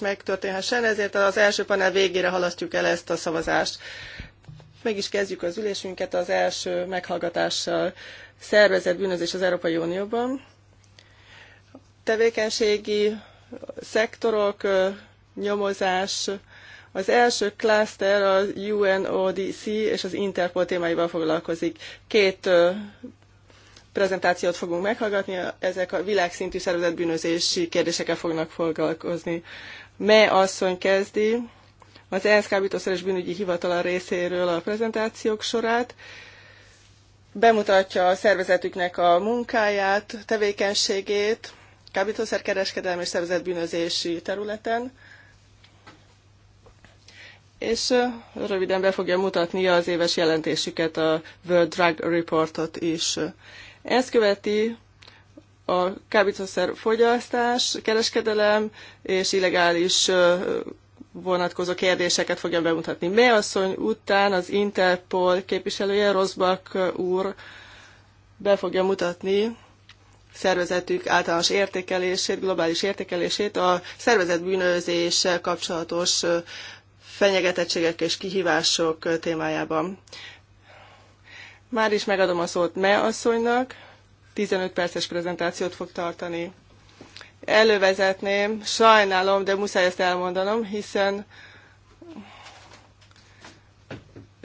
megtörténhessen, ezért az első panel végére halasztjuk el ezt a szavazást. Meg is kezdjük az ülésünket az első meghallgatással szervezett bűnözés az Európai Unióban. Tevékenységi szektorok, nyomozás, az első klaszter a UNODC és az Interpol témáival foglalkozik. Két prezentációt fogunk meghallgatni, ezek a világszintű szervezetbűnözési kérdésekkel fognak foglalkozni. Me asszony kezdi az ENSZ kábítószer és bűnügyi hivatala részéről a prezentációk sorát, bemutatja a szervezetüknek a munkáját, tevékenységét, kábítószerkereskedelmi és szervezetbűnözési területen, és röviden be fogja mutatni az éves jelentésüket, a World Drug Reportot is. Ezt követi a kábítószer fogyasztás, kereskedelem és illegális vonatkozó kérdéseket fogja bemutatni. Mely asszony után az Interpol képviselője Rosbach úr be fogja mutatni szervezetük általános értékelését, globális értékelését a szervezet bűnözéssel kapcsolatos fenyegetettségek és kihívások témájában. Már is megadom a szót Me asszonynak, 15 perces prezentációt fog tartani. Elővezetném, sajnálom, de muszáj ezt elmondanom, hiszen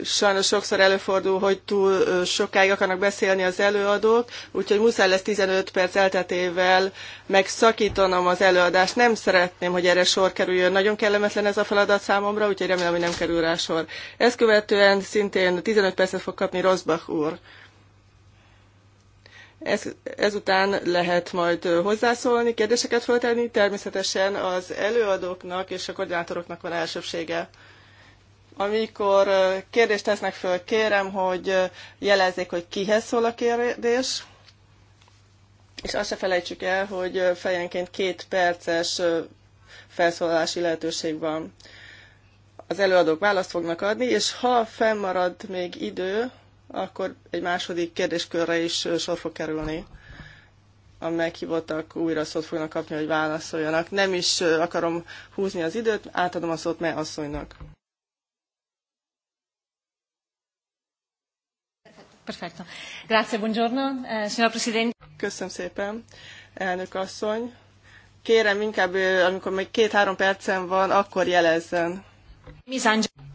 sajnos sokszor előfordul, hogy túl sokáig akarnak beszélni az előadók, úgyhogy muszáj lesz 15 perc elteltével megszakítanom az előadást. Nem szeretném, hogy erre sor kerüljön. Nagyon kellemetlen ez a feladat számomra, úgyhogy remélem, hogy nem kerül rá sor. Ezt követően szintén 15 percet fog kapni Rosbach úr. Ez, ezután lehet majd hozzászólni, kérdéseket föltenni, természetesen az előadóknak és a koordinátoroknak van elsőbsége. Amikor kérdést tesznek föl, kérem, hogy jelezzék, hogy kihez szól a kérdés, és azt se felejtsük el, hogy fejenként két perces felszólalási lehetőség van. Az előadók választ fognak adni, és ha fennmarad még idő, akkor egy második kérdéskörre is sor fog kerülni. A meghívottak újra szót fognak kapni, hogy válaszoljanak. Nem is akarom húzni az időt, átadom a szót me asszonynak. Perfetto. Grazie, buongiorno, eh, signora Presidente. Köszönöm szépen, elnök asszony. Kérem inkább, amikor még két-három percen van, akkor jelezzen.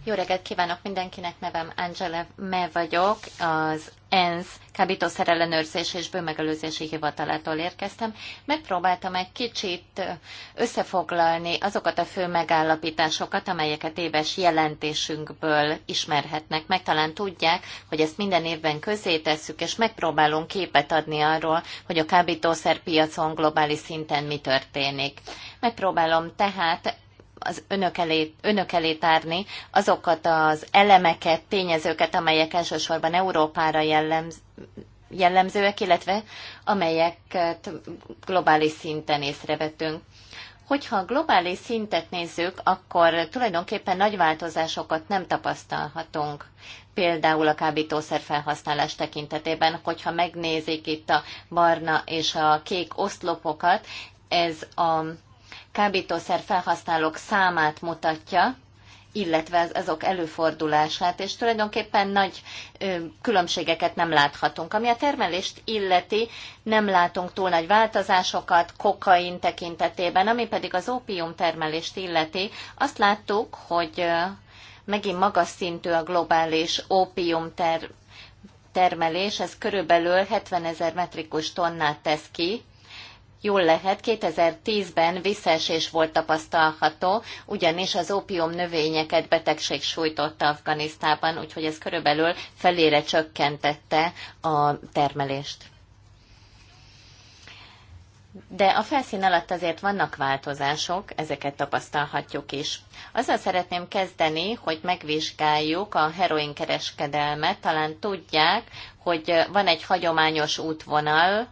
Jó reggelt kívánok mindenkinek, nevem Angela Me vagyok, az ENSZ kábítószerellenőrzés és bőmegelőzési hivatalától érkeztem. Megpróbáltam egy kicsit összefoglalni azokat a fő megállapításokat, amelyeket éves jelentésünkből ismerhetnek meg. Talán tudják, hogy ezt minden évben tesszük, és megpróbálunk képet adni arról, hogy a kábítószerpiacon globális szinten mi történik. Megpróbálom tehát az önök elé, önök elé tárni azokat az elemeket, tényezőket, amelyek elsősorban Európára jellemz, jellemzőek, illetve amelyeket globális szinten észrevetünk. Hogyha globális szintet nézzük, akkor tulajdonképpen nagy változásokat nem tapasztalhatunk. Például a kábítószer felhasználás tekintetében, hogyha megnézik itt a barna és a kék oszlopokat, ez a kábítószer felhasználók számát mutatja, illetve azok előfordulását, és tulajdonképpen nagy ö, különbségeket nem láthatunk. Ami a termelést illeti, nem látunk túl nagy változásokat kokain tekintetében, ami pedig az ópium termelést illeti, azt láttuk, hogy ö, megint magas szintű a globális ópium ter- termelés, ez körülbelül 70 ezer metrikus tonnát tesz ki, jól lehet, 2010-ben visszaesés volt tapasztalható, ugyanis az ópium növényeket betegség sújtotta Afganisztában, úgyhogy ez körülbelül felére csökkentette a termelést. De a felszín alatt azért vannak változások, ezeket tapasztalhatjuk is. Azzal szeretném kezdeni, hogy megvizsgáljuk a heroin kereskedelmet. Talán tudják, hogy van egy hagyományos útvonal,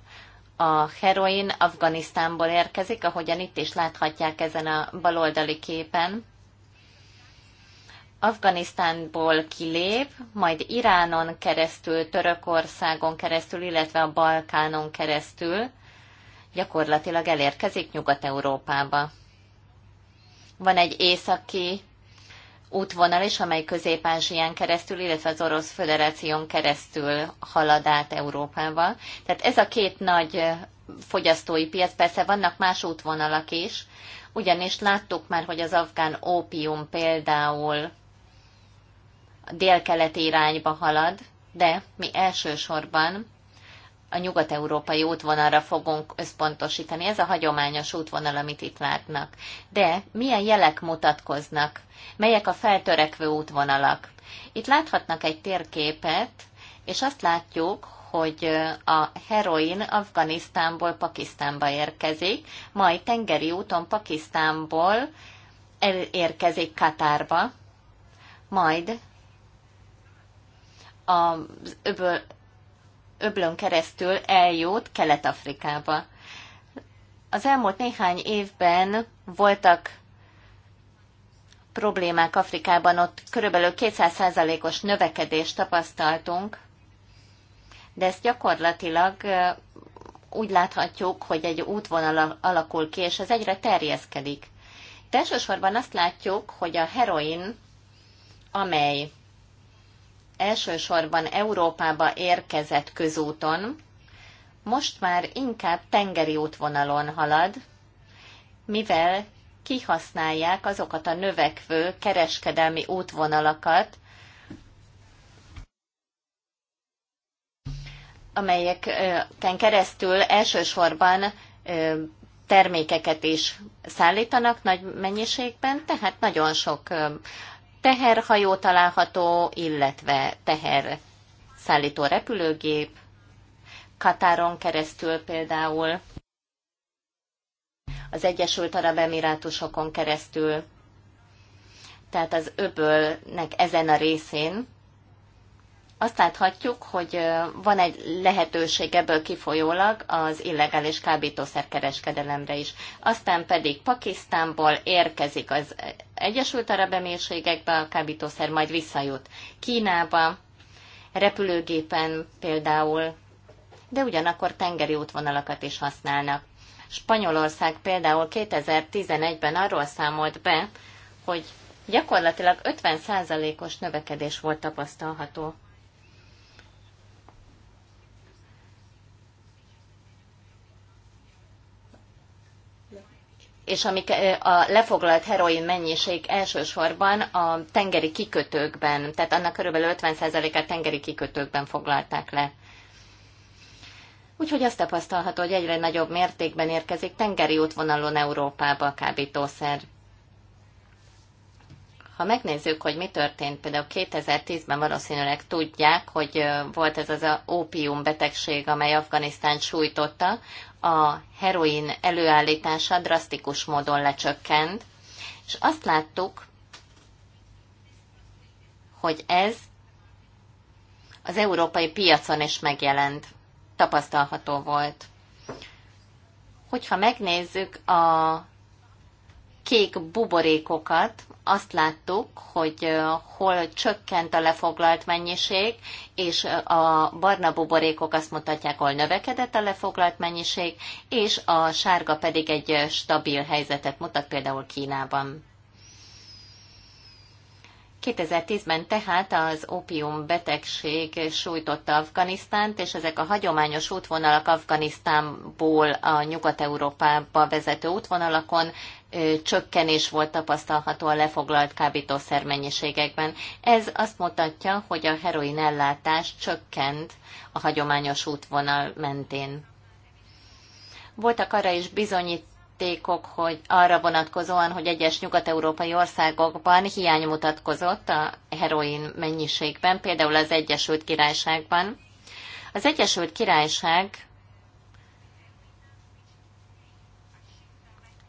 a heroin Afganisztánból érkezik, ahogyan itt is láthatják ezen a baloldali képen. Afganisztánból kilép, majd Iránon keresztül, Törökországon keresztül, illetve a Balkánon keresztül gyakorlatilag elérkezik Nyugat-Európába. Van egy északi útvonal is, amely Közép-Ázsián keresztül, illetve az Orosz Föderáción keresztül halad át Európába. Tehát ez a két nagy fogyasztói piac, persze vannak más útvonalak is, ugyanis láttuk már, hogy az afgán ópium például délkeleti irányba halad, de mi elsősorban a nyugat-európai útvonalra fogunk összpontosítani. Ez a hagyományos útvonal, amit itt látnak. De milyen jelek mutatkoznak? Melyek a feltörekvő útvonalak? Itt láthatnak egy térképet, és azt látjuk, hogy a heroin Afganisztánból Pakisztánba érkezik, majd tengeri úton Pakisztánból elérkezik Katárba, majd az öböl, öblön keresztül eljut Kelet-Afrikába. Az elmúlt néhány évben voltak problémák Afrikában, ott körülbelül 200%-os növekedést tapasztaltunk, de ezt gyakorlatilag úgy láthatjuk, hogy egy útvonal alakul ki, és ez egyre terjeszkedik. De elsősorban azt látjuk, hogy a heroin, amely elsősorban Európába érkezett közúton, most már inkább tengeri útvonalon halad, mivel kihasználják azokat a növekvő kereskedelmi útvonalakat, amelyeken keresztül elsősorban termékeket is szállítanak nagy mennyiségben, tehát nagyon sok teherhajó található, illetve teher szállító repülőgép, Katáron keresztül például, az Egyesült Arab Emirátusokon keresztül, tehát az öbölnek ezen a részén azt láthatjuk, hogy van egy lehetőség ebből kifolyólag az illegális kábítószerkereskedelemre is. Aztán pedig Pakisztánból érkezik az Egyesült Arab Emírségekbe a kábítószer, majd visszajut Kínába, repülőgépen például, de ugyanakkor tengeri útvonalakat is használnak. Spanyolország például 2011-ben arról számolt be, hogy gyakorlatilag 50%-os növekedés volt tapasztalható és amik eh, a lefoglalt heroin mennyiség elsősorban a tengeri kikötőkben, tehát annak körülbelül 50%-át tengeri kikötőkben foglalták le. Úgyhogy azt tapasztalható, hogy egyre nagyobb mértékben érkezik tengeri útvonalon Európába a kábítószer. Ha megnézzük, hogy mi történt, például 2010-ben valószínűleg tudják, hogy eh, volt ez az a ópium betegség, amely Afganisztánt sújtotta, a heroin előállítása drasztikus módon lecsökkent, és azt láttuk, hogy ez az európai piacon is megjelent, tapasztalható volt. Hogyha megnézzük a kék buborékokat, azt láttuk, hogy hol csökkent a lefoglalt mennyiség, és a barna buborékok azt mutatják, hol növekedett a lefoglalt mennyiség, és a sárga pedig egy stabil helyzetet mutat például Kínában. 2010-ben tehát az ópium betegség sújtotta Afganisztánt, és ezek a hagyományos útvonalak Afganisztánból a Nyugat-Európába vezető útvonalakon csökkenés volt tapasztalható a lefoglalt kábítószer mennyiségekben. Ez azt mutatja, hogy a heroin ellátás csökkent a hagyományos útvonal mentén. Voltak arra is bizonyítékok, hogy arra vonatkozóan, hogy egyes nyugat-európai országokban hiány mutatkozott a heroin mennyiségben, például az Egyesült Királyságban. Az Egyesült Királyság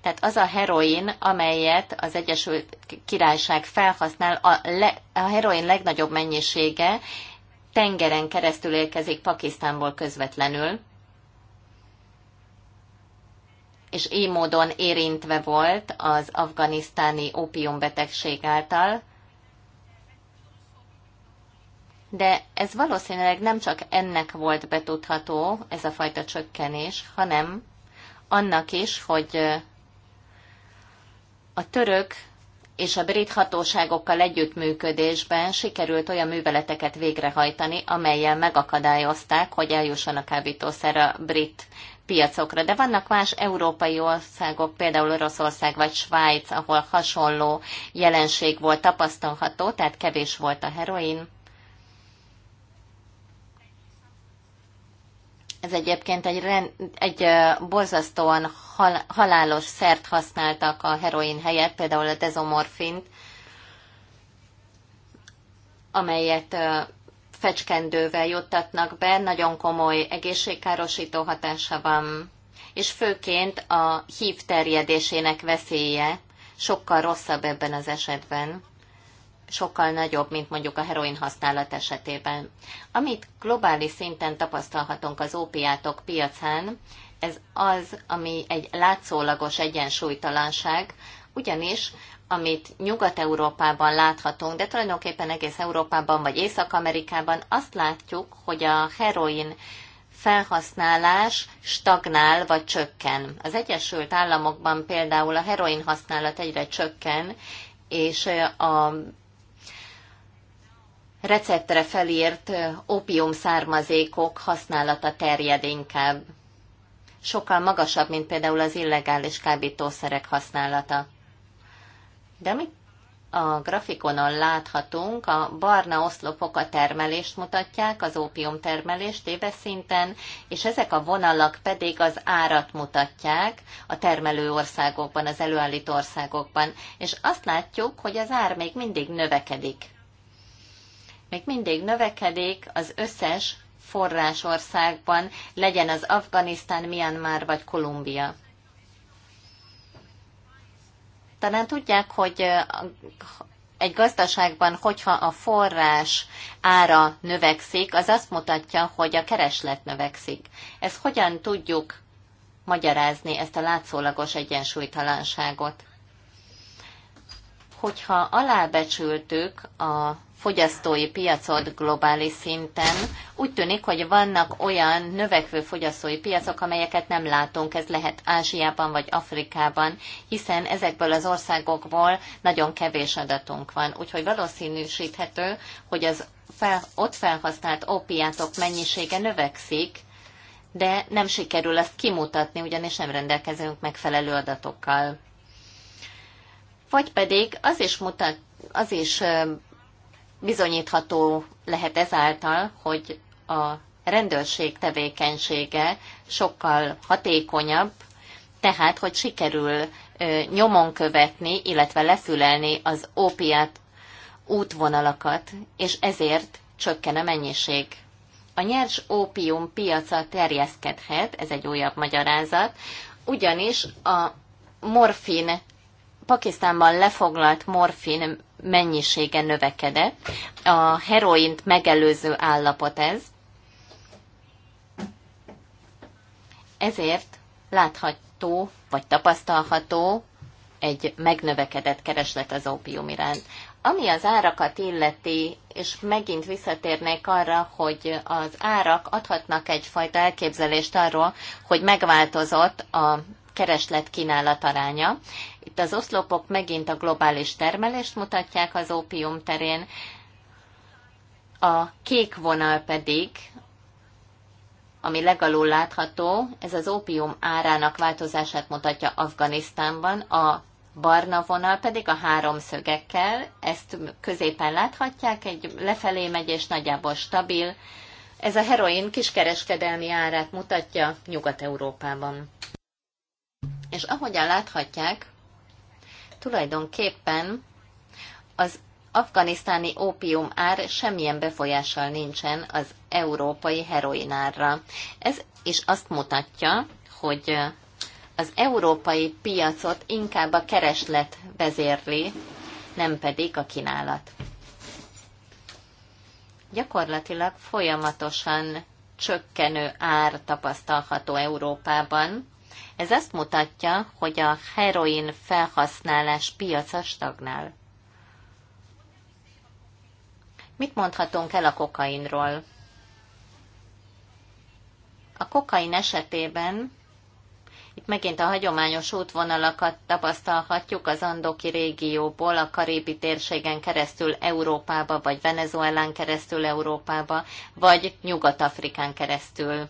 Tehát az a heroin, amelyet az Egyesült Királyság felhasznál, a, le, a heroin legnagyobb mennyisége tengeren keresztül érkezik Pakisztánból közvetlenül, és így módon érintve volt az afganisztáni ópiumbetegség által, de ez valószínűleg nem csak ennek volt betudható, ez a fajta csökkenés, hanem annak is, hogy a török és a brit hatóságokkal együttműködésben sikerült olyan műveleteket végrehajtani, amelyel megakadályozták, hogy eljusson a kábítószer a brit piacokra. De vannak más európai országok, például Oroszország vagy Svájc, ahol hasonló jelenség volt tapasztalható, tehát kevés volt a heroin. Ez egyébként egy, rend, egy borzasztóan hal, halálos szert használtak a heroin helyett, például a dezomorfint, amelyet fecskendővel juttatnak be, nagyon komoly egészségkárosító hatása van, és főként a hív terjedésének veszélye sokkal rosszabb ebben az esetben sokkal nagyobb, mint mondjuk a heroin használat esetében. Amit globális szinten tapasztalhatunk az ópiátok piacán, ez az, ami egy látszólagos egyensúlytalanság, ugyanis amit Nyugat-Európában láthatunk, de tulajdonképpen egész Európában vagy Észak-Amerikában azt látjuk, hogy a heroin felhasználás stagnál vagy csökken. Az Egyesült Államokban például a heroin használat egyre csökken, és a receptre felírt opium származékok használata terjed inkább. Sokkal magasabb, mint például az illegális kábítószerek használata. De mi a grafikonon láthatunk, a barna oszlopok a termelést mutatják, az ópium termelést éves szinten, és ezek a vonalak pedig az árat mutatják a termelő országokban, az előállító országokban. És azt látjuk, hogy az ár még mindig növekedik még mindig növekedik az összes forrásországban, legyen az Afganisztán, Myanmar vagy Kolumbia. Talán tudják, hogy egy gazdaságban, hogyha a forrás ára növekszik, az azt mutatja, hogy a kereslet növekszik. Ez hogyan tudjuk magyarázni, ezt a látszólagos egyensúlytalanságot? Hogyha alábecsültük a fogyasztói piacot globális szinten. Úgy tűnik, hogy vannak olyan növekvő fogyasztói piacok, amelyeket nem látunk, ez lehet Ázsiában vagy Afrikában, hiszen ezekből az országokból nagyon kevés adatunk van. Úgyhogy valószínűsíthető, hogy az fel, ott felhasznált ópiátok mennyisége növekszik, de nem sikerül ezt kimutatni, ugyanis nem rendelkezünk megfelelő adatokkal. Vagy pedig az is mutat, az is Bizonyítható lehet ezáltal, hogy a rendőrség tevékenysége sokkal hatékonyabb, tehát hogy sikerül nyomon követni, illetve lefülelni az ópiát útvonalakat, és ezért csökken a mennyiség. A nyers ópium piaca terjeszkedhet, ez egy újabb magyarázat, ugyanis a morfin, Pakisztánban lefoglalt morfin mennyisége növekedett. A heroint megelőző állapot ez. Ezért látható, vagy tapasztalható egy megnövekedett kereslet az ópium iránt. Ami az árakat illeti, és megint visszatérnék arra, hogy az árak adhatnak egyfajta elképzelést arról, hogy megváltozott a kereslet kínálat aránya. Itt az oszlopok megint a globális termelést mutatják az ópium terén, a kék vonal pedig, ami legalul látható, ez az ópium árának változását mutatja Afganisztánban, a barna vonal pedig a három szögekkel, ezt középen láthatják, egy lefelé megy és nagyjából stabil. Ez a heroin kiskereskedelmi árát mutatja Nyugat-Európában. És ahogyan láthatják, Tulajdonképpen az afganisztáni ópium ár semmilyen befolyással nincsen az európai heroinárra. Ez is azt mutatja, hogy az európai piacot inkább a kereslet vezérli, nem pedig a kínálat. Gyakorlatilag folyamatosan csökkenő ár tapasztalható Európában, ez azt mutatja, hogy a heroin felhasználás piaca stagnál. Mit mondhatunk el a kokainról? A kokain esetében itt megint a hagyományos útvonalakat tapasztalhatjuk az andoki régióból, a karibi térségen keresztül Európába, vagy Venezuelán keresztül Európába, vagy Nyugat-Afrikán keresztül.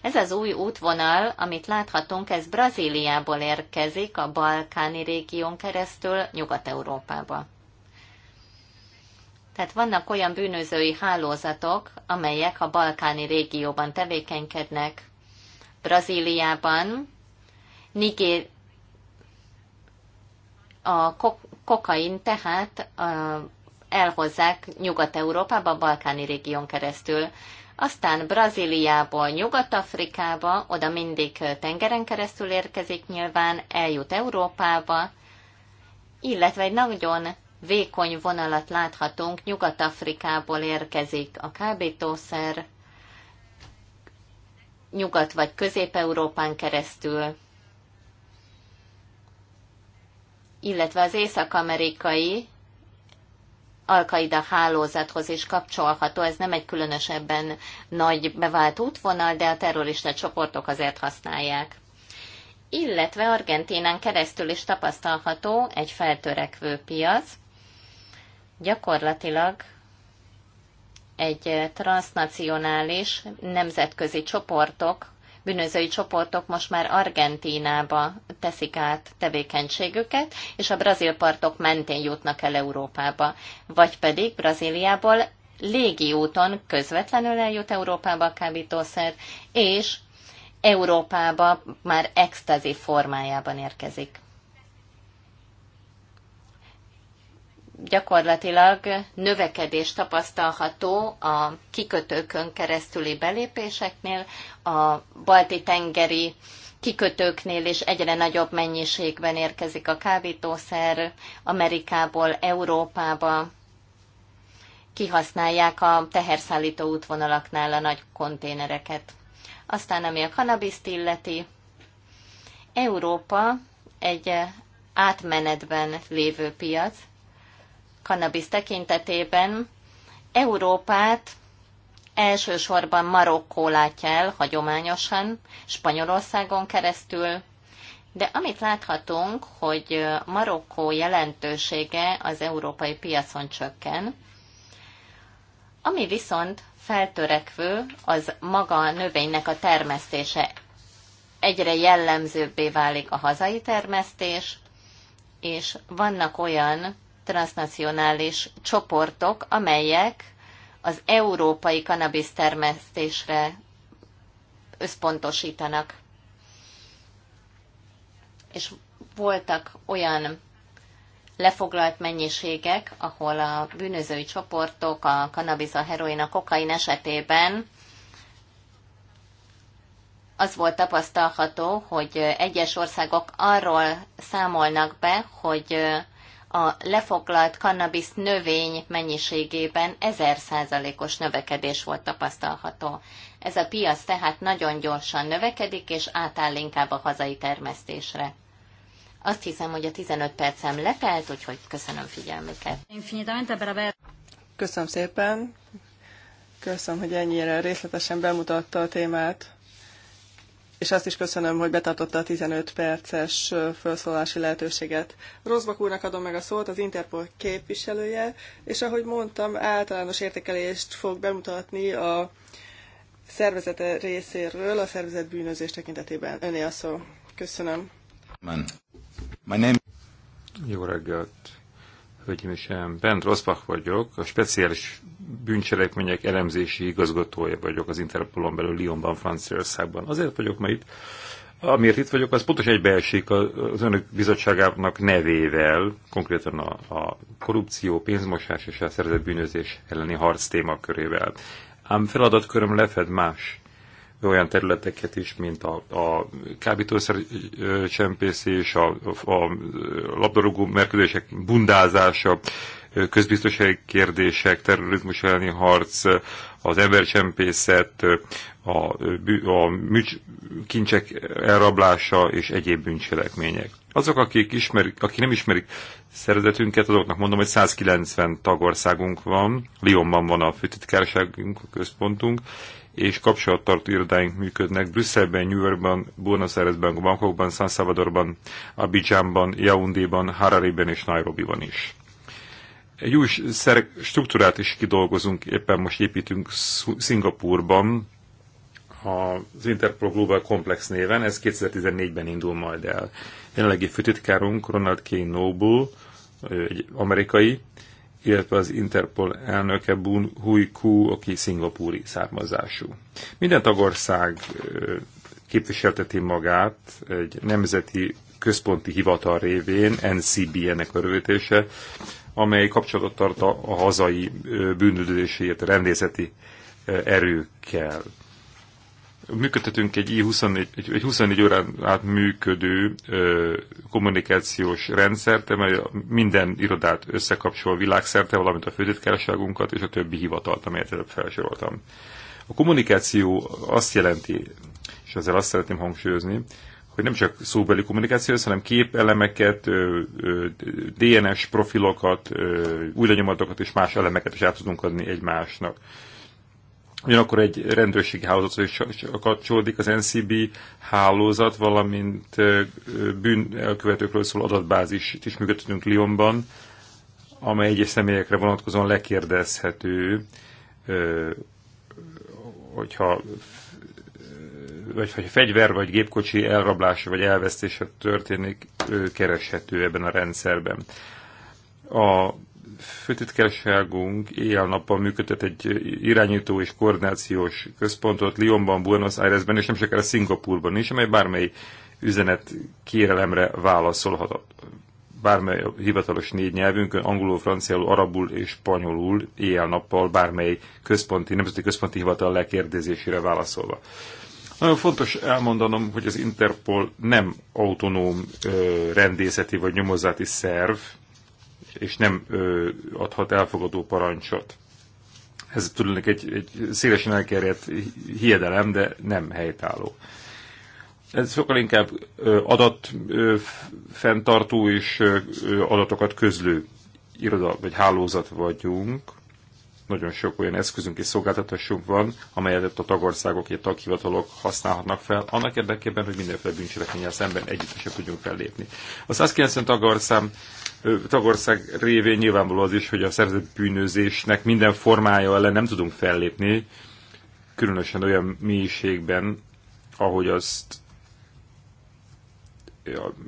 Ez az új útvonal, amit láthatunk, ez Brazíliából érkezik a balkáni régión keresztül Nyugat-Európába. Tehát vannak olyan bűnözői hálózatok, amelyek a balkáni régióban tevékenykednek, Brazíliában, Niger, a kok kokain tehát elhozzák Nyugat-Európába, a balkáni régión keresztül aztán Brazíliából Nyugat-Afrikába, oda mindig tengeren keresztül érkezik nyilván, eljut Európába, illetve egy nagyon vékony vonalat láthatunk, Nyugat-Afrikából érkezik a kábítószer, Nyugat- vagy Közép-Európán keresztül, illetve az észak-amerikai Al-Qaida hálózathoz is kapcsolható, ez nem egy különösebben nagy bevált útvonal, de a terrorista csoportok azért használják. Illetve Argentinán keresztül is tapasztalható egy feltörekvő piac, gyakorlatilag egy transnacionális nemzetközi csoportok bűnözői csoportok most már Argentínába teszik át tevékenységüket, és a brazil partok mentén jutnak el Európába, vagy pedig Brazíliából légi úton közvetlenül eljut Európába a kábítószer, és Európába már extazi formájában érkezik. gyakorlatilag növekedés tapasztalható a kikötőkön keresztüli belépéseknél, a balti tengeri kikötőknél is egyre nagyobb mennyiségben érkezik a kábítószer Amerikából Európába. Kihasználják a teherszállító útvonalaknál a nagy konténereket. Aztán, ami a kanabiszt illeti, Európa egy átmenetben lévő piac, kannabisz tekintetében Európát elsősorban Marokkó látja el hagyományosan, Spanyolországon keresztül, de amit láthatunk, hogy Marokkó jelentősége az európai piacon csökken, ami viszont feltörekvő, az maga a növénynek a termesztése. Egyre jellemzőbbé válik a hazai termesztés, és vannak olyan transnacionális csoportok, amelyek az európai kanabisz termesztésre összpontosítanak. És voltak olyan lefoglalt mennyiségek, ahol a bűnözői csoportok a kanabisz, a heroin, a kokain esetében az volt tapasztalható, hogy egyes országok arról számolnak be, hogy a lefoglalt kannabisz növény mennyiségében 1000%-os növekedés volt tapasztalható. Ez a piac tehát nagyon gyorsan növekedik, és átáll inkább a hazai termesztésre. Azt hiszem, hogy a 15 percem letelt, úgyhogy köszönöm figyelmüket. Köszönöm szépen. Köszönöm, hogy ennyire részletesen bemutatta a témát és azt is köszönöm, hogy betartotta a 15 perces felszólási lehetőséget. Rozbak úrnak adom meg a szót, az Interpol képviselője, és ahogy mondtam, általános értékelést fog bemutatni a szervezete részéről, a szervezet bűnözés tekintetében. Öné a szó. Köszönöm. Man. My name... Jó reggelt Hölgyeim és Bent Rosbach vagyok, a speciális bűncselekmények elemzési igazgatója vagyok az Interpolon belül Lyonban, Franciaországban. Azért vagyok ma itt, amiért itt vagyok, az pontosan egybeesik az önök bizottságának nevével, konkrétan a, a korrupció, pénzmosás és a szerzett bűnözés elleni harc témakörével. Ám feladatköröm lefed más olyan területeket is, mint a, a kábítószer csempészés, a, a labdarúgó merkőzések bundázása, közbiztonsági kérdések, terrorizmus elleni harc, az embercsempészet, a, a műcs, kincsek elrablása és egyéb bűncselekmények. Azok, akik, ismerik, akik nem ismerik szervezetünket, azoknak mondom, hogy 190 tagországunk van, Lyonban van a főtitkárságunk, a központunk, és kapcsolattartó irodáink működnek Brüsszelben, New Yorkban, Buenos Airesben, Bangkokban, San Salvadorban, Abidjanban, Yaoundéban, Harareben és Nairobiban is. Egy új struktúrát is kidolgozunk, éppen most építünk Szingapurban, az Interpol Global Complex néven, ez 2014-ben indul majd el. Jelenlegi főtitkárunk Ronald K. Noble, egy amerikai, illetve az Interpol elnöke Bun Hui Ku, aki szingapúri származású. Minden tagország képviselteti magát egy nemzeti központi hivatal révén, NCB nek a rövidítése, amely kapcsolatot tart a hazai bűnüldözéséért rendészeti erőkkel működtetünk egy, 24, egy, egy 24 órán át működő ö, kommunikációs rendszert, amely minden irodát összekapcsol világszerte, valamint a főtitkárságunkat és a többi hivatalt, amelyet előbb felsoroltam. A kommunikáció azt jelenti, és ezzel azt szeretném hangsúlyozni, hogy nem csak szóbeli kommunikáció, hanem képelemeket, DNS profilokat, újlenyomatokat és más elemeket is át tudunk adni egymásnak Ugyanakkor egy rendőrségi hálózat, is kapcsolódik az NCB hálózat, valamint bűnelkövetőkről szóló adatbázis. is működtetünk Lyonban, amely egyes személyekre vonatkozóan lekérdezhető, hogyha vagy, vagy fegyver, vagy gépkocsi elrablása, vagy elvesztése történik, kereshető ebben a rendszerben. A főtitkárságunk éjjel-nappal működtet egy irányító és koordinációs központot Lyonban, Buenos Airesben és nem sokára Szingapurban is, amely bármely üzenet kérelemre válaszolhat bármely hivatalos négy nyelvünkön, angolul, franciául, arabul és spanyolul, éjjel-nappal bármely központi, nemzeti központi hivatal lekérdezésére válaszolva. Nagyon fontos elmondanom, hogy az Interpol nem autonóm rendészeti vagy nyomozati szerv, és nem ö, adhat elfogadó parancsot. Ez tulajdonképpen egy, egy szélesen elkerjedt hiedelem, de nem helytálló. Ez sokkal inkább adat fenntartó és adatokat közlő iroda vagy hálózat vagyunk, nagyon sok olyan eszközünk és szolgáltatásunk van, amelyet a tagországok és taghivatalok használhatnak fel, annak érdekében, hogy mindenféle bűncselekménnyel szemben együttesen tudjunk fellépni. A 190 tagország, tagország révén nyilvánvaló az is, hogy a szerzett bűnözésnek minden formája ellen nem tudunk fellépni, különösen olyan mélységben, ahogy azt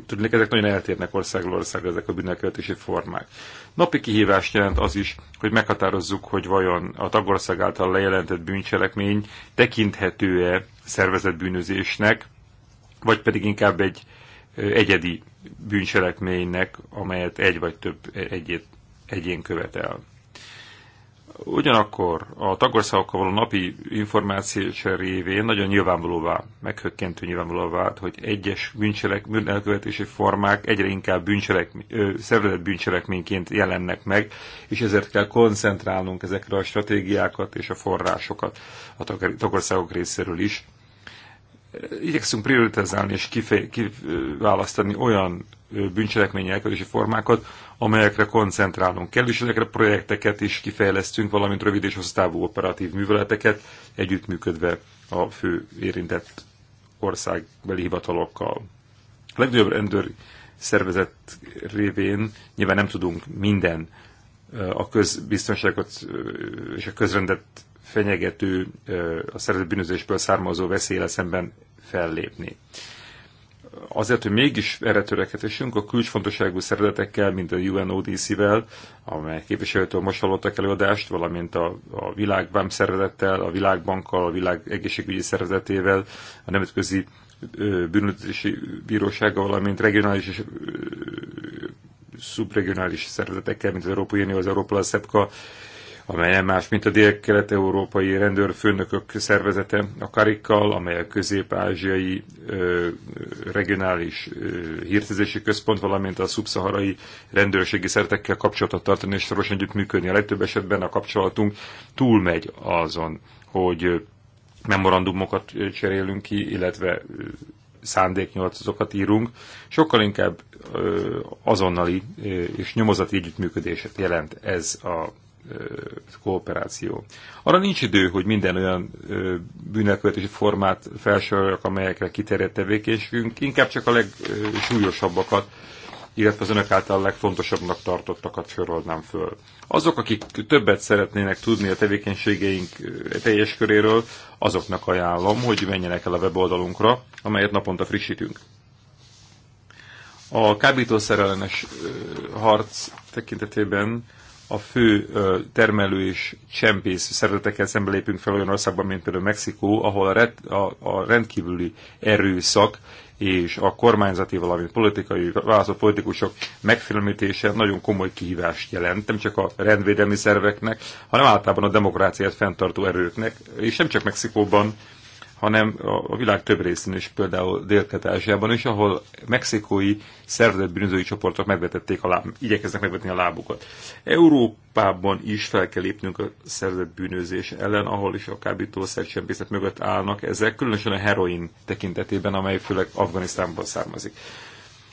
tudnék, ezek nagyon eltérnek országról országra ezek a bűnelkövetési formák. Napi kihívást jelent az is, hogy meghatározzuk, hogy vajon a tagország által lejelentett bűncselekmény tekinthető-e szervezett bűnözésnek, vagy pedig inkább egy egyedi bűncselekménynek, amelyet egy vagy több egyét, egyén követel. Ugyanakkor a tagországokkal való napi információ révén nagyon nyilvánvalóvá, meghökkentő nyilvánvalóvá vált, hogy egyes bűncselek, bűnelkövetési formák egyre inkább bűncselek, ö, szervezett bűncselekményként jelennek meg, és ezért kell koncentrálnunk ezekre a stratégiákat és a forrásokat a tagországok részéről is igyekszünk prioritizálni és kiválasztani olyan bűncselekmény és formákat, amelyekre koncentrálunk. kell, és ezekre projekteket is kifejlesztünk, valamint rövid és hosszú távú operatív műveleteket, együttműködve a fő érintett országbeli hivatalokkal. A legnagyobb rendőr szervezet révén nyilván nem tudunk minden a közbiztonságot és a közrendet fenyegető, a szervezett bűnözésből származó veszélyre szemben fellépni. Azért, hogy mégis erre törekedésünk, a kulcsfontosságú szervezetekkel, mint a UNODC-vel, amely képviselőtől most hallottak előadást, valamint a, a Világbám szervezettel, a Világbankkal, a Világ egészségügyi szervezetével, a Nemzetközi Bűnözési bírósággal, valamint regionális és szubregionális szervezetekkel, mint az Európai Unió, az Európa, a SZEPKA, amely nem más, mint a dél-kelet-európai rendőrfőnökök szervezete, a Karikkal, amely a közép-ázsiai regionális ö, hírtezési központ, valamint a szubszaharai rendőrségi szertekkel kapcsolatot tartani és szorosan együttműködni. A legtöbb esetben a kapcsolatunk túlmegy azon, hogy memorandumokat cserélünk ki, illetve szándéknyolcozokat írunk, sokkal inkább azonnali és nyomozati együttműködéset jelent ez a kooperáció. Arra nincs idő, hogy minden olyan bűnelkövetési formát felsoroljak, amelyekre kiterjedt tevékenységünk, inkább csak a legsúlyosabbakat, illetve az önök által legfontosabbnak tartottakat sorolnám föl. Azok, akik többet szeretnének tudni a tevékenységeink teljes köréről, azoknak ajánlom, hogy menjenek el a weboldalunkra, amelyet naponta frissítünk. A kábítószerellenes harc tekintetében a fő termelő és csempész szervezetekkel szembe lépünk fel olyan országban, mint például Mexikó, ahol a, red, a, a rendkívüli erőszak és a kormányzati, valamint politikai választott politikusok megfélemlítése nagyon komoly kihívást jelent, nem csak a rendvédelmi szerveknek, hanem általában a demokráciát fenntartó erőknek, és nem csak Mexikóban, hanem a világ több részén is, például dél ázsiában is, ahol mexikói szervezett bűnözői csoportok megvetették a láb, igyekeznek megvetni a lábukat. Európában is fel kell lépnünk a szervezett bűnözés ellen, ahol is a kábítószercsempészet mögött állnak ezek, különösen a heroin tekintetében, amely főleg Afganisztánból származik.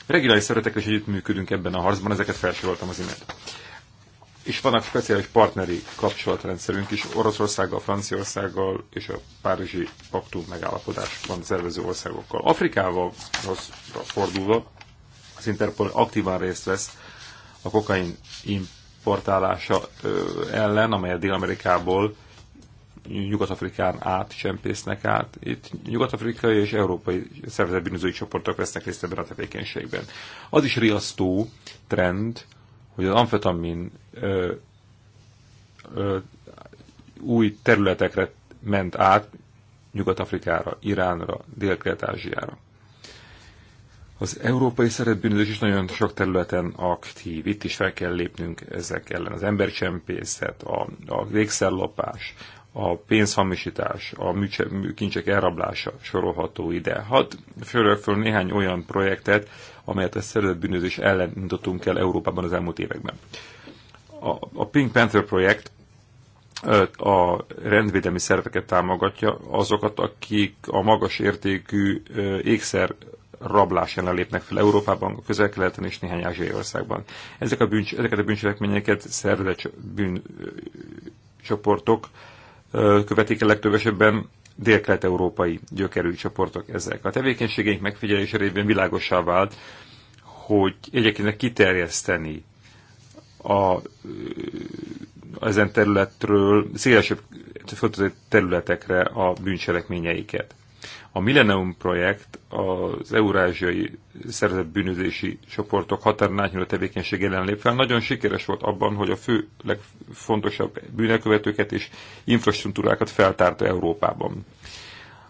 Regionális szeretekkel is együttműködünk ebben a harcban, ezeket felsoroltam az imént és vannak speciális partneri kapcsolatrendszerünk is Oroszországgal, Franciaországgal és a Párizsi Paktum megállapodásban szervező országokkal. Afrikával fordulva az Interpol aktívan részt vesz a kokain importálása ellen, amelyet Dél-Amerikából Nyugat-Afrikán át csempésznek át. Itt nyugat-afrikai és európai szervezetbűnözői csoportok vesznek részt ebben a tevékenységben. Az is riasztó trend, hogy az amfetamin ö, ö, új területekre ment át, Nyugat-Afrikára, Iránra, Dél-Kelet-Ázsiára. Az európai szeretbűnözés is nagyon sok területen aktív. Itt is fel kell lépnünk ezek ellen. Az embercsempészet, a, a végszerlopás, a pénzhamisítás, a műkincsek elrablása sorolható ide. Hadd fölök föl néhány olyan projektet, amelyet a szervezetbűnözés ellen indítottunk el Európában az elmúlt években. A, a Pink Panther projekt a rendvédelmi szerveket támogatja, azokat, akik a magas értékű ékszer rablás ellen lépnek fel Európában, a közel és néhány ázsiai országban. Ezek a bűncs, ezeket a bűncselekményeket szervezett bűncsoportok követik a legtöbb esetben dél-kelet-európai gyökerű csoportok ezek. A tevékenységeink megfigyelése révén világosá vált, hogy egyébként kiterjeszteni a, ezen területről szélesebb területekre a bűncselekményeiket. A Millennium projekt az eurázsiai szervezett bűnözési csoportok határon átnyúló tevékenység ellen lép fel. Nagyon sikeres volt abban, hogy a fő legfontosabb bűnekövetőket és infrastruktúrákat feltárta Európában.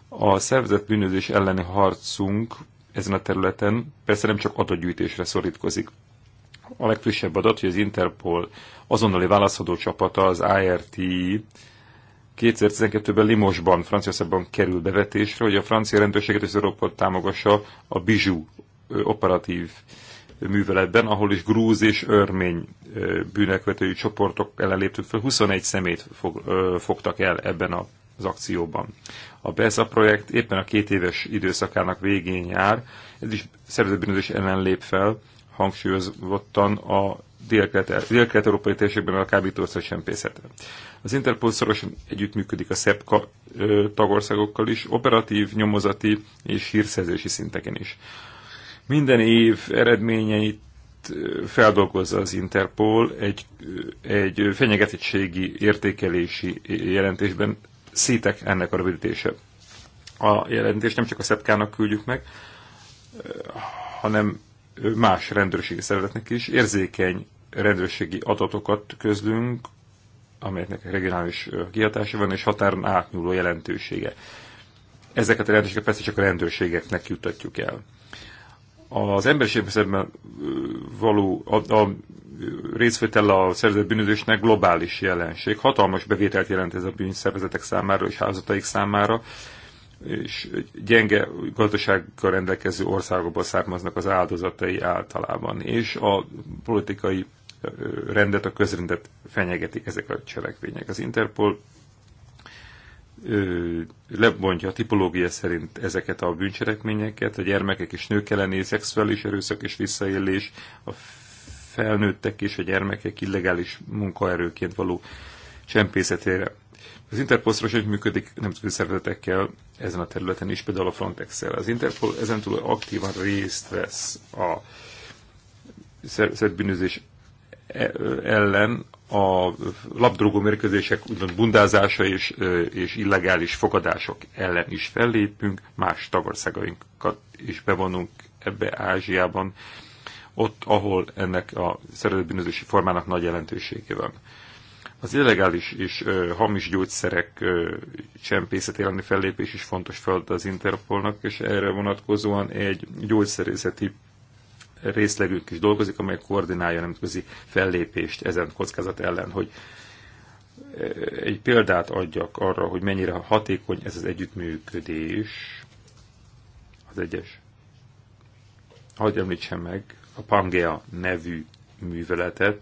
A szervezett bűnözés elleni harcunk ezen a területen persze nem csak adatgyűjtésre szorítkozik. A legfrissebb adat, hogy az Interpol azonnali válaszadó csapata, az IRT 2012-ben Limosban, Franciaországban kerül bevetésre, hogy a francia rendőrséget és az Európa támogassa a Bijou operatív műveletben, ahol is grúz és örmény bűnökvetői csoportok ellen léptük fel. 21 szemét fog, ö, fogtak el ebben a az akcióban. A BESA projekt éppen a két éves időszakának végén jár, ez is szervezetbűnözés ellen lép fel, hangsúlyozottan a dél-kelet-európai térségben a kábítószer csempészetre. Az Interpol szorosan együttműködik a SEPKA tagországokkal is, operatív, nyomozati és hírszerzési szinteken is. Minden év eredményeit feldolgozza az Interpol egy, egy fenyegetettségi értékelési jelentésben, szítek ennek a rövidítése. A jelentést nem csak a szepk küldjük meg, hanem más rendőrségi szervezetnek is érzékeny rendőrségi adatokat közlünk, amelyeknek regionális kiadása van, és határon átnyúló jelentősége. Ezeket a lehetőségeket persze csak a rendőrségeknek juttatjuk el. Az emberiség szemben való a, a részvétel a szervezett bűnözésnek globális jelenség. Hatalmas bevételt jelent ez a bűnszervezetek számára és házataik számára, és gyenge gazdasággal rendelkező országokból származnak az áldozatai általában. És a politikai rendet, a közrendet fenyegetik ezek a cselekvények. Az Interpol lebontja a tipológia szerint ezeket a bűncselekményeket, a gyermekek és nők elleni szexuális erőszak és visszaélés, a felnőttek és a gyermekek illegális munkaerőként való csempészetére. Az Interpol sorosan működik nemzetközi szervezetekkel ezen a területen is, például a Frontex-el. Az Interpol ezentúl aktívan részt vesz a szervezetbűnözés ellen a labdarúgó mérkőzések úgymond bundázása és, és illegális fogadások ellen is fellépünk, más tagországainkat is bevonunk ebbe Ázsiában, ott, ahol ennek a szervezetbűnözési formának nagy jelentősége van. Az illegális és ö, hamis gyógyszerek ö, csempészet elleni fellépés is fontos feladat az Interpolnak, és erre vonatkozóan egy gyógyszerészeti részlegük is dolgozik, amely koordinálja nemzetközi fellépést ezen kockázat ellen, hogy eh, egy példát adjak arra, hogy mennyire hatékony ez az együttműködés az egyes. Hagy említsem meg a Pangea nevű műveletet,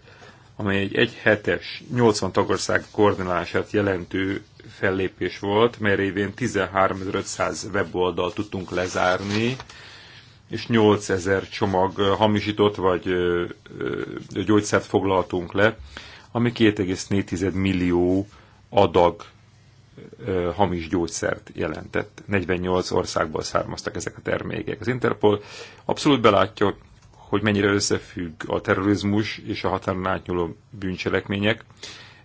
amely egy egy hetes, 80 tagország koordinálását jelentő fellépés volt, mely révén 13.500 weboldal tudtunk lezárni, és 8000 csomag hamisított vagy gyógyszert foglaltunk le, ami 2,4 millió adag hamis gyógyszert jelentett. 48 országból származtak ezek a termékek. Az Interpol abszolút belátja, hogy mennyire összefügg a terrorizmus és a határon átnyúló bűncselekmények,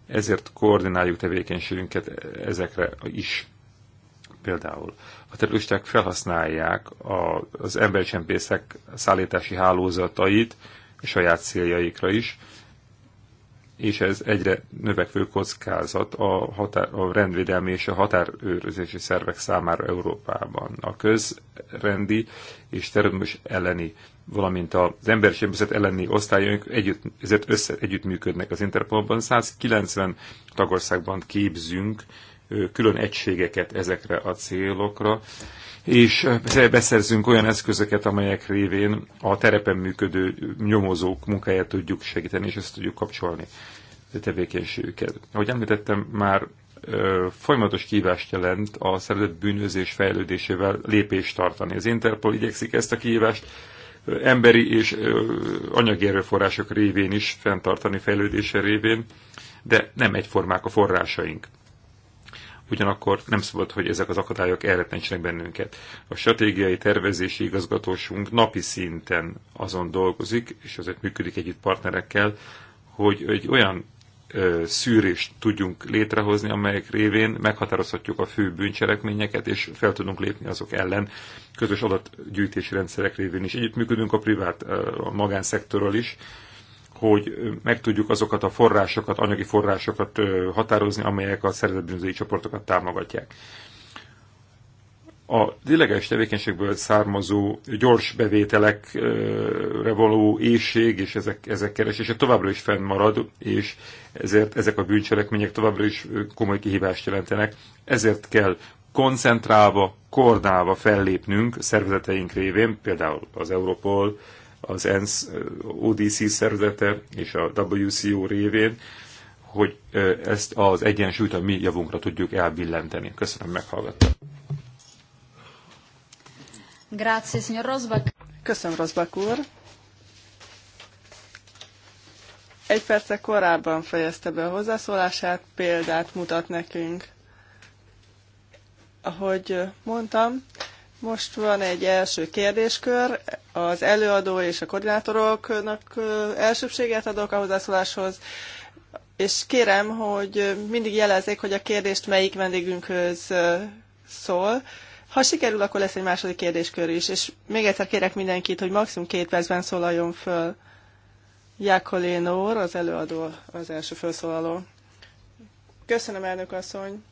ezért koordináljuk tevékenységünket ezekre is. Például a terroristák felhasználják a, az embercsempészek szállítási hálózatait a saját céljaikra is, és ez egyre növekvő kockázat a, határ, a rendvédelmi és a határőrzési szervek számára Európában. A közrendi és terrorizmus elleni, valamint az embercsempészet elleni osztályaink együtt, ezért össze, együttműködnek az Interpolban. 190 tagországban képzünk külön egységeket ezekre a célokra, és beszerzünk olyan eszközöket, amelyek révén a terepen működő nyomozók munkáját tudjuk segíteni, és ezt tudjuk kapcsolni a tevékenységüket. Ahogy említettem, már folyamatos kívást jelent a szervezett bűnözés fejlődésével lépést tartani. Az Interpol igyekszik ezt a kívást emberi és anyagi erőforrások révén is fenntartani fejlődése révén, de nem egyformák a forrásaink ugyanakkor nem szabad, hogy ezek az akadályok elretentsenek bennünket. A stratégiai tervezési igazgatósunk napi szinten azon dolgozik, és azért működik együtt partnerekkel, hogy egy olyan ö, szűrést tudjunk létrehozni, amelyek révén meghatározhatjuk a fő bűncselekményeket, és fel tudunk lépni azok ellen. Közös adatgyűjtési rendszerek révén is együttműködünk a privát, a magánszektorral is, hogy meg tudjuk azokat a forrásokat, anyagi forrásokat határozni, amelyek a szervezetbűnözői csoportokat támogatják. A illegális tevékenységből származó gyors bevételekre való éjség és ezek, ezek keresése továbbra is fennmarad, és ezért ezek a bűncselekmények továbbra is komoly kihívást jelentenek. Ezért kell koncentrálva, koordinálva fellépnünk szervezeteink révén, például az Europol, az ENSZ ODC szervezete és a WCO révén, hogy ezt az egyensúlyt a mi javunkra tudjuk elbillenteni. Köszönöm, meghallgattam. Grazie, signor Rosbach. Köszönöm, Rosbach úr. Egy perce korábban fejezte be a hozzászólását, példát mutat nekünk. Ahogy mondtam, most van egy első kérdéskör. Az előadó és a koordinátoroknak elsőbséget adok a hozzászóláshoz, és kérem, hogy mindig jelezzék, hogy a kérdést melyik vendégünkhöz szól. Ha sikerül, akkor lesz egy második kérdéskör is, és még egyszer kérek mindenkit, hogy maximum két percben szólaljon föl. Jákolé Nór, az előadó, az első felszólaló. Köszönöm, elnök asszony!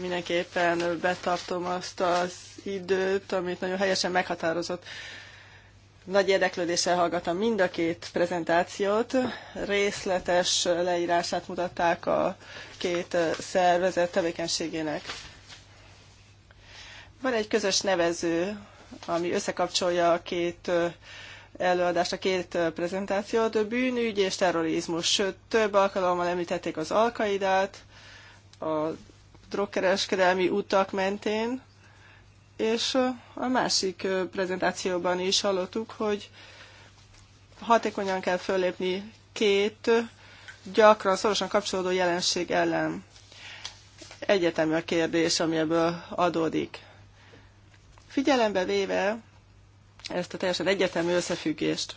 mindenképpen betartom azt az időt, amit nagyon helyesen meghatározott. Nagy érdeklődéssel hallgattam mind a két prezentációt. Részletes leírását mutatták a két szervezet tevékenységének. Van egy közös nevező, ami összekapcsolja a két előadást, a két prezentációt, bűnügy és terrorizmus. Sőt, több alkalommal említették az alkaidát, a drogkereskedelmi utak mentén, és a másik prezentációban is hallottuk, hogy hatékonyan kell fölépni két gyakran szorosan kapcsolódó jelenség ellen. Egyetemű a kérdés, ami ebből adódik. Figyelembe véve ezt a teljesen egyetemű összefüggést,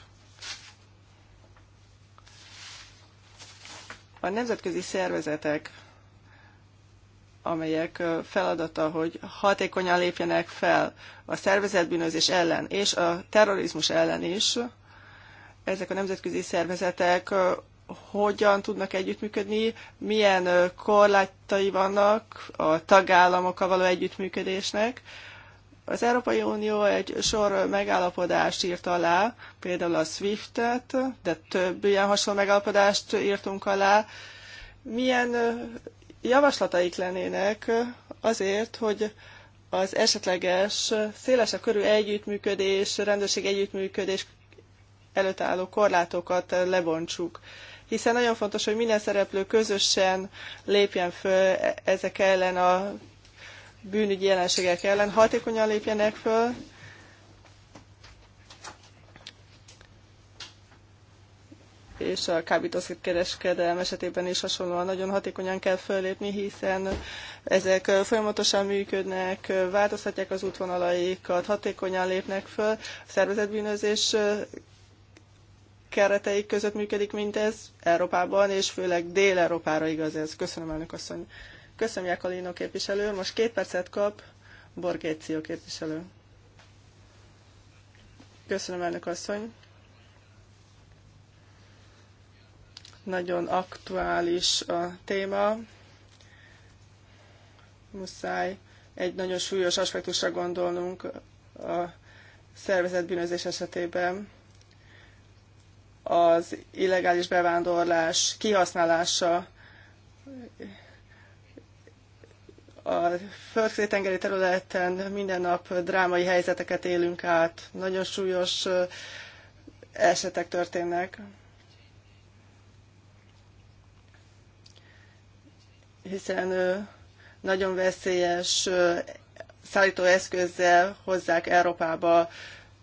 a nemzetközi szervezetek amelyek feladata, hogy hatékonyan lépjenek fel a szervezetbűnözés ellen és a terrorizmus ellen is. Ezek a nemzetközi szervezetek hogyan tudnak együttműködni, milyen korlátai vannak a tagállamokkal való együttműködésnek. Az Európai Unió egy sor megállapodást írt alá, például a SWIFT-et, de több ilyen hasonló megállapodást írtunk alá. Milyen javaslataik lennének azért, hogy az esetleges szélesebb körű együttműködés, rendőrség együttműködés előtt álló korlátokat lebontsuk. Hiszen nagyon fontos, hogy minden szereplő közösen lépjen föl ezek ellen a bűnügyi jelenségek ellen, hatékonyan lépjenek föl, és a kábítószer kereskedelem esetében is hasonlóan nagyon hatékonyan kell fölépni, hiszen ezek folyamatosan működnek, változtatják az útvonalaikat, hatékonyan lépnek föl, a szervezetbűnözés kereteik között működik mindez Európában, és főleg Dél-Európára igaz ez. Köszönöm, elnök asszony. Köszönöm, Jakolino képviselő. Most két percet kap Borgéció képviselő. Köszönöm, elnök asszony. Nagyon aktuális a téma. Muszáj egy nagyon súlyos aspektusra gondolnunk a szervezett bűnözés esetében. Az illegális bevándorlás kihasználása a földközi tengeri területen minden nap drámai helyzeteket élünk át, nagyon súlyos esetek történnek. hiszen nagyon veszélyes szállítóeszközzel hozzák Európába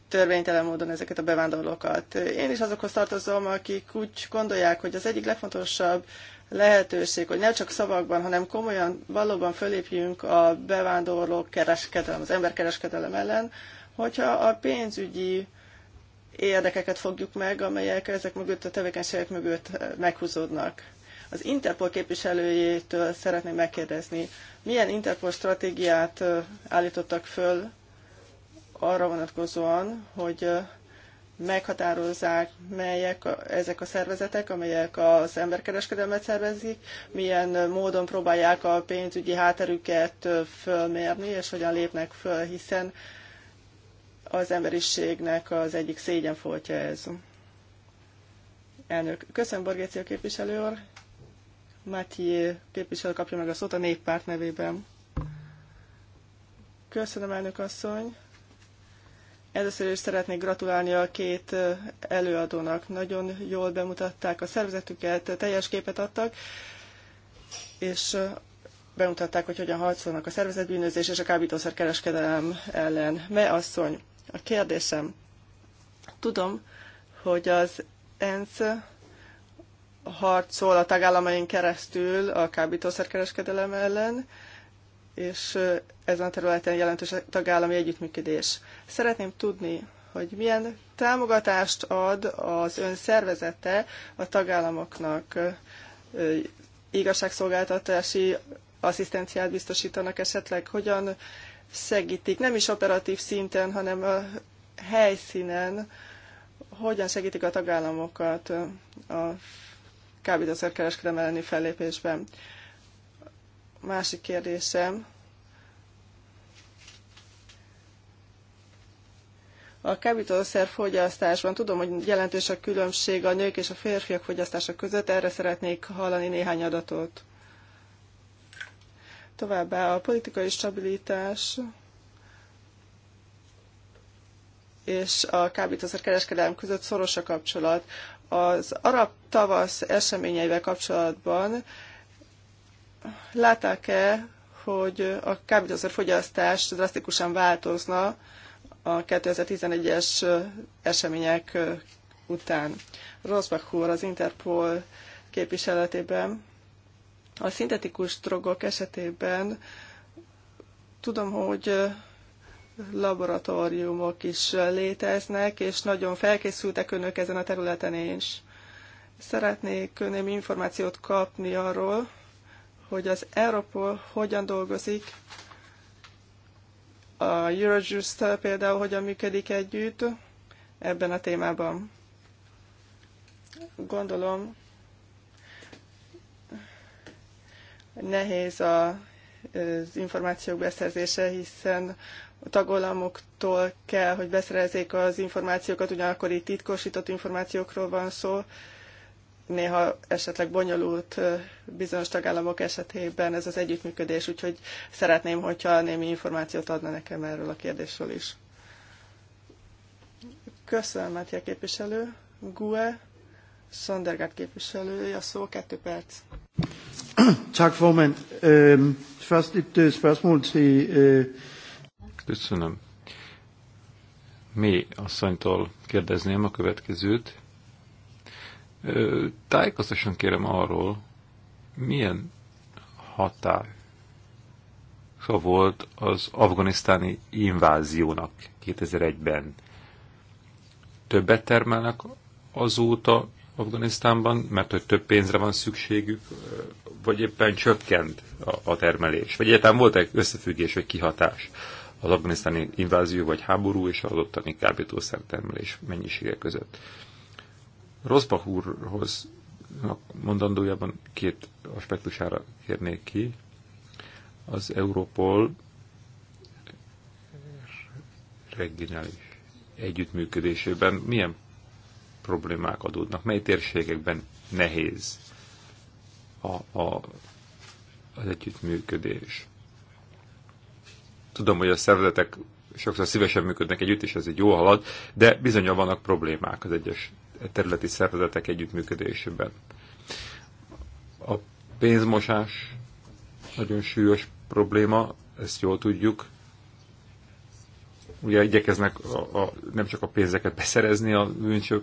törvénytelen módon ezeket a bevándorlókat. Én is azokhoz tartozom, akik úgy gondolják, hogy az egyik legfontosabb lehetőség, hogy ne csak szavakban, hanem komolyan valóban fölépjünk a bevándorlók kereskedelem, az emberkereskedelem ellen, hogyha a pénzügyi érdekeket fogjuk meg, amelyek ezek mögött a tevékenységek mögött meghúzódnak. Az Interpol képviselőjétől szeretném megkérdezni, milyen Interpol stratégiát állítottak föl arra vonatkozóan, hogy meghatározzák, melyek a, ezek a szervezetek, amelyek az emberkereskedelmet szervezik, milyen módon próbálják a pénzügyi hátterüket fölmérni, és hogyan lépnek föl, hiszen az emberiségnek az egyik szégyenfoltja ez. Elnök, köszönöm Borgéció képviselő úr, Mátyé képviselő kapja meg a szót a néppárt nevében. Köszönöm, elnök asszony. Először is szeretnék gratulálni a két előadónak. Nagyon jól bemutatták a szervezetüket, teljes képet adtak, és bemutatták, hogy hogyan harcolnak a szervezetbűnözés és a kábítószerkereskedelem ellen. Me asszony, a kérdésem. Tudom, hogy az ENSZ harcol a tagállamain keresztül a kábítószerkereskedelem ellen, és ezen a területen jelentős a tagállami együttműködés. Szeretném tudni, hogy milyen támogatást ad az ön szervezete a tagállamoknak, igazságszolgáltatási asszisztenciát biztosítanak esetleg, hogyan segítik, nem is operatív szinten, hanem a helyszínen, hogyan segítik a tagállamokat a kereskedem elleni fellépésben. Másik kérdésem. A kábítószer fogyasztásban tudom, hogy jelentős a különbség a nők és a férfiak fogyasztása között, erre szeretnék hallani néhány adatot. Továbbá a politikai stabilitás és a kábítószer kereskedelem között szoros a kapcsolat az arab tavasz eseményeivel kapcsolatban látták-e, hogy a kábítószer fogyasztás drasztikusan változna a 2011-es események után. Rosbach úr az Interpol képviseletében a szintetikus drogok esetében tudom, hogy laboratóriumok is léteznek, és nagyon felkészültek önök ezen a területen is. Szeretnék némi információt kapni arról, hogy az Europol hogyan dolgozik, a eurojust például hogyan működik együtt ebben a témában. Gondolom, nehéz a, az információk beszerzése, hiszen tagolamoktól kell, hogy beszerezzék az információkat, ugyanakkor itt titkosított információkról van szó, néha esetleg bonyolult bizonyos tagállamok esetében ez az együttműködés, úgyhogy szeretném, hogyha némi információt adna nekem erről a kérdésről is. Köszönöm, Mátia képviselő. GUE, Sondergaard képviselő, a szó kettő perc. Tak, formand. Først et øh, spørgsmål til øh, Köszönöm. Mi asszonytól kérdezném a következőt. Tájékoztasson kérem arról, milyen hatása volt az afganisztáni inváziónak 2001-ben. Többet termelnek azóta Afganisztánban, mert hogy több pénzre van szükségük, vagy éppen csökkent a, a termelés? Vagy egyáltalán volt egy összefüggés, vagy kihatás az afganisztáni invázió vagy háború és az ottani termelés mennyisége között. Rosbach úrhoz mondandójában két aspektusára kérnék ki. Az Europol regionális együttműködésében milyen problémák adódnak, mely térségekben nehéz a, a, az együttműködés. Tudom, hogy a szervezetek sokszor szívesen működnek együtt, és ez egy jó halad, de bizonyal vannak problémák az egyes területi szervezetek együttműködésében. A pénzmosás nagyon súlyos probléma, ezt jól tudjuk. Ugye igyekeznek a, a, nem csak a pénzeket beszerezni a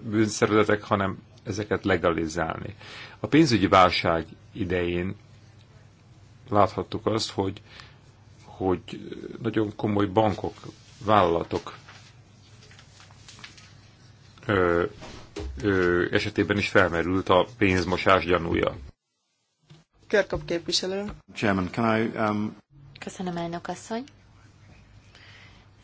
bűnszervezetek, hanem ezeket legalizálni. A pénzügyi válság idején láthattuk azt, hogy hogy nagyon komoly bankok, vállalatok ö, ö, esetében is felmerült a pénzmosás gyanúja. Körkap képviselő. Chairman, can I, um... Köszönöm, elnök asszony.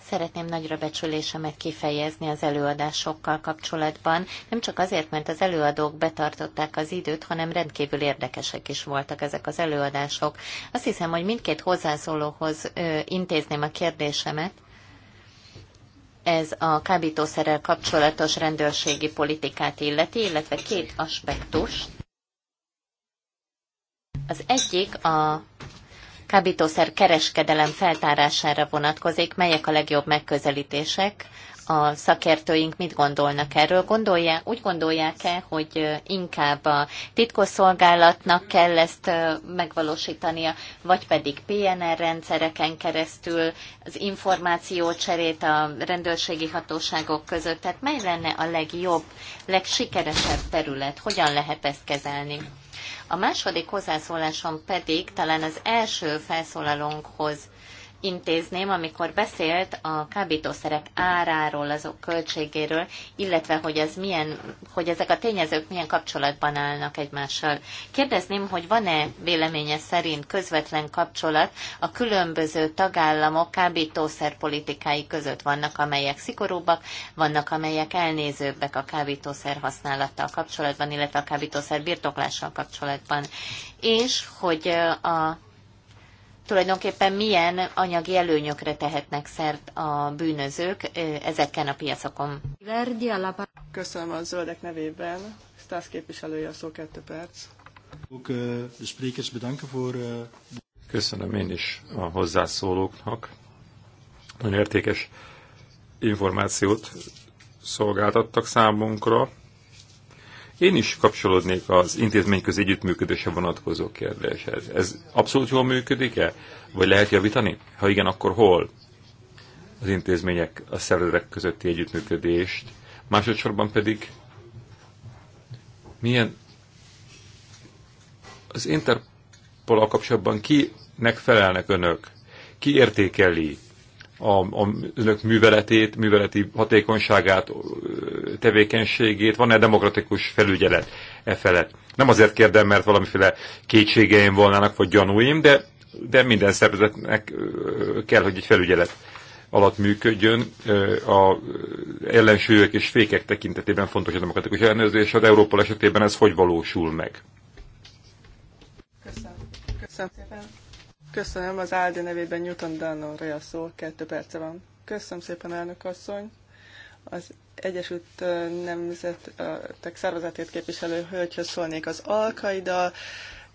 Szeretném nagyra becsülésemet kifejezni az előadásokkal kapcsolatban, nem csak azért, mert az előadók betartották az időt, hanem rendkívül érdekesek is voltak ezek az előadások. Azt hiszem, hogy mindkét hozzászólóhoz ö, intézném a kérdésemet. Ez a kábítószerrel kapcsolatos rendőrségi politikát illeti, illetve két aspektus. Az egyik a kábítószer kereskedelem feltárására vonatkozik. Melyek a legjobb megközelítések? A szakértőink mit gondolnak erről? Gondolják, úgy gondolják-e, hogy inkább a titkosszolgálatnak kell ezt megvalósítania, vagy pedig PNR rendszereken keresztül az információcserét a rendőrségi hatóságok között? Tehát mely lenne a legjobb, legsikeresebb terület? Hogyan lehet ezt kezelni? A második hozzászólásom pedig talán az első felszólalónkhoz intézném, amikor beszélt a kábítószerek áráról, azok költségéről, illetve hogy, ez milyen, hogy ezek a tényezők milyen kapcsolatban állnak egymással. Kérdezném, hogy van-e véleménye szerint közvetlen kapcsolat a különböző tagállamok kábítószerpolitikái között? Vannak, amelyek szigorúbbak, vannak, amelyek elnézőbbek a kábítószer használattal kapcsolatban, illetve a kábítószer birtoklással kapcsolatban. És hogy a tulajdonképpen milyen anyagi előnyökre tehetnek szert a bűnözők ezeken a piacokon. Köszönöm a zöldek nevében. Stász képviselője a szó kettő perc. Eh, eh, Köszönöm én is a hozzászólóknak. Nagyon értékes információt szolgáltattak számunkra én is kapcsolódnék az intézményközi együttműködése vonatkozó kérdéshez. Ez abszolút jól működik-e? Vagy lehet javítani? Ha igen, akkor hol? Az intézmények, a szervezetek közötti együttműködést. Másodszorban pedig milyen az Interpol kapcsolatban kinek felelnek önök? Ki értékeli? a, a önök műveletét, műveleti hatékonyságát, tevékenységét, van-e demokratikus felügyelet e felett? Nem azért kérdem, mert valamiféle kétségeim volnának, vagy gyanúim, de, de minden szervezetnek kell, hogy egy felügyelet alatt működjön. A ellensúlyok és fékek tekintetében fontos a demokratikus ellenőrzés, az Európa esetében ez hogy valósul meg? Köszönöm. Köszönöm szépen. Köszönöm az Áldi nevében Newton Dunnorra a szó, kettő perce van. Köszönöm szépen, elnök asszony. Az Egyesült Nemzetek Szervezetét képviselő hölgyhöz szólnék az Alkaida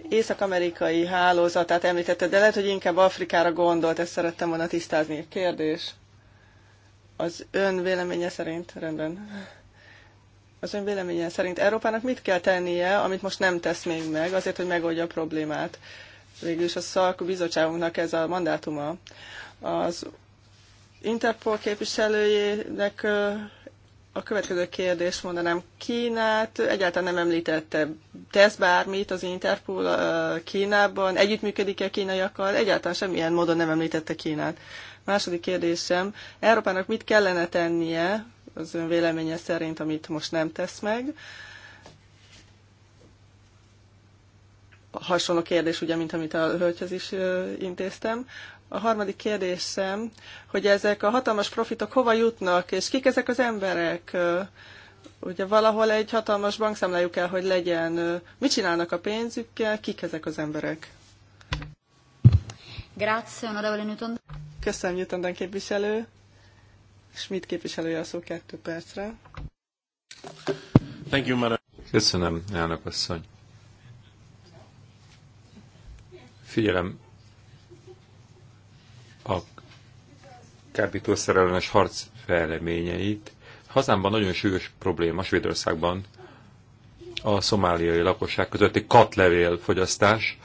észak-amerikai hálózatát említette, de lehet, hogy inkább Afrikára gondolt, ezt szerettem volna tisztázni. Kérdés. Az ön véleménye szerint, rendben. Az ön véleménye szerint Európának mit kell tennie, amit most nem tesz még meg, azért, hogy megoldja a problémát? is a bizottságunknak ez a mandátuma. Az Interpol képviselőjének a következő kérdést mondanám. Kínát egyáltalán nem említette. Tesz bármit az Interpol Kínában? Együttműködik-e kínaiakkal? Egyáltalán semmilyen módon nem említette Kínát. Második kérdésem. Európának mit kellene tennie az ön véleménye szerint, amit most nem tesz meg? Uh, hasonló kérdés, ugye, mint amit a hölgyhez is intéztem. A harmadik kérdésem, hogy ezek a hatalmas profitok hova jutnak, és kik ezek az emberek? Ugye valahol egy hatalmas bankszámlájuk kell, hogy legyen. Mit csinálnak a pénzükkel, kik ezek az emberek? Grazie, onorevole Newton. Köszönöm, Newton képviselő. Schmidt képviselője a szó kettő percre. Thank you, Köszönöm, elnök asszony. figyelem a kábítószerellenes harc fejleményeit. Hazámban nagyon súlyos probléma Svédországban a szomáliai lakosság közötti katlevél fogyasztás,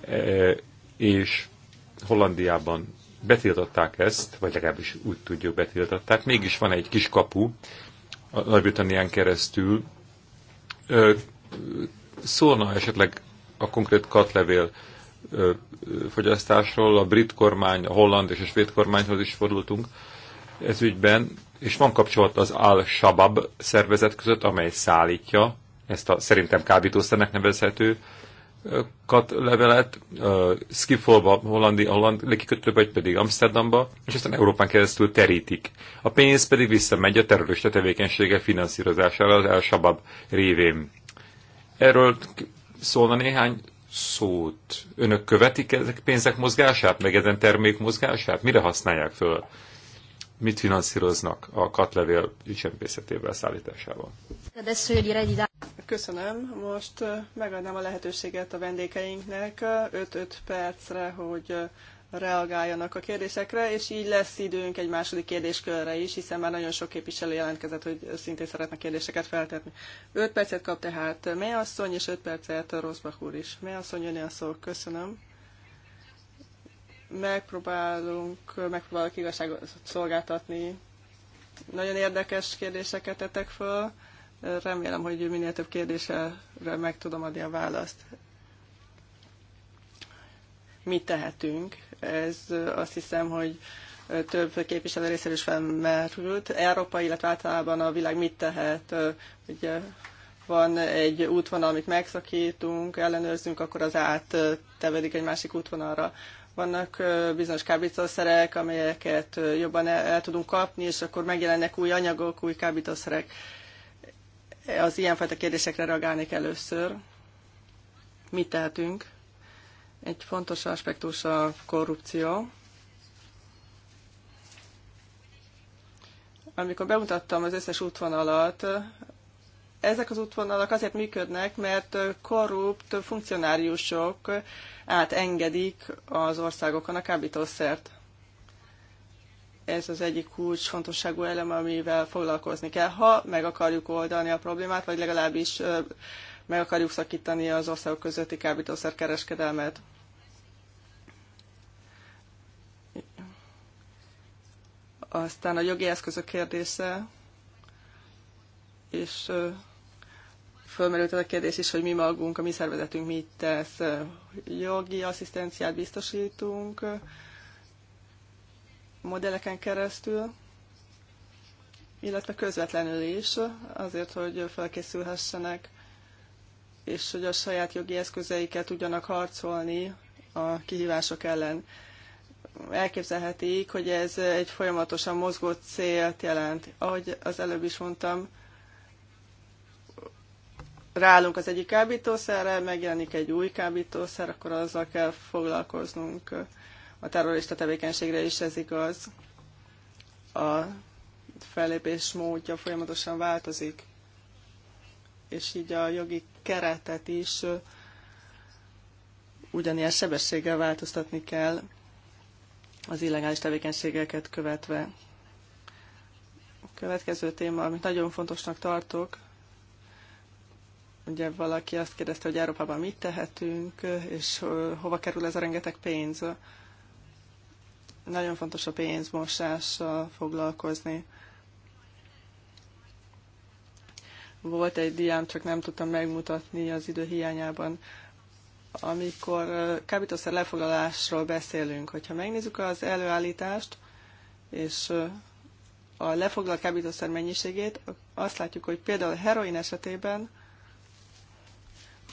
e, és Hollandiában betiltották ezt, vagy legalábbis úgy tudjuk betiltották. Mégis van egy kis kapu, a Nagy-Britannián keresztül. Szólna esetleg a konkrét katlevél fogyasztásról, a brit kormány, a holland és a svéd kormányhoz is fordultunk ez ügyben, és van kapcsolat az al shabab szervezet között, amely szállítja ezt a szerintem kábítószernek nevezhető kat levelet, uh, Skifolba, hollandi, holland legikötőbb, vagy pedig Amsterdamba, és aztán Európán keresztül terítik. A pénz pedig visszamegy a terrorista tevékenysége finanszírozására az El Shabab révén. Erről szólna néhány szót. Önök követik ezek pénzek mozgását, meg ezen termék mozgását? Mire használják föl? Mit finanszíroznak a katlevél csempészetével szállításával? Köszönöm. Most eh, megadnám a lehetőséget a vendégeinknek 5-5 eh, percre, hogy eh, reagáljanak a kérdésekre, és így lesz időnk egy második kérdéskörre is, hiszen már nagyon sok képviselő jelentkezett, hogy szintén szeretne kérdéseket feltetni. 5 percet kap tehát Measszony, és 5 percet Rosbach úr is. Measszony, jönni a szó, köszönöm. Megpróbálunk, megpróbálok igazságot szolgáltatni. Nagyon érdekes kérdéseket tettek föl. Remélem, hogy minél több kérdésre meg tudom adni a választ mit tehetünk. Ez azt hiszem, hogy több képviselő részéről is felmerült. Európa, illetve általában a világ mit tehet? Ugye van egy útvonal, amit megszakítunk, ellenőrzünk, akkor az áttevedik egy másik útvonalra. Vannak bizonyos kábítószerek, amelyeket jobban el, el tudunk kapni, és akkor megjelennek új anyagok, új kábítószerek. Az ilyenfajta kérdésekre reagálnék először. Mit tehetünk? Egy fontos aspektus a korrupció. Amikor bemutattam az összes útvonalat, ezek az útvonalak azért működnek, mert korrupt funkcionáriusok átengedik az országokon a kábítószert. Ez az egyik kulcs fontosságú elem, amivel foglalkozni kell, ha meg akarjuk oldani a problémát, vagy legalábbis meg akarjuk szakítani az országok közötti kábítószerkereskedelmet. Aztán a jogi eszközök kérdése, és fölmerült a kérdés is, hogy mi magunk, a mi szervezetünk mit tesz. Jogi asszisztenciát biztosítunk modelleken keresztül, illetve közvetlenül is, azért, hogy felkészülhessenek és hogy a saját jogi eszközeikkel tudjanak harcolni a kihívások ellen. Elképzelhetik, hogy ez egy folyamatosan mozgó célt jelent. Ahogy az előbb is mondtam, rálunk az egyik kábítószerre, megjelenik egy új kábítószer, akkor azzal kell foglalkoznunk. A terrorista tevékenységre is ez igaz. A fellépés módja folyamatosan változik, és így a jogi keretet is ugyanilyen sebességgel változtatni kell az illegális tevékenységeket követve. A következő téma, amit nagyon fontosnak tartok, ugye valaki azt kérdezte, hogy Európában mit tehetünk, és hova kerül ez a rengeteg pénz. Nagyon fontos a pénzmosással foglalkozni. Volt egy diám, csak nem tudtam megmutatni az idő hiányában. Amikor kábítószer lefoglalásról beszélünk, hogyha megnézzük az előállítást, és a lefoglalt kábítószer mennyiségét, azt látjuk, hogy például heroin esetében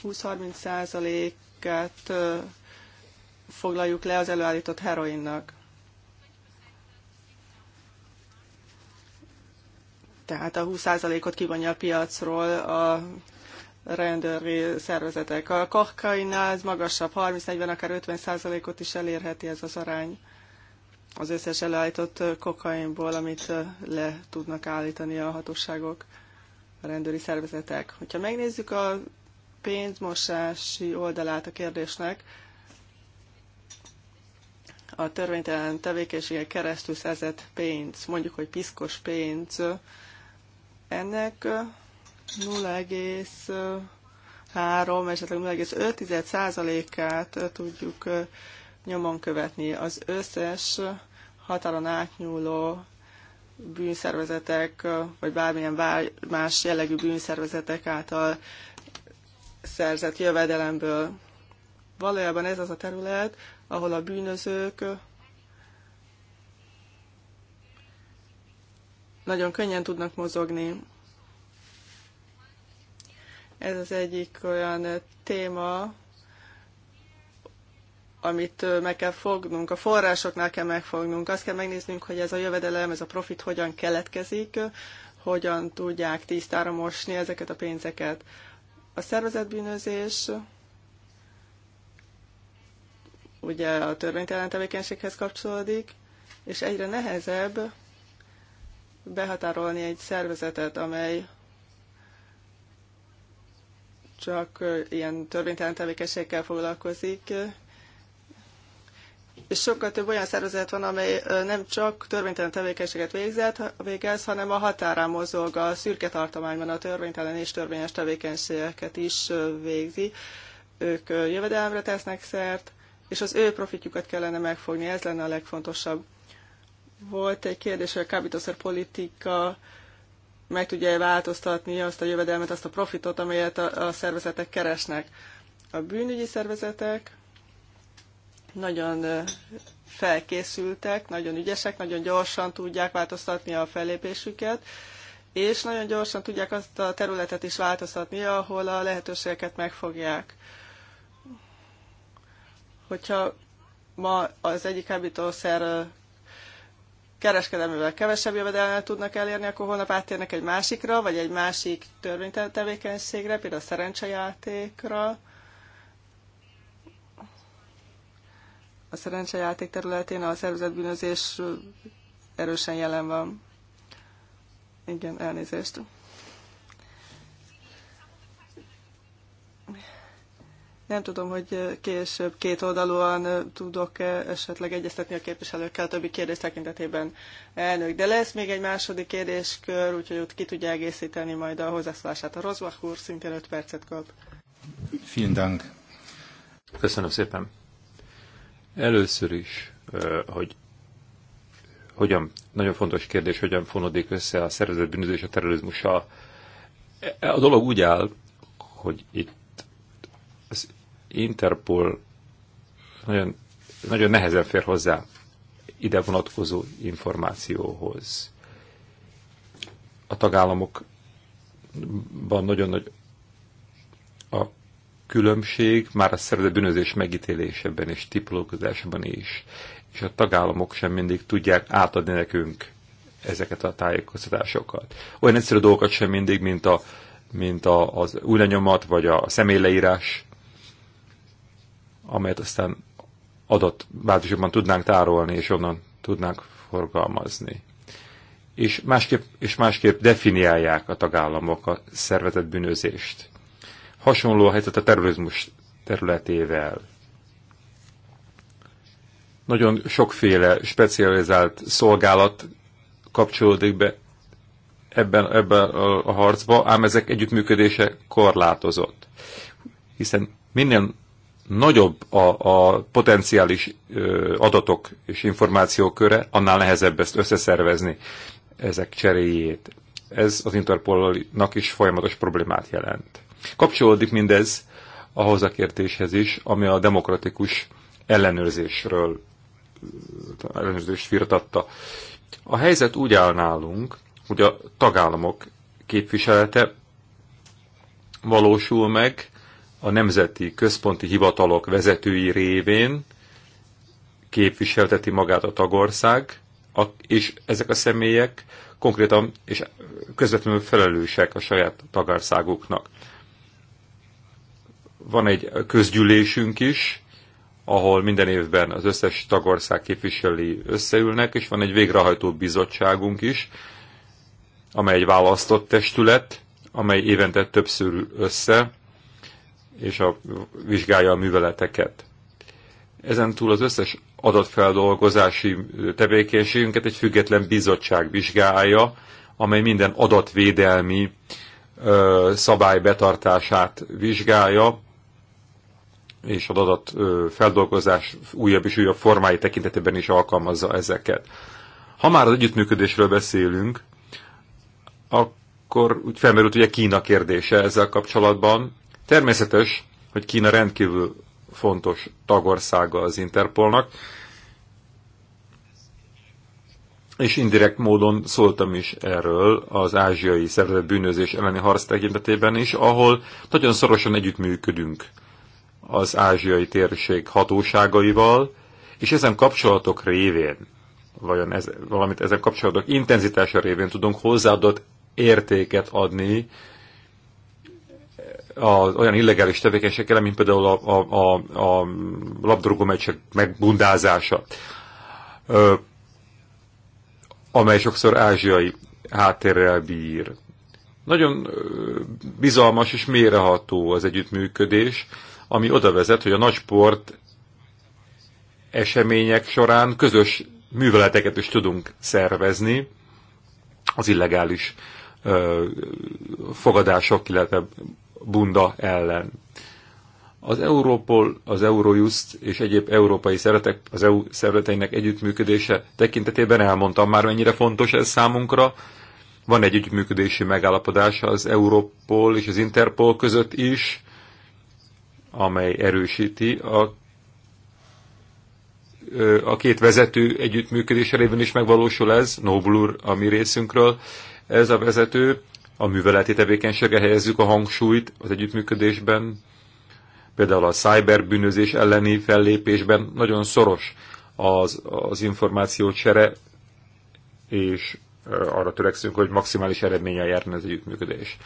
20-30 százalékát foglaljuk le az előállított heroinnak. tehát a 20%-ot kivonja a piacról a rendőri szervezetek. A kokainál ez magasabb, 30-40, akár 50%-ot is elérheti ez az arány az összes előállított kokainból, amit le tudnak állítani a hatóságok, a rendőri szervezetek. Hogyha megnézzük a pénzmosási oldalát a kérdésnek, a törvénytelen tevékenységek keresztül szerzett pénz, mondjuk, hogy piszkos pénz, ennek 0,3, esetleg 0,5%-át tudjuk nyomon követni. Az összes határon átnyúló bűnszervezetek, vagy bármilyen más jellegű bűnszervezetek által szerzett jövedelemből. Valójában ez az a terület, ahol a bűnözők nagyon könnyen tudnak mozogni. Ez az egyik olyan téma, amit meg kell fognunk, a forrásoknál kell megfognunk, azt kell megnéznünk, hogy ez a jövedelem, ez a profit hogyan keletkezik, hogyan tudják tisztára mosni ezeket a pénzeket. A szervezetbűnözés ugye a törvénytelen tevékenységhez kapcsolódik, és egyre nehezebb behatárolni egy szervezetet, amely csak ilyen törvénytelen tevékenységgel foglalkozik. És sokkal több olyan szervezet van, amely nem csak törvénytelen tevékenységet végzett, végez, hanem a határán mozog, a szürke tartományban a törvénytelen és törvényes tevékenységeket is végzi. Ők jövedelemre tesznek szert, és az ő profitjukat kellene megfogni, ez lenne a legfontosabb. Volt egy kérdés, hogy a politika meg tudja változtatni azt a jövedelmet, azt a profitot, amelyet a, a szervezetek keresnek. A bűnügyi szervezetek nagyon felkészültek, nagyon ügyesek, nagyon gyorsan tudják változtatni a fellépésüket, és nagyon gyorsan tudják azt a területet is változtatni, ahol a lehetőségeket megfogják. Hogyha ma az egyik kábítószer kereskedelművel kevesebb jövedelmet tudnak elérni, akkor holnap áttérnek egy másikra, vagy egy másik törvénytevékenységre, például a szerencsejátékra. A szerencsejáték területén a szervezetbűnözés erősen jelen van. Igen, elnézést. Nem tudom, hogy később két oldalúan tudok -e esetleg egyeztetni a képviselőkkel a többi kérdés tekintetében elnök. De lesz még egy második kérdéskör, úgyhogy ott ki tudja egészíteni majd a hozzászólását. A Rozbach úr szintén 5 percet kap. Vielen Dank. Köszönöm szépen. Először is, hogy hogyan, nagyon fontos kérdés, hogyan fonodik össze a szervezett bűnözés a terrorizmussal. E, a dolog úgy áll, hogy itt az Interpol nagyon, nagyon nehezen fér hozzá ide vonatkozó információhoz. A tagállamokban nagyon nagy a különbség, már a szervezet bűnözés megítélésében és tipológizásában is, és a tagállamok sem mindig tudják átadni nekünk ezeket a tájékoztatásokat. Olyan egyszerű dolgokat sem mindig, mint a, mint a, az új lenyomat, vagy a személyleírás amelyet aztán adott bázisokban tudnánk tárolni, és onnan tudnánk forgalmazni. És másképp, és másképp definiálják a tagállamok a szervezett bűnözést. Hasonló a helyzet a terrorizmus területével. Nagyon sokféle specializált szolgálat kapcsolódik be ebben, ebben a harcba, ám ezek együttműködése korlátozott. Hiszen minden nagyobb a, a potenciális adatok és információk köre, annál nehezebb ezt összeszervezni, ezek cseréjét. Ez az Interpolnak is folyamatos problémát jelent. Kapcsolódik mindez ahhoz a kérdéshez is, ami a demokratikus ellenőrzésről ellenőrzést firtatta. A helyzet úgy áll nálunk, hogy a tagállamok képviselete valósul meg, a nemzeti központi hivatalok vezetői révén képviselteti magát a tagország, és ezek a személyek konkrétan és közvetlenül felelősek a saját tagországuknak. Van egy közgyűlésünk is, ahol minden évben az összes tagország képviselői összeülnek, és van egy végrehajtó bizottságunk is, amely egy választott testület, amely évente többször össze, és a, vizsgálja a műveleteket. Ezen túl az összes adatfeldolgozási tevékenységünket egy független bizottság vizsgálja, amely minden adatvédelmi ö, szabály betartását vizsgálja, és az adatfeldolgozás újabb és újabb formái tekintetében is alkalmazza ezeket. Ha már az együttműködésről beszélünk, akkor úgy felmerült ugye Kína kérdése ezzel kapcsolatban, Természetes, hogy Kína rendkívül fontos tagországa az Interpolnak, és indirekt módon szóltam is erről az ázsiai szervezet bűnözés elleni harc tekintetében is, ahol nagyon szorosan együttműködünk az ázsiai térség hatóságaival, és ezen kapcsolatok révén, vajon ez, valamit ezen kapcsolatok intenzitása révén tudunk hozzáadott értéket adni az olyan illegális tevékenységekkel, mint például a, a, a, a labdarúgó meccsek megbundázása, ö, amely sokszor ázsiai háttérrel bír. Nagyon bizalmas és méreható az együttműködés, ami oda vezet, hogy a nagy sport események során közös műveleteket is tudunk szervezni az illegális fogadások, illetve bunda ellen. Az Európol, az Eurojust és egyéb európai szeretek, az EU szervezeteinek együttműködése tekintetében elmondtam már, mennyire fontos ez számunkra. Van egy együttműködési megállapodása az Európol és az Interpol között is, amely erősíti a a két vezető együttműködése révén is megvalósul ez, Noblur a mi részünkről, ez a vezető a műveleti tevékenysége helyezzük a hangsúlyt az együttműködésben, például a cyberbűnözés elleni fellépésben nagyon szoros az, az információcsere, és arra törekszünk, hogy maximális eredménnyel járjon az együttműködés.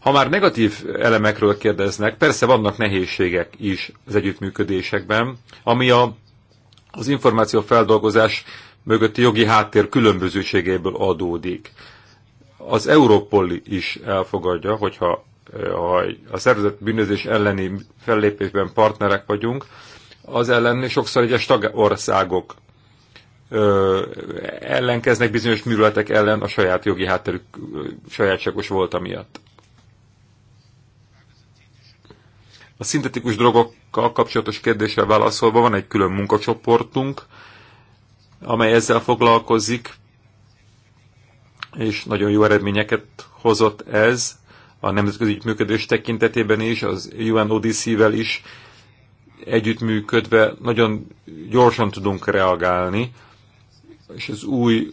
Ha már negatív elemekről kérdeznek, persze vannak nehézségek is az együttműködésekben, ami a, az információ feldolgozás mögötti jogi háttér különbözőségéből adódik. Az Európol is elfogadja, hogyha eh, ha a szervezett bűnözés elleni fellépésben partnerek vagyunk, az ellen sokszor egyes tagországok ö, ellenkeznek bizonyos műveletek ellen a saját jogi hátterük sajátságos volt miatt. A szintetikus drogokkal kapcsolatos kérdéssel válaszolva van egy külön munkacsoportunk, amely ezzel foglalkozik, és nagyon jó eredményeket hozott ez a nemzetközi működés tekintetében is, az UNODC-vel is együttműködve nagyon gyorsan tudunk reagálni, és az új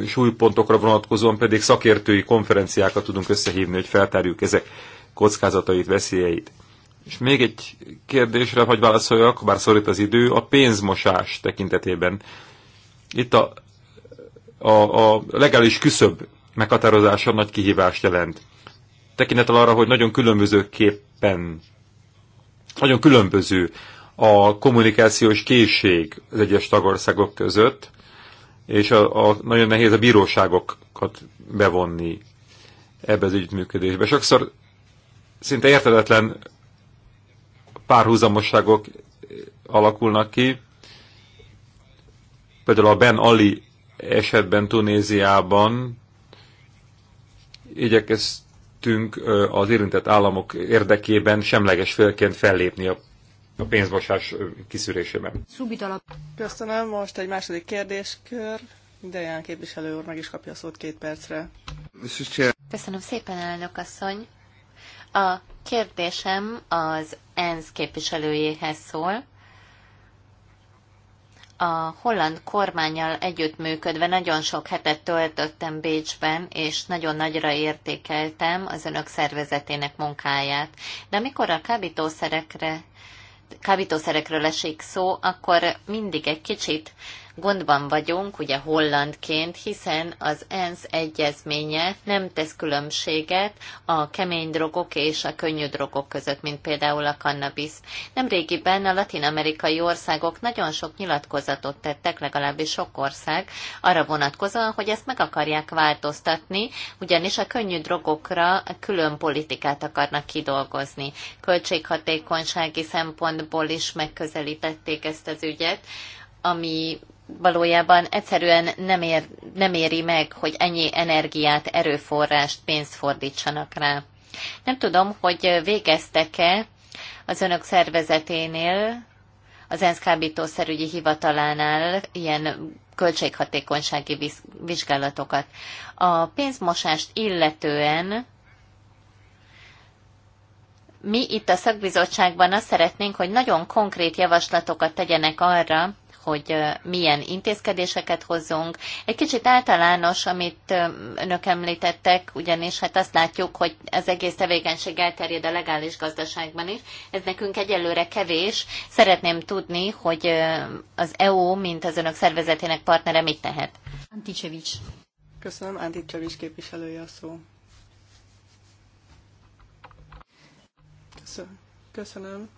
és új pontokra vonatkozóan pedig szakértői konferenciákat tudunk összehívni, hogy feltárjuk ezek kockázatait, veszélyeit. És még egy kérdésre, hogy válaszoljak, bár szorít az idő, a pénzmosás tekintetében. Itt a a, a legális küszöb meghatározása nagy kihívást jelent. Tekintettel arra, hogy nagyon különbözőképpen, nagyon különböző a kommunikációs készség az egyes tagországok között, és a, a, nagyon nehéz a bíróságokat bevonni ebbe az ügyműködésbe. Sokszor szinte értetetlen párhuzamosságok alakulnak ki. Például a Ben Ali esetben Tunéziában igyekeztünk az érintett államok érdekében semleges félként fellépni a a pénzmosás kiszűrésében. Köszönöm, most egy második kérdéskör. Deján képviselő úr meg is kapja a szót két percre. Köszönöm szépen, elnök asszony. A kérdésem az ENSZ képviselőjéhez szól a holland kormányjal együttműködve nagyon sok hetet töltöttem Bécsben, és nagyon nagyra értékeltem az önök szervezetének munkáját. De amikor a kábítószerekre kábítószerekről esik szó, akkor mindig egy kicsit gondban vagyunk, ugye hollandként, hiszen az ENSZ egyezménye nem tesz különbséget a kemény drogok és a könnyű drogok között, mint például a cannabis. Nemrégiben a latin-amerikai országok nagyon sok nyilatkozatot tettek, legalábbis sok ország, arra vonatkozóan, hogy ezt meg akarják változtatni, ugyanis a könnyű drogokra külön politikát akarnak kidolgozni. Költséghatékonysági szempontból is megközelítették ezt az ügyet, ami valójában egyszerűen nem, ér, nem éri meg, hogy ennyi energiát, erőforrást, pénzt fordítsanak rá. Nem tudom, hogy végeztek-e az önök szervezeténél, az ENSZ kábítószerügyi hivatalánál ilyen költséghatékonysági vizsgálatokat. A pénzmosást illetően mi itt a szakbizottságban azt szeretnénk, hogy nagyon konkrét javaslatokat tegyenek arra, hogy milyen intézkedéseket hozzunk. Egy kicsit általános, amit önök említettek, ugyanis hát azt látjuk, hogy az egész tevékenység elterjed a legális gazdaságban is. Ez nekünk egyelőre kevés. Szeretném tudni, hogy az EU, mint az önök szervezetének partnere mit tehet. Anticsevics. Köszönöm, Anticsevics képviselője a szó. Köszönöm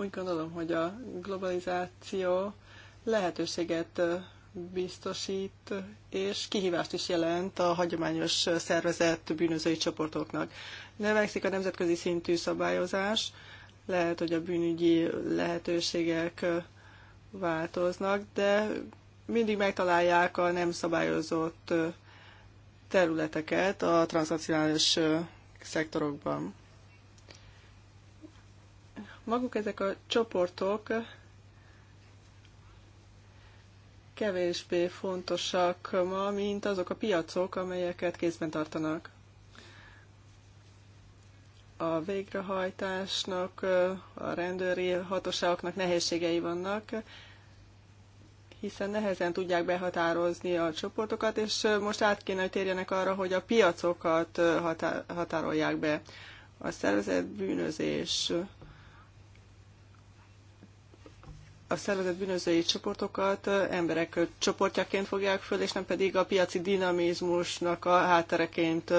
úgy gondolom, hogy a globalizáció lehetőséget biztosít, és kihívást is jelent a hagyományos szervezett bűnözői csoportoknak. Növekszik a nemzetközi szintű szabályozás, lehet, hogy a bűnügyi lehetőségek változnak, de mindig megtalálják a nem szabályozott területeket a transnacionális szektorokban maguk ezek a csoportok kevésbé fontosak ma, mint azok a piacok, amelyeket kézben tartanak. A végrehajtásnak, a rendőri hatóságoknak nehézségei vannak, hiszen nehezen tudják behatározni a csoportokat, és most át kéne, hogy térjenek arra, hogy a piacokat határolják be. A szervezett bűnözés a szervezet bűnözői csoportokat emberek csoportjaként fogják föl, és nem pedig a piaci dinamizmusnak a háttereként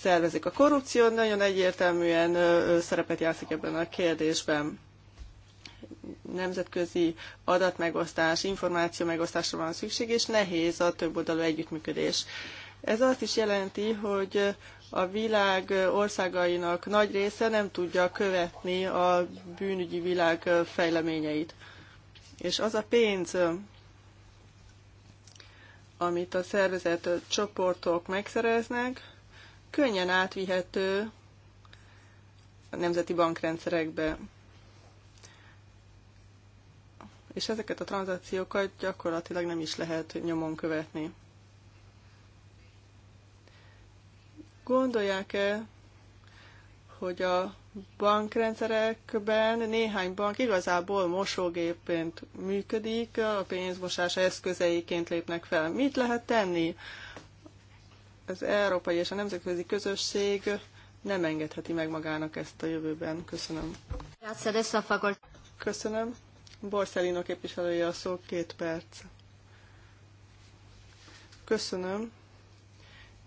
szervezik. A korrupció nagyon egyértelműen szerepet játszik ebben a kérdésben. Nemzetközi adatmegosztás, információ megosztásra van szükség, és nehéz a több oldalú együttműködés. Ez azt is jelenti, hogy a világ országainak nagy része nem tudja követni a bűnügyi világ fejleményeit. És az a pénz, amit a szervezett csoportok megszereznek, könnyen átvihető a nemzeti bankrendszerekbe. És ezeket a tranzakciókat gyakorlatilag nem is lehet nyomon követni. Gondolják-e, hogy a bankrendszerekben néhány bank igazából mosógépként működik, a pénzmosás eszközeiként lépnek fel. Mit lehet tenni? Az európai és a nemzetközi közösség nem engedheti meg magának ezt a jövőben. Köszönöm. Köszönöm. Borszelino képviselője a szó, két perc. Köszönöm.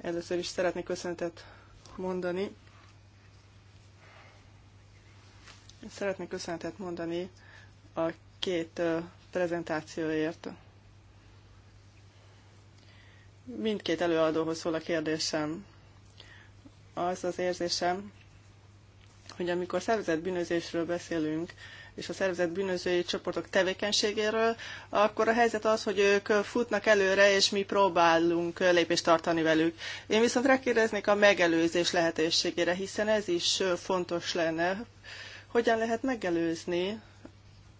Először is szeretnék köszönetet mondani Szeretnék köszönetet mondani a két prezentációért. Mindkét előadóhoz szól a kérdésem. Az az érzésem, hogy amikor szervezett bűnözésről beszélünk, és a szervezett bűnözői csoportok tevékenységéről, akkor a helyzet az, hogy ők futnak előre, és mi próbálunk lépést tartani velük. Én viszont rákérdeznék a megelőzés lehetőségére, hiszen ez is fontos lenne, hogyan lehet megelőzni,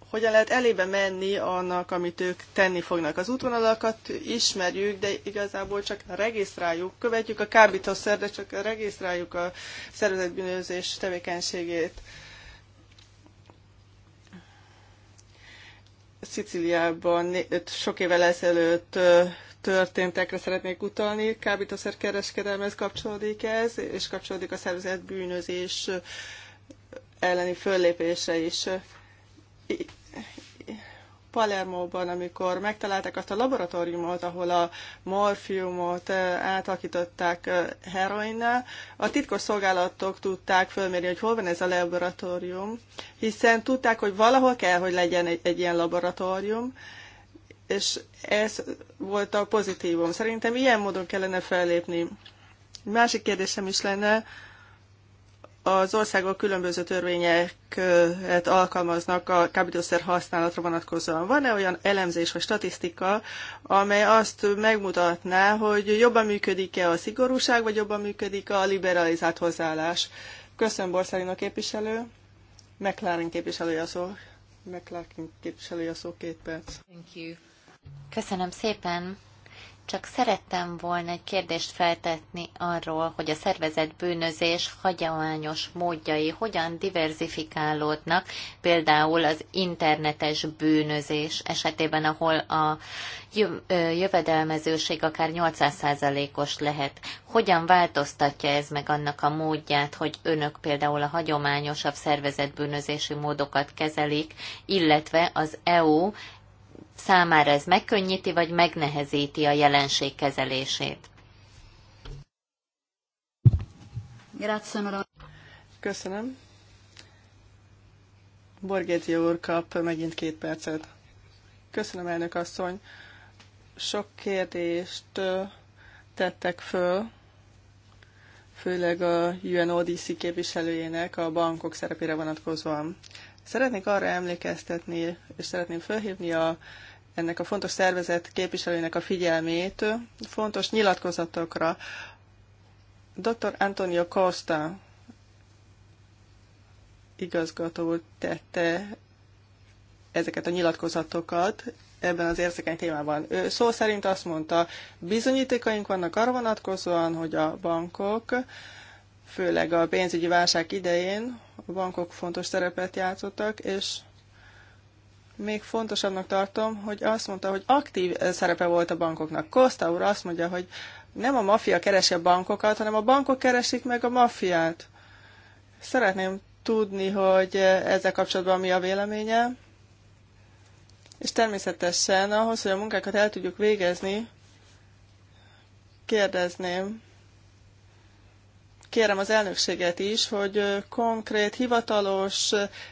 hogyan lehet elébe menni annak, amit ők tenni fognak. Az útvonalakat ismerjük, de igazából csak regisztráljuk, követjük a kábítószer, de csak regisztráljuk a szervezetbűnözés tevékenységét. Sziciliában sok évvel ezelőtt történtekre szeretnék utalni. Kábítószerkereskedelmez kapcsolódik ez, és kapcsolódik a szervezetbűnözés bűnözés elleni föllépése is. Palermóban, amikor megtalálták azt a laboratóriumot, ahol a morfiumot eh, átalakították eh, heroinnal. a titkos szolgálatok tudták fölmérni, hogy hol van ez a laboratórium, hiszen tudták, hogy valahol kell, hogy legyen egy, egy ilyen laboratórium, és ez volt a pozitívum. Szerintem ilyen módon kellene fellépni. Másik kérdésem is lenne, az országok különböző törvényeket alkalmaznak a kábítószer használatra vonatkozóan. Van-e olyan elemzés vagy statisztika, amely azt megmutatná, hogy jobban működik-e a szigorúság, vagy jobban működik a liberalizált hozzáállás? Köszönöm Borszalino képviselő. McLaren képviselője a szó. McLaren képviselője a szó két perc. Thank you. Köszönöm szépen. Csak szerettem volna egy kérdést feltetni arról, hogy a szervezet bűnözés hagyományos módjai hogyan diverzifikálódnak, például az internetes bűnözés esetében, ahol a jövedelmezőség akár 800%-os lehet. Hogyan változtatja ez meg annak a módját, hogy önök például a hagyományosabb szervezetbűnözési módokat kezelik, illetve az EU számára ez megkönnyíti vagy megnehezíti a jelenség kezelését? Köszönöm. Borgéti úr kap megint két percet. Köszönöm, elnök asszony. Sok kérdést tettek föl, főleg a UNODC képviselőjének a bankok szerepére vonatkozóan. Szeretnék arra emlékeztetni, és szeretném felhívni a, ennek a fontos szervezet képviselőnek a figyelmét fontos nyilatkozatokra. Dr. Antonio Costa igazgató tette ezeket a nyilatkozatokat ebben az érzékeny témában. Ő szó szerint azt mondta, bizonyítékaink vannak arra vonatkozóan, hogy a bankok, főleg a pénzügyi válság idején, a bankok fontos szerepet játszottak, és még fontosabbnak tartom, hogy azt mondta, hogy aktív szerepe volt a bankoknak. Kosta úr azt mondja, hogy nem a maffia keresi a bankokat, hanem a bankok keresik meg a maffiát. Szeretném tudni, hogy ezzel kapcsolatban mi a véleménye. És természetesen ahhoz, hogy a munkákat el tudjuk végezni, kérdezném, kérem az elnökséget is, hogy konkrét, hivatalos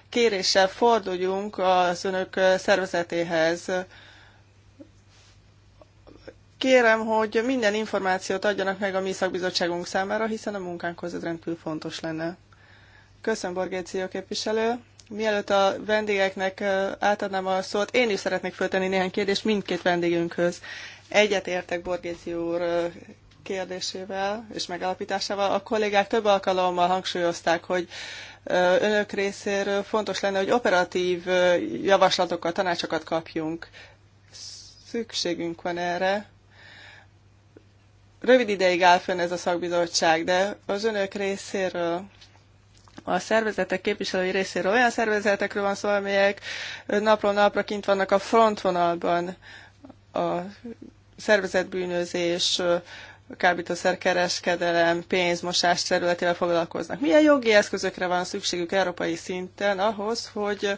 kéréssel forduljunk az önök szervezetéhez. Kérem, hogy minden információt adjanak meg a mi szakbizottságunk számára, hiszen a munkánkhoz ez rendkívül fontos lenne. Köszönöm, Borgéció képviselő. Mielőtt a vendégeknek átadnám a szót, én is szeretnék föltenni néhány kérdést mindkét vendégünkhöz. Egyetértek Borgézi úr kérdésével és megállapításával. A kollégák több alkalommal hangsúlyozták, hogy önök részéről fontos lenne, hogy operatív javaslatokat, tanácsokat kapjunk. Szükségünk van erre. Rövid ideig áll fönn ez a szakbizottság, de az önök részéről a szervezetek képviselői részéről olyan szervezetekről van szó, amelyek napról napra kint vannak a frontvonalban a szervezetbűnözés, kábítószer kereskedelem, pénzmosás területével foglalkoznak. Milyen jogi eszközökre van szükségük európai szinten ahhoz, hogy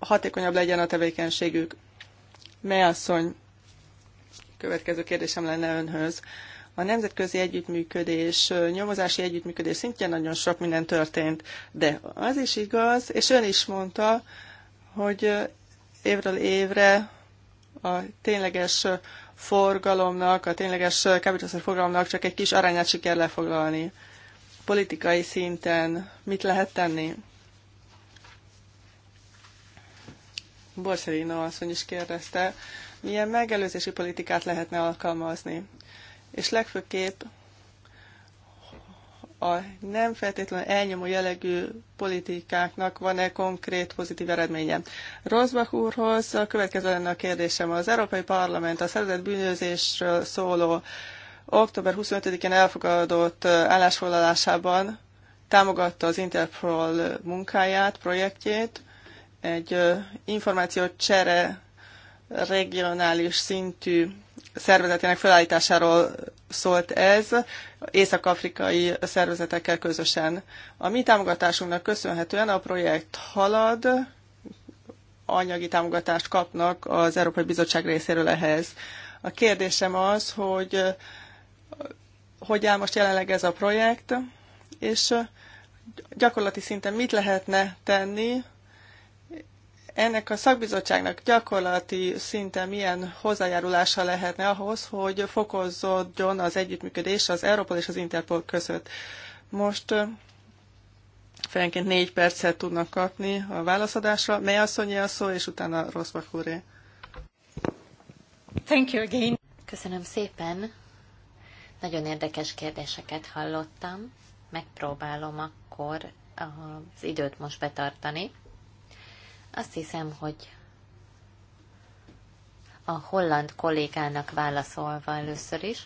hatékonyabb legyen a tevékenységük? asszony? következő kérdésem lenne önhöz. A nemzetközi együttműködés, nyomozási együttműködés szintjén nagyon sok minden történt, de az is igaz, és ön is mondta, hogy évről évre a tényleges forgalomnak, a tényleges kábítószer forgalomnak csak egy kis arányát siker lefoglalni. Politikai szinten mit lehet tenni? Borsellino asszony is kérdezte, milyen megelőzési politikát lehetne alkalmazni. És legfőképp a nem feltétlenül elnyomó jellegű politikáknak van-e konkrét pozitív eredménye. Rosbach úrhoz a következő lenne a kérdésem. Az Európai Parlament a szervezett bűnözésről szóló október 25-én elfogadott állásfoglalásában támogatta az Interpol munkáját, projektjét, egy információ csere regionális szintű szervezetének felállításáról szólt ez, észak-afrikai szervezetekkel közösen. A mi támogatásunknak köszönhetően a projekt halad, anyagi támogatást kapnak az Európai Bizottság részéről ehhez. A kérdésem az, hogy hogy áll most jelenleg ez a projekt, és gyakorlati szinten mit lehetne tenni ennek a szakbizottságnak gyakorlati szinten milyen hozzájárulása lehetne ahhoz, hogy fokozódjon az együttműködés az Európol és az Interpol között. Most fejenként négy percet tudnak kapni a válaszadásra. Mely asszonyi a szó, és utána Rosbach úré. Thank you again. Köszönöm szépen. Nagyon érdekes kérdéseket hallottam. Megpróbálom akkor az időt most betartani. Azt hiszem, hogy a holland kollégának válaszolva először is.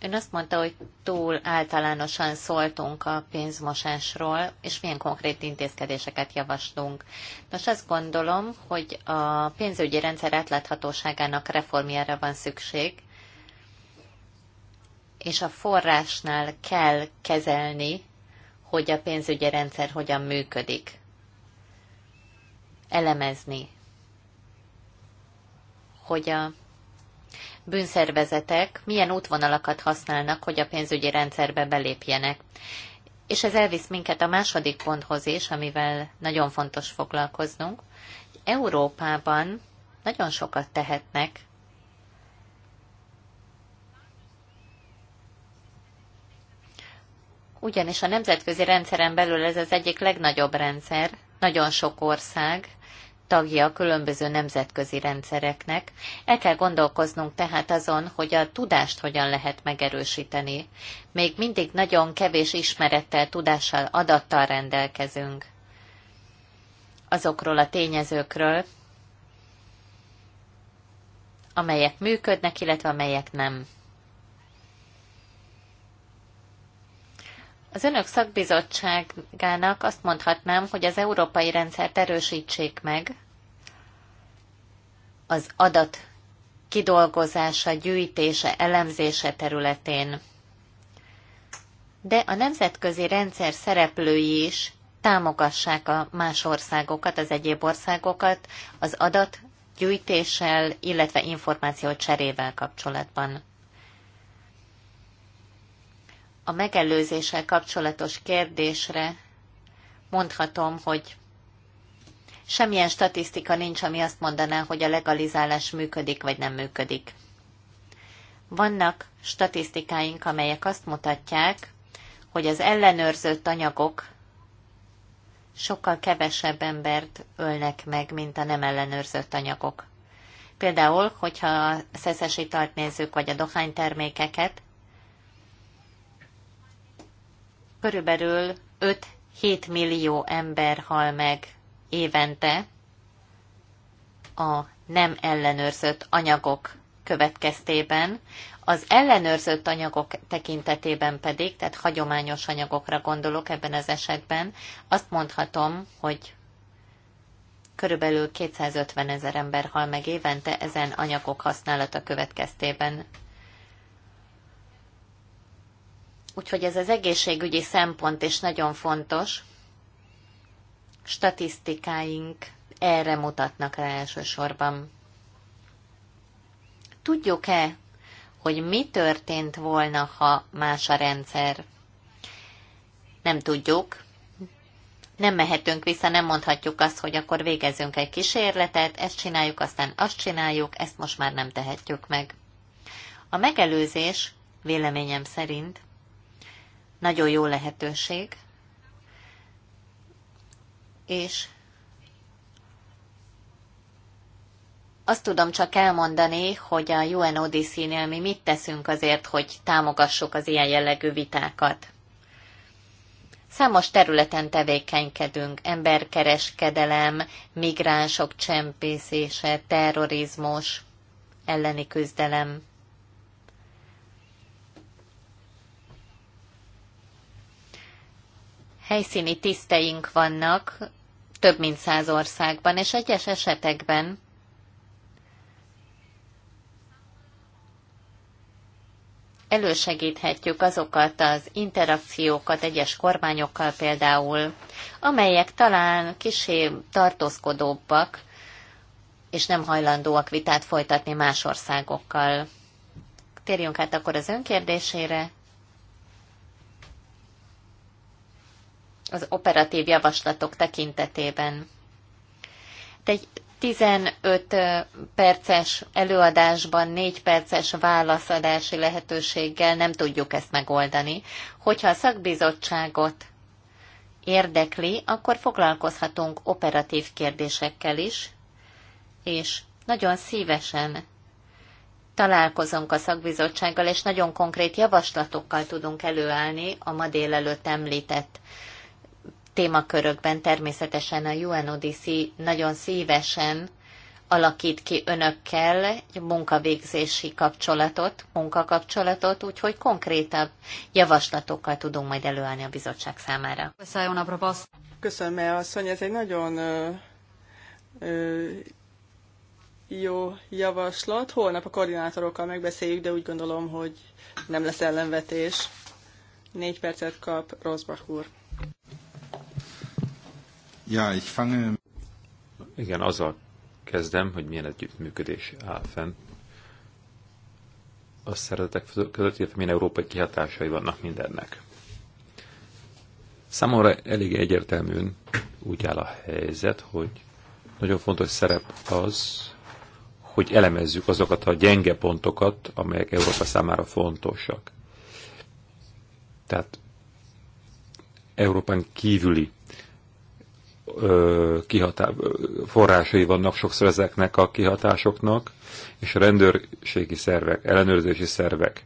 Ön azt mondta, hogy túl általánosan szóltunk a pénzmosásról, és milyen konkrét intézkedéseket javaslunk. Nos, azt gondolom, hogy a pénzügyi rendszer átláthatóságának reformjára van szükség, és a forrásnál kell kezelni hogy a pénzügyi rendszer hogyan működik. Elemezni, hogy a bűnszervezetek milyen útvonalakat használnak, hogy a pénzügyi rendszerbe belépjenek. És ez elvisz minket a második ponthoz is, amivel nagyon fontos foglalkoznunk. Európában nagyon sokat tehetnek ugyanis a nemzetközi rendszeren belül ez az egyik legnagyobb rendszer, nagyon sok ország tagja a különböző nemzetközi rendszereknek. El kell gondolkoznunk tehát azon, hogy a tudást hogyan lehet megerősíteni. Még mindig nagyon kevés ismerettel, tudással, adattal rendelkezünk azokról a tényezőkről, amelyek működnek, illetve amelyek nem. Az önök szakbizottságának azt mondhatnám, hogy az európai rendszert erősítsék meg, az adat kidolgozása, gyűjtése, elemzése területén. De a nemzetközi rendszer szereplői is támogassák a más országokat, az egyéb országokat az adat gyűjtéssel, illetve információ cserével kapcsolatban a megelőzéssel kapcsolatos kérdésre mondhatom, hogy semmilyen statisztika nincs, ami azt mondaná, hogy a legalizálás működik vagy nem működik. Vannak statisztikáink, amelyek azt mutatják, hogy az ellenőrzött anyagok sokkal kevesebb embert ölnek meg, mint a nem ellenőrzött anyagok. Például, hogyha a szeszes nézzük, vagy a dohánytermékeket, körülbelül 5-7 millió ember hal meg évente a nem ellenőrzött anyagok következtében, az ellenőrzött anyagok tekintetében pedig, tehát hagyományos anyagokra gondolok ebben az esetben, azt mondhatom, hogy körülbelül 250 ezer ember hal meg évente ezen anyagok használata következtében. Úgyhogy ez az egészségügyi szempont is nagyon fontos. Statisztikáink erre mutatnak rá elsősorban. Tudjuk-e, hogy mi történt volna, ha más a rendszer? Nem tudjuk. Nem mehetünk vissza, nem mondhatjuk azt, hogy akkor végezzünk egy kísérletet, ezt csináljuk, aztán azt csináljuk, ezt most már nem tehetjük meg. A megelőzés véleményem szerint nagyon jó lehetőség, és azt tudom csak elmondani, hogy a UNODC-nél mi mit teszünk azért, hogy támogassuk az ilyen jellegű vitákat. Számos területen tevékenykedünk, emberkereskedelem, migránsok csempészése, terrorizmus elleni küzdelem. helyszíni tiszteink vannak több mint száz országban, és egyes esetekben elősegíthetjük azokat az interakciókat egyes kormányokkal például, amelyek talán kisé tartózkodóbbak, és nem hajlandóak vitát folytatni más országokkal. Térjünk át akkor az önkérdésére. az operatív javaslatok tekintetében. Egy 15 perces előadásban 4 perces válaszadási lehetőséggel nem tudjuk ezt megoldani. Hogyha a szakbizottságot érdekli, akkor foglalkozhatunk operatív kérdésekkel is, és nagyon szívesen találkozunk a szakbizottsággal, és nagyon konkrét javaslatokkal tudunk előállni a ma délelőtt említett témakörökben természetesen a UNODC nagyon szívesen alakít ki önökkel egy munkavégzési kapcsolatot, munkakapcsolatot, úgyhogy konkrétabb javaslatokkal tudunk majd előállni a bizottság számára. Köszönöm, el, asszony, ez egy nagyon ö, ö, jó javaslat. Holnap a koordinátorokkal megbeszéljük, de úgy gondolom, hogy nem lesz ellenvetés. Négy percet kap Rosbach úr. Ja, ich fange... Igen, azzal kezdem, hogy milyen együttműködés áll fenn a szeretetek között, illetve milyen európai kihatásai vannak mindennek. Számomra elég egyértelműen úgy áll a helyzet, hogy nagyon fontos szerep az, hogy elemezzük azokat a gyenge pontokat, amelyek Európa számára fontosak. Tehát Európán kívüli kihatá, forrásai vannak sokszor ezeknek a kihatásoknak, és a rendőrségi szervek, ellenőrzési szervek,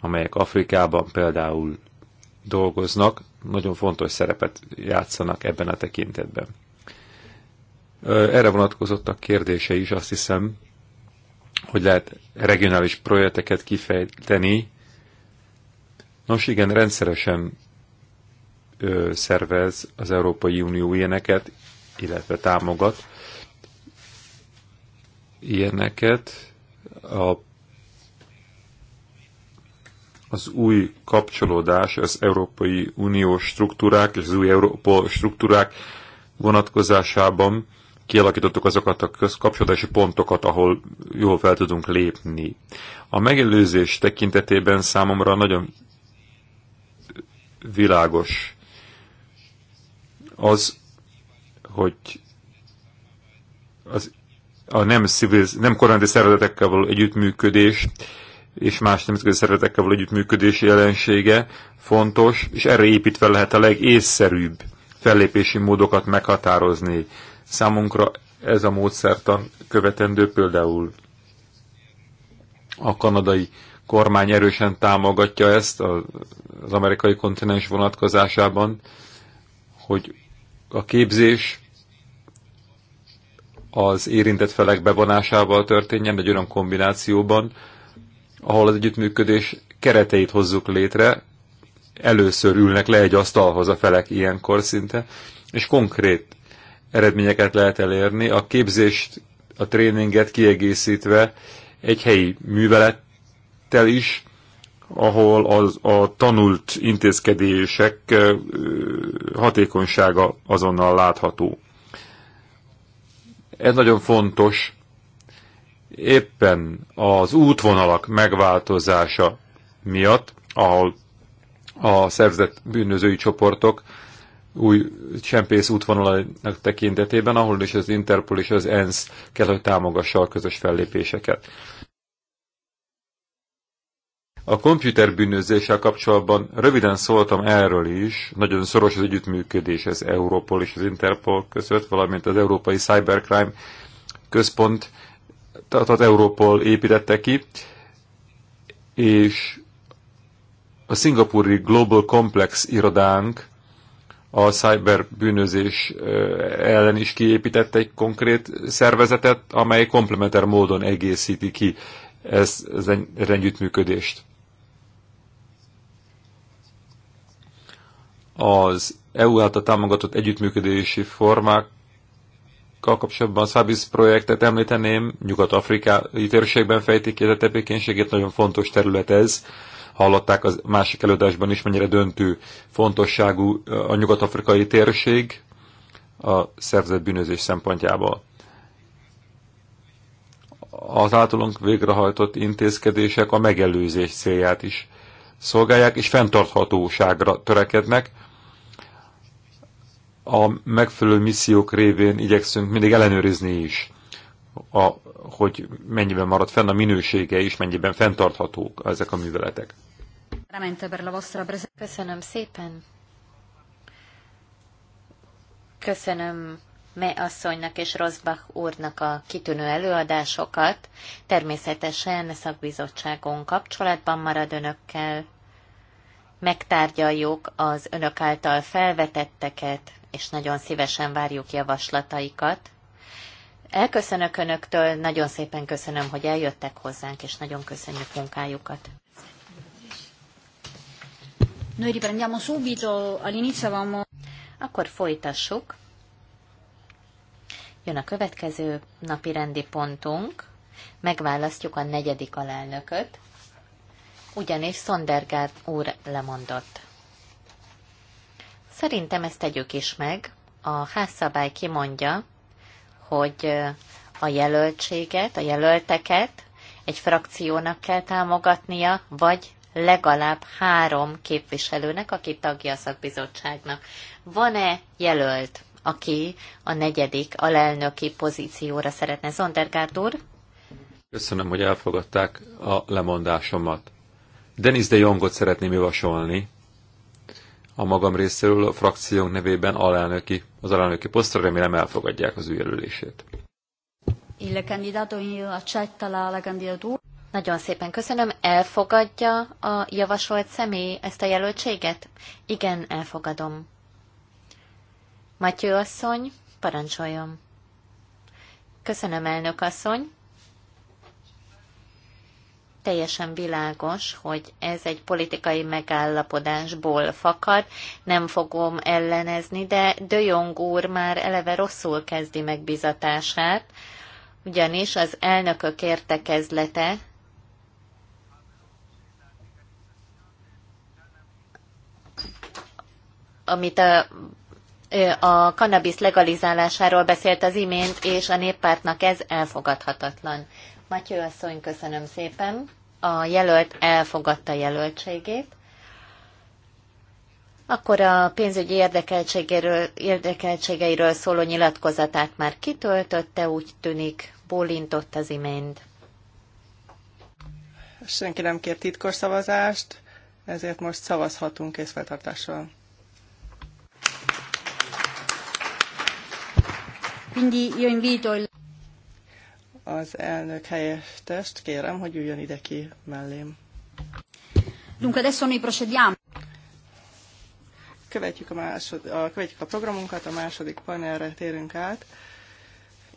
amelyek Afrikában például dolgoznak, nagyon fontos szerepet játszanak ebben a tekintetben. Erre vonatkozott a kérdése is, azt hiszem, hogy lehet regionális projekteket kifejteni. Nos igen, rendszeresen ö, szervez az Európai Unió ilyeneket, illetve támogat ilyeneket. A, az új kapcsolódás az Európai Unió struktúrák és az új Európa struktúrák vonatkozásában kialakítottuk azokat a közkapcsolódási pontokat, ahol jól fel tudunk lépni. A megelőzés tekintetében számomra nagyon világos az, hogy az, a nem, civil, nem kormányzati szervezetekkel való együttműködés és más nemzetközi szervezetekkel való együttműködés jelensége fontos, és erre építve lehet a legészszerűbb fellépési módokat meghatározni. Számunkra ez a módszertan követendő például a kanadai kormány erősen támogatja ezt az amerikai kontinens vonatkozásában, hogy a képzés az érintett felek bevonásával történjen, egy olyan kombinációban, ahol az együttműködés kereteit hozzuk létre, először ülnek le egy asztalhoz a felek ilyenkor szinte, és konkrét eredményeket lehet elérni, a képzést, a tréninget kiegészítve egy helyi művelettel is, ahol az, a tanult intézkedések hatékonysága azonnal látható. Ez nagyon fontos. Éppen az útvonalak megváltozása miatt, ahol a szerzett bűnözői csoportok új csempész útvonalának tekintetében, ahol is az Interpol és az ENSZ kell, hogy támogassa a közös fellépéseket. A bűnözéssel kapcsolatban röviden szóltam erről is, nagyon szoros az együttműködés az Európol és az Interpol között, valamint az Európai Cybercrime Központ, tehát az Európol építette ki, és a szingapúri Global Complex irodánk a cyberbűnözés eh, ellen is kiépített egy konkrét szervezetet, amely komplementer módon egészíti ki ezt, az együttműködést. az EU által támogatott együttműködési formákkal kapcsolatban a Szabis projektet említeném, Nyugat-Afrikai térségben fejtik ki a tevékenységét, nagyon fontos terület ez. Hallották a másik előadásban is, mennyire döntő fontosságú uh, a nyugat-afrikai térség a szerzett bűnözés szempontjából az általunk végrehajtott intézkedések a megelőzés célját is szolgálják, és fenntarthatóságra törekednek, a megfelelő missziók révén igyekszünk mindig ellenőrizni is, a, hogy mennyiben marad fenn a minősége és mennyiben fenntarthatók ezek a műveletek. Köszönöm szépen. Köszönöm Me asszonynak és Rosbach úrnak a kitűnő előadásokat. Természetesen szakbizottságon kapcsolatban marad önökkel. Megtárgyaljuk az önök által felvetetteket és nagyon szívesen várjuk javaslataikat. Elköszönök Önöktől, nagyon szépen köszönöm, hogy eljöttek hozzánk, és nagyon köszönjük munkájukat. Noi riprendiamo subito, all'inizio avevamo... Akkor folytassuk. Jön a következő napi rendi pontunk. Megválasztjuk a negyedik alelnököt, ugyanis Sondergaard úr lemondott. Szerintem ezt tegyük is meg. A házszabály kimondja, hogy a jelöltséget, a jelölteket egy frakciónak kell támogatnia, vagy legalább három képviselőnek, aki tagja a szakbizottságnak. Van-e jelölt, aki a negyedik alelnöki pozícióra szeretne? Zondergárd úr? Köszönöm, hogy elfogadták a lemondásomat. Denis de Jongot szeretném javasolni a magam részéről a frakciónk nevében alelnöki, az alelnöki posztra, remélem elfogadják az ő jelölését. Nagyon szépen köszönöm. Elfogadja a javasolt személy ezt a jelöltséget? Igen, elfogadom. Matyő asszony, parancsoljon. Köszönöm, elnök asszony teljesen világos, hogy ez egy politikai megállapodásból fakad, nem fogom ellenezni, de Döjong úr már eleve rosszul kezdi megbizatását, ugyanis az elnökök értekezlete amit a a kannabisz legalizálásáról beszélt az imént, és a néppártnak ez elfogadhatatlan. Matyő asszony, köszönöm szépen a jelölt elfogadta jelöltségét, akkor a pénzügyi érdekeltségeiről, érdekeltségeiről szóló nyilatkozatát már kitöltötte, úgy tűnik, bólintott az imént. Senki nem kér titkos szavazást, ezért most szavazhatunk készfeltartással. Quindi io invito il... Az elnök helyettest kérem, hogy üljön ide ki mellém. Dunque adesso noi procediamo. Követjük a, másod, a, követjük a programunkat, a második panelre térünk át.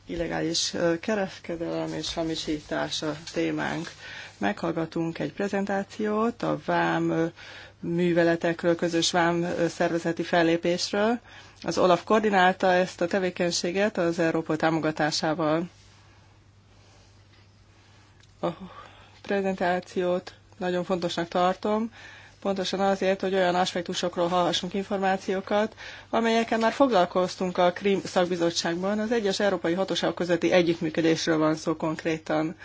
Illegális kereskedelem és hamisítás a témánk. Meghallgatunk egy prezentációt a VÁM műveletekről, közös vám szervezeti fellépésről. Az OLAF koordinálta ezt a tevékenységet az Európa támogatásával a prezentációt nagyon fontosnak tartom, pontosan azért, hogy olyan aspektusokról hallhassunk információkat, amelyeken már foglalkoztunk a Krim szakbizottságban, az egyes európai hatóságok közötti együttműködésről van szó konkrétan.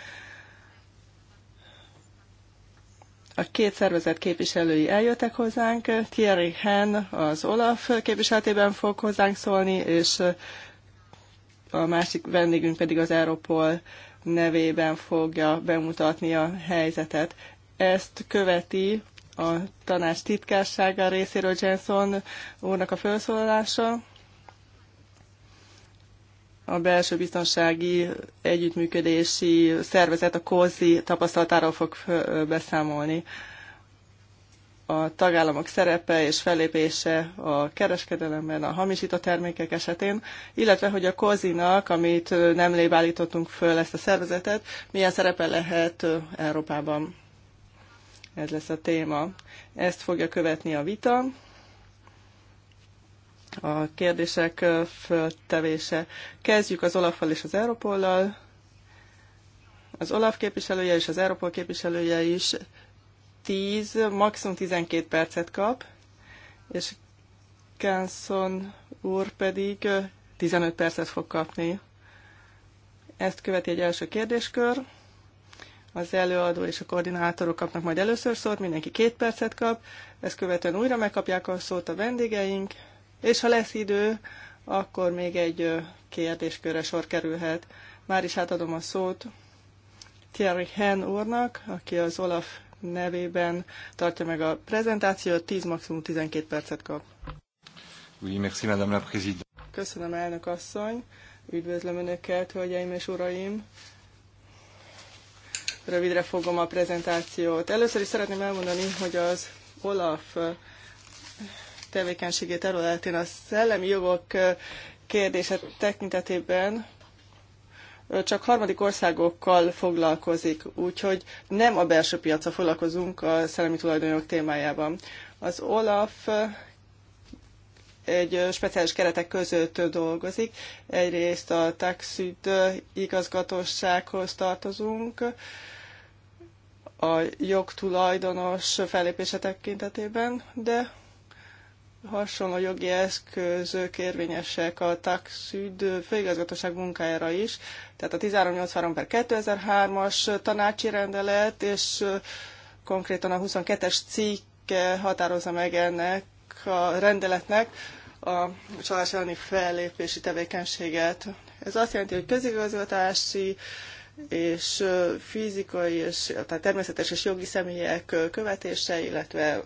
A két szervezet képviselői eljöttek hozzánk, Thierry Henn az Olaf képviseletében fog hozzánk szólni, és a másik vendégünk pedig az Európol nevében fogja bemutatni a helyzetet. Ezt követi a tanács titkársága részéről Jenson úrnak a felszólalása, a belső biztonsági együttműködési szervezet, a COZI tapasztalatáról fog beszámolni a tagállamok szerepe és fellépése a kereskedelemben, a hamisított termékek esetén, illetve hogy a kozinak, amit nem állítottunk föl ezt a szervezetet, milyen szerepe lehet Európában. Ez lesz a téma. Ezt fogja követni a vita, a kérdések föltevése. Kezdjük az Olaffal és az Európollal. Az Olaf képviselője és az Európol képviselője is 10, maximum 12 percet kap, és Kánszon úr pedig 15 percet fog kapni. Ezt követi egy első kérdéskör. Az előadó és a koordinátorok kapnak majd először szót, mindenki két percet kap, ezt követően újra megkapják a szót a vendégeink, és ha lesz idő, akkor még egy kérdéskörre sor kerülhet. Már is átadom a szót Thierry Hen úrnak, aki az Olaf nevében tartja meg a prezentációt, 10 maximum 12 percet kap. Oui, merci, madame la présidente. Köszönöm, elnök asszony. Üdvözlöm Önöket, hölgyeim és uraim. Rövidre fogom a prezentációt. Először is szeretném elmondani, hogy az Olaf tevékenységét területén a szellemi jogok kérdése tekintetében csak harmadik országokkal foglalkozik, úgyhogy nem a belső piacra foglalkozunk a szellemi tulajdonjog témájában. Az OLAF egy speciális keretek között dolgozik. Egyrészt a taxid igazgatósághoz tartozunk, a jogtulajdonos fellépése tekintetében, de hasonló jogi eszközök érvényesek a TAXÜD főigazgatóság munkájára is, tehát a 1383 per 2003-as tanácsi rendelet, és konkrétan a 22-es cikke határozza meg ennek a rendeletnek a csalás elleni fellépési tevékenységet. Ez azt jelenti, hogy közigazgatási és fizikai, és, tehát természetes és jogi személyek követése, illetve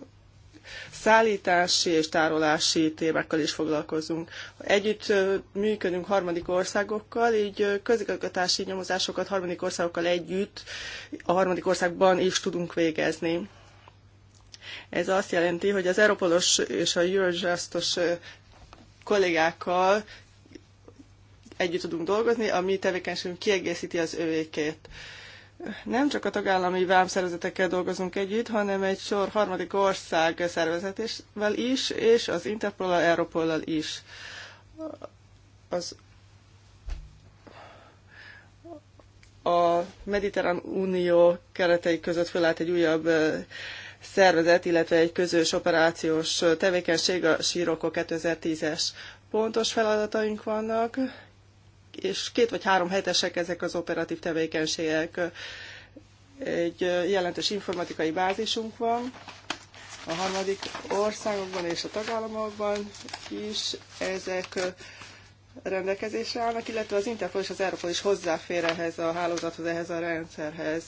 szállítási és tárolási témákkal is foglalkozunk. Együtt működünk harmadik országokkal, így közigazgatási nyomozásokat harmadik országokkal együtt a harmadik országban is tudunk végezni. Ez azt jelenti, hogy az Europolos és a Eurojustos kollégákkal együtt tudunk dolgozni, a mi tevékenységünk kiegészíti az övékét nem csak a tagállami vámszervezetekkel dolgozunk együtt, hanem egy sor harmadik ország szervezetével is, és az Interpol-al, is. Az a Mediterrán Unió keretei között fölállt egy újabb szervezet, illetve egy közös operációs tevékenység, a Síroko 2010-es. Pontos feladataink vannak, és két vagy három hetesek ezek az operatív tevékenységek. Egy jelentős informatikai bázisunk van a harmadik országokban és a tagállamokban is ezek rendelkezésre állnak, illetve az Interpol és az Europol is hozzáfér ehhez a hálózathoz, ehhez a rendszerhez.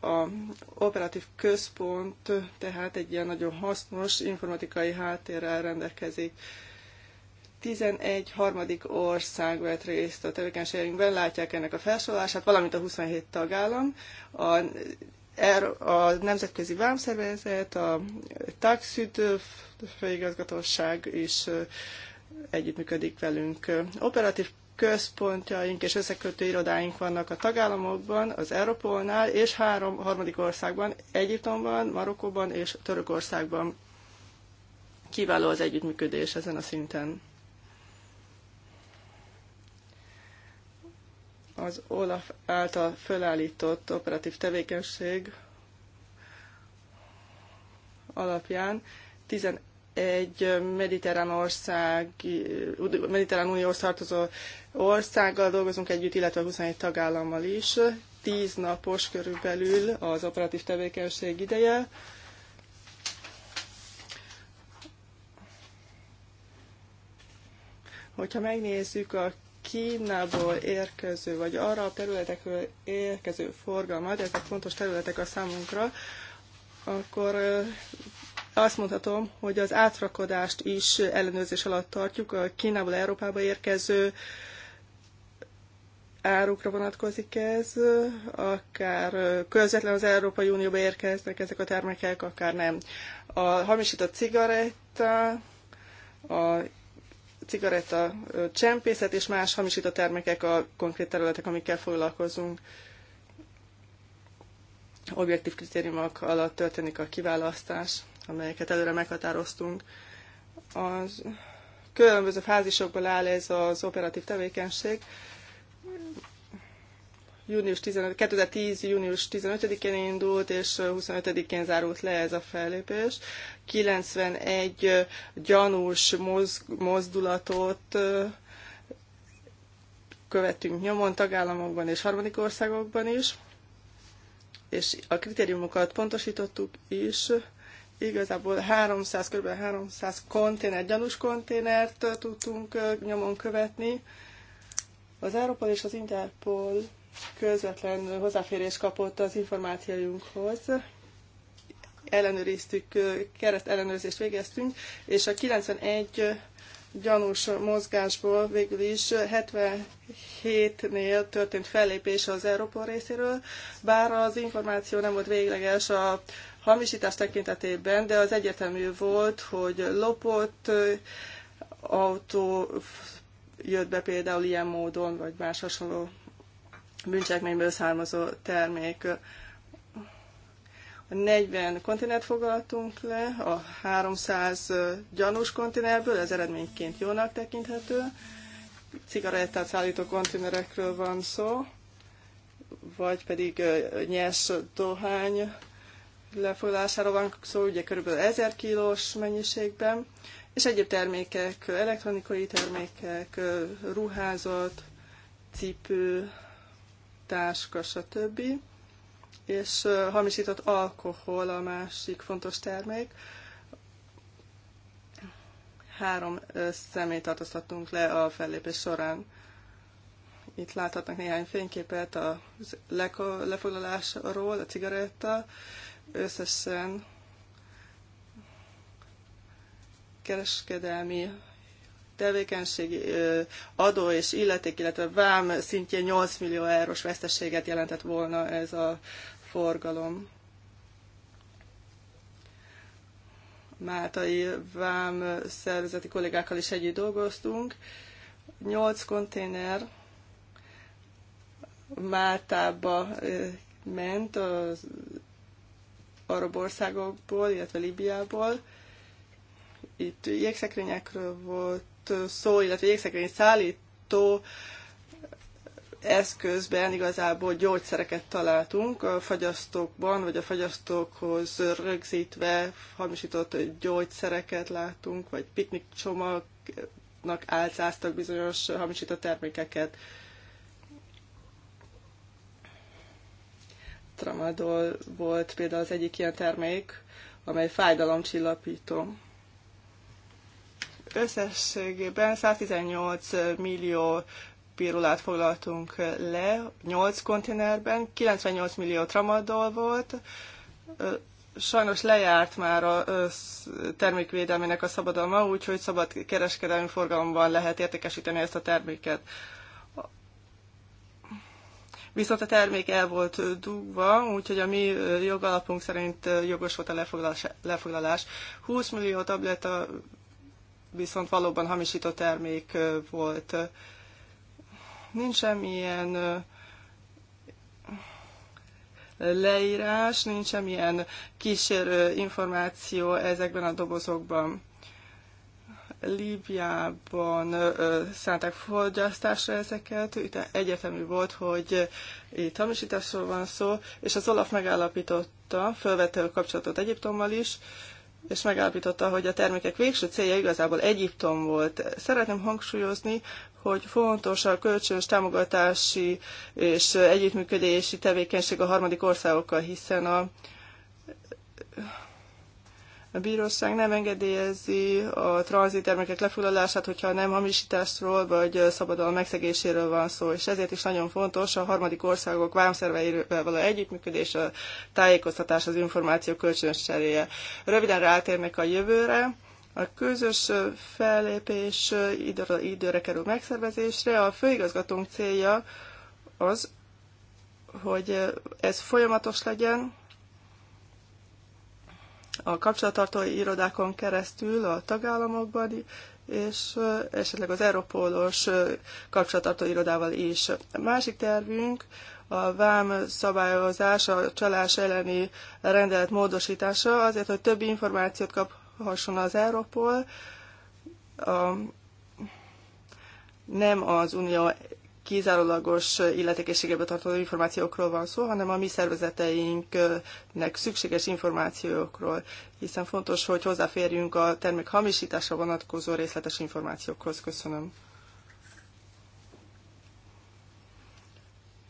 A operatív központ tehát egy ilyen nagyon hasznos informatikai háttérrel rendelkezik 11 harmadik ország vett részt a tevékenységünkben, látják ennek a felsorolását, valamint a 27 tagállam, a, er, a Nemzetközi Vámszervezet, a Taxid főigazgatóság is együttműködik velünk. Operatív központjaink és összekötő irodáink vannak a tagállamokban, az Európolnál és három harmadik országban, Egyiptomban, Marokkóban és Törökországban. Kiváló az együttműködés ezen a szinten. az Olaf által felállított operatív tevékenység alapján 11 mediterrán ország, mediterrán unióhoz tartozó országgal dolgozunk együtt, illetve 21 tagállammal is. 10 napos körülbelül az operatív tevékenység ideje. Hogyha megnézzük a Kínából érkező, vagy arra a területekről érkező forgalmat, ezek fontos területek a számunkra, akkor azt mondhatom, hogy az átrakodást is ellenőrzés alatt tartjuk. A Kínából Európába érkező árukra vonatkozik ez, akár közvetlen az Európai Unióba érkeznek ezek a termékek, akár nem. A hamisított cigaretta, a cigaretta csempészet és más hamisított termékek a konkrét területek, amikkel foglalkozunk. Objektív kritériumok alatt történik a kiválasztás, amelyeket előre meghatároztunk. Az különböző fázisokból áll ez az operatív tevékenység június 15, 2010. június 15-én indult, és 25-én zárult le ez a fellépés. 91 gyanús mozdulatot követünk nyomon tagállamokban és harmadik országokban is, és a kritériumokat pontosítottuk is, igazából 300, kb. 300 konténer, gyanús konténert tudtunk nyomon követni. Az Európol és az Interpol közvetlen hozzáférés kapott az információjunkhoz. Ellenőriztük, kereszt ellenőrzést végeztünk, és a 91 gyanús mozgásból végül is 77-nél történt fellépés az Európa részéről, bár az információ nem volt végleges a hamisítás tekintetében, de az egyetemű volt, hogy lopott autó jött be például ilyen módon, vagy más hasonló bűncselekményből származó termék. A 40 kontinent foglaltunk le, a 300 gyanús kontinentből, ez eredményként jónak tekinthető. Cigarettát szállító kontinerekről van szó, vagy pedig nyers dohány lefoglalására van szó, ugye kb. 1000 kilós mennyiségben, és egyéb termékek, elektronikai termékek, ruházat, cipő, táska, stb. És hamisított alkohol a másik fontos termék. Három személyt tartoztattunk le a fellépés során. Itt láthatnak néhány fényképet a lefoglalásról, a cigaretta. Összesen kereskedelmi tevékenység adó és illeték, illetve vám szintjén 8 millió eurós veszteséget jelentett volna ez a forgalom. Máltai vám szervezeti kollégákkal is együtt dolgoztunk. 8 konténer Máltába ment az arab országokból, illetve Libiából. Itt jégszekrényekről volt szó, illetve jégszekrény szállító eszközben igazából gyógyszereket találtunk a fagyasztókban, vagy a fagyasztókhoz rögzítve hamisított gyógyszereket látunk, vagy piknikcsomagnak álcáztak bizonyos hamisított termékeket. Tramadol volt például az egyik ilyen termék, amely fájdalomcsillapító. Összességében 118 millió pirulát foglaltunk le 8 konténerben, 98 millió tramadol volt, sajnos lejárt már a termékvédelmének a szabadalma, úgyhogy szabad kereskedelmi forgalomban lehet értékesíteni ezt a terméket. Viszont a termék el volt dugva, úgyhogy a mi jogalapunk szerint jogos volt a lefoglalás. 20 millió tabletta viszont valóban hamisított termék volt. Nincs semmilyen leírás, nincs semmilyen kísérő információ ezekben a dobozokban. Líbiában szánták fogyasztásra ezeket, itt egyetemű volt, hogy itt hamisításról van szó, és az Olaf megállapította, felvette a kapcsolatot Egyiptommal is, és megállapította, hogy a termékek végső célja igazából Egyiptom volt. Szeretném hangsúlyozni, hogy fontos a kölcsönös támogatási és együttműködési tevékenység a harmadik országokkal, hiszen a a bíróság nem engedélyezi a tranzitermékek lefoglalását, hogyha nem hamisításról vagy szabadalom megszegéséről van szó, és ezért is nagyon fontos a harmadik országok vámszerveivel való együttműködés, a tájékoztatás, az információ kölcsönös cseréje. Röviden rátérnek a jövőre. A közös fellépés időre, időre kerül megszervezésre. A főigazgatónk célja az, hogy ez folyamatos legyen, a kapcsolattartó irodákon keresztül a tagállamokban, és esetleg az Európolos kapcsolattartó irodával is. A másik tervünk a vám szabályozás, a csalás elleni rendelet módosítása, azért, hogy több információt kaphasson az Európol, a, nem az Unió kizárólagos illetékességebe tartozó információkról van szó, hanem a mi szervezeteinknek szükséges információkról, hiszen fontos, hogy hozzáférjünk a termék hamisításra vonatkozó részletes információkhoz. Köszönöm.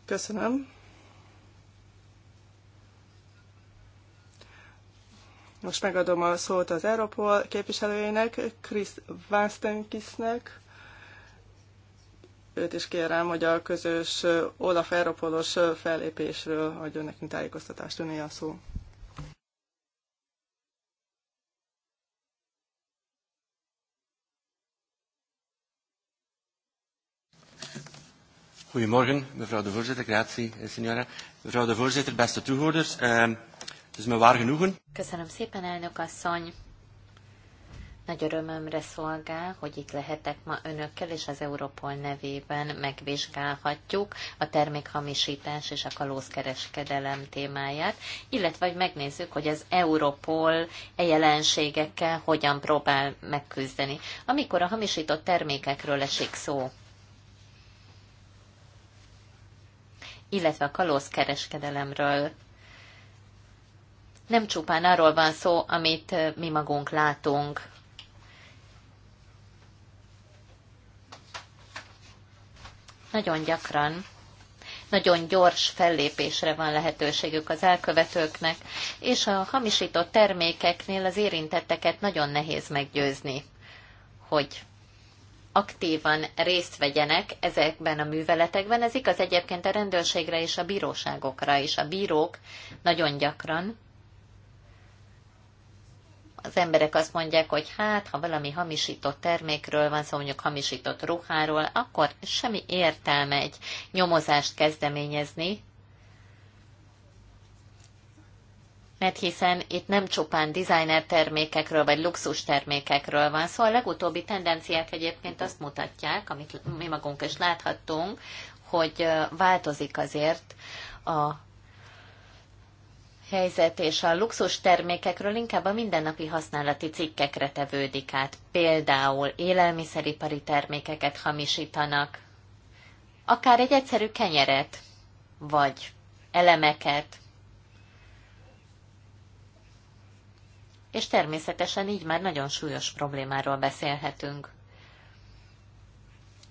Köszönöm. Most megadom a szót az Europol képviselőjének, Chris Vanstenkisnek őt is kérem, hogy a közös Olaf Európolos fellépésről adjon nekünk tájékoztatást. Öné a szó. Goedemorgen, mevrouw de voorzitter. Grazie, eh, signora. Mevrouw de voorzitter, beste toehoorders. Uh, het is me waar genoegen. Köszönöm szépen, elnök asszony. Nagy örömömre szolgál, hogy itt lehetek ma önökkel, és az Europol nevében megvizsgálhatjuk a termékhamisítás és a kalózkereskedelem témáját, illetve hogy megnézzük, hogy az Europol e jelenségekkel hogyan próbál megküzdeni. Amikor a hamisított termékekről esik szó, illetve a kalózkereskedelemről nem csupán arról van szó, amit eh, mi magunk látunk. nagyon gyakran nagyon gyors fellépésre van lehetőségük az elkövetőknek, és a hamisított termékeknél az érintetteket nagyon nehéz meggyőzni, hogy aktívan részt vegyenek ezekben a műveletekben. Ez igaz egyébként a rendőrségre és a bíróságokra is. A bírók nagyon gyakran az emberek azt mondják, hogy hát, ha valami hamisított termékről van szó, szóval mondjuk hamisított ruháról, akkor semmi értelme egy nyomozást kezdeményezni, mert hiszen itt nem csupán designer termékekről vagy luxus termékekről van szó. Szóval a legutóbbi tendenciák egyébként azt mutatják, amit mi magunk is láthattunk, hogy változik azért a helyzet, és a luxus termékekről inkább a mindennapi használati cikkekre tevődik át. Például élelmiszeripari termékeket hamisítanak, akár egy egyszerű kenyeret, vagy elemeket, és természetesen így már nagyon súlyos problémáról beszélhetünk.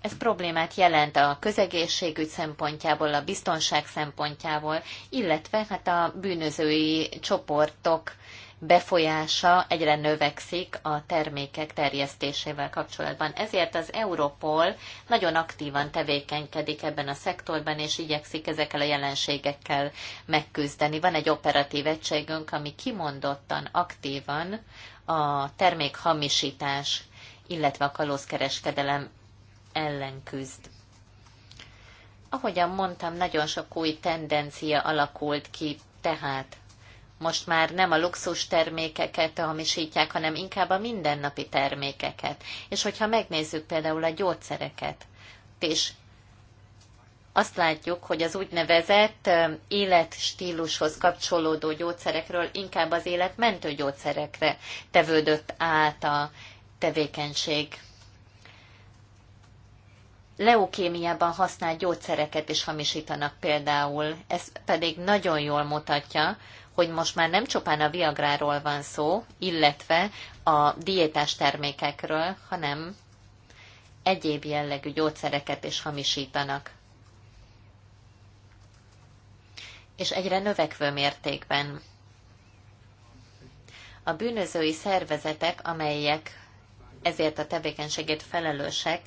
Ez problémát jelent a közegészségügy szempontjából, a biztonság szempontjából, illetve hát a bűnözői csoportok befolyása egyre növekszik a termékek terjesztésével kapcsolatban. Ezért az Europol nagyon aktívan tevékenykedik ebben a szektorban, és igyekszik ezekkel a jelenségekkel megküzdeni. Van egy operatív egységünk, ami kimondottan aktívan a termékhamisítás, illetve a kalózkereskedelem ellen küzd. Ahogyan mondtam, nagyon sok új tendencia alakult ki, tehát most már nem a luxus termékeket hamisítják, hanem inkább a mindennapi termékeket. És hogyha megnézzük például a gyógyszereket, és azt látjuk, hogy az úgynevezett életstílushoz kapcsolódó gyógyszerekről inkább az életmentő gyógyszerekre tevődött át a tevékenység leukémiában használt gyógyszereket is hamisítanak például. Ez pedig nagyon jól mutatja, hogy most már nem csupán a viagráról van szó, illetve a diétás termékekről, hanem egyéb jellegű gyógyszereket is hamisítanak. És egyre növekvő mértékben. A bűnözői szervezetek, amelyek ezért a tevékenységét felelősek,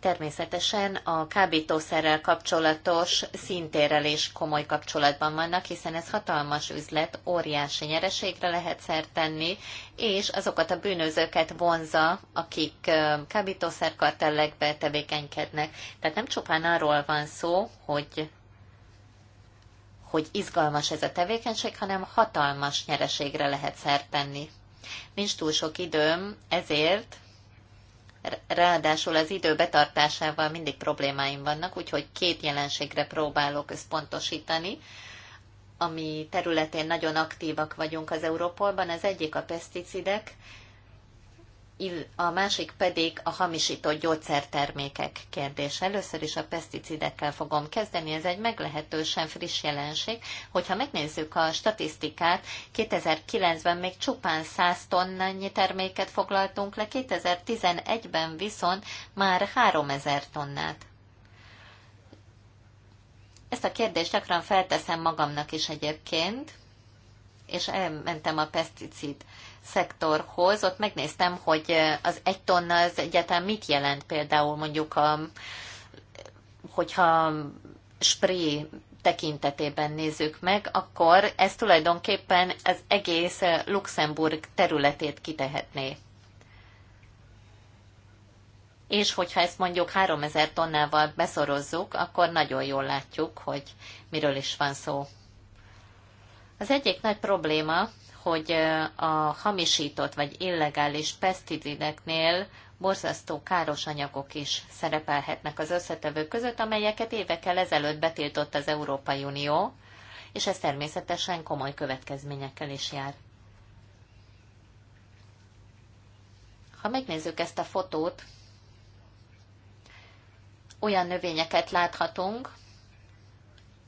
természetesen a kábítószerrel kapcsolatos szintérrel is komoly kapcsolatban vannak, hiszen ez hatalmas üzlet, óriási nyereségre lehet szert tenni, és azokat a bűnözőket vonza, akik kábítószerkartellekbe tevékenykednek. Tehát nem csupán arról van szó, hogy hogy izgalmas ez a tevékenység, hanem hatalmas nyereségre lehet szert tenni. Nincs túl sok időm, ezért ráadásul az idő betartásával mindig problémáim vannak, úgyhogy két jelenségre próbálok összpontosítani, ami területén nagyon aktívak vagyunk az Európolban. Az egyik a peszticidek, a másik pedig a hamisított gyógyszertermékek kérdés. Először is a peszticidekkel fogom kezdeni, ez egy meglehetősen friss jelenség. Hogyha megnézzük a statisztikát, 2009-ben még csupán 100 tonnányi terméket foglaltunk le, 2011-ben viszont már 3000 tonnát. Ezt a kérdést gyakran felteszem magamnak is egyébként, és elmentem a peszticid szektorhoz, ott megnéztem, hogy az egy tonna az egyáltalán mit jelent például mondjuk a, hogyha spré tekintetében nézzük meg, akkor ez tulajdonképpen az egész Luxemburg területét kitehetné. És hogyha ezt mondjuk 3000 tonnával beszorozzuk, akkor nagyon jól látjuk, hogy miről is van szó. Az egyik nagy probléma hogy a hamisított vagy illegális pesticideknél borzasztó káros anyagok is szerepelhetnek az összetevők között, amelyeket évekkel ezelőtt betiltott az Európai Unió, és ez természetesen komoly következményekkel is jár. Ha megnézzük ezt a fotót, olyan növényeket láthatunk,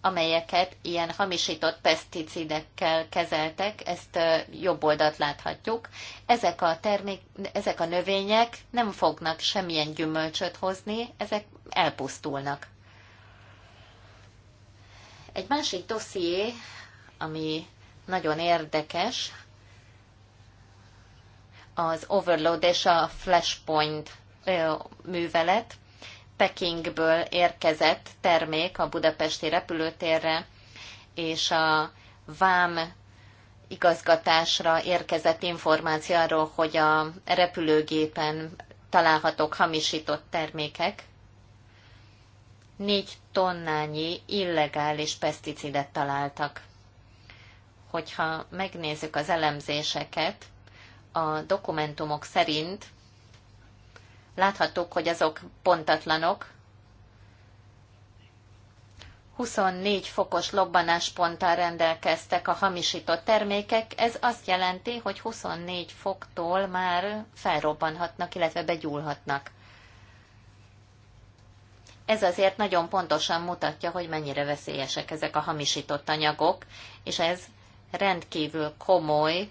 amelyeket ilyen hamisított peszticidekkel kezeltek, ezt jobb oldalt láthatjuk. Ezek a, termék, ezek a növények nem fognak semmilyen gyümölcsöt hozni, ezek elpusztulnak. Egy másik dosszié, ami nagyon érdekes, az Overload és a Flashpoint művelet, Pekingből érkezett termék a budapesti repülőtérre, és a vám igazgatásra érkezett információ arról, hogy a repülőgépen találhatók hamisított termékek, négy tonnányi illegális peszticidet találtak. Hogyha megnézzük az elemzéseket, a dokumentumok szerint Láthattuk, hogy azok pontatlanok. 24 fokos lobbanásponttal rendelkeztek a hamisított termékek, ez azt jelenti, hogy 24 foktól már felrobbanhatnak, illetve begyúlhatnak. Ez azért nagyon pontosan mutatja, hogy mennyire veszélyesek ezek a hamisított anyagok, és ez rendkívül komoly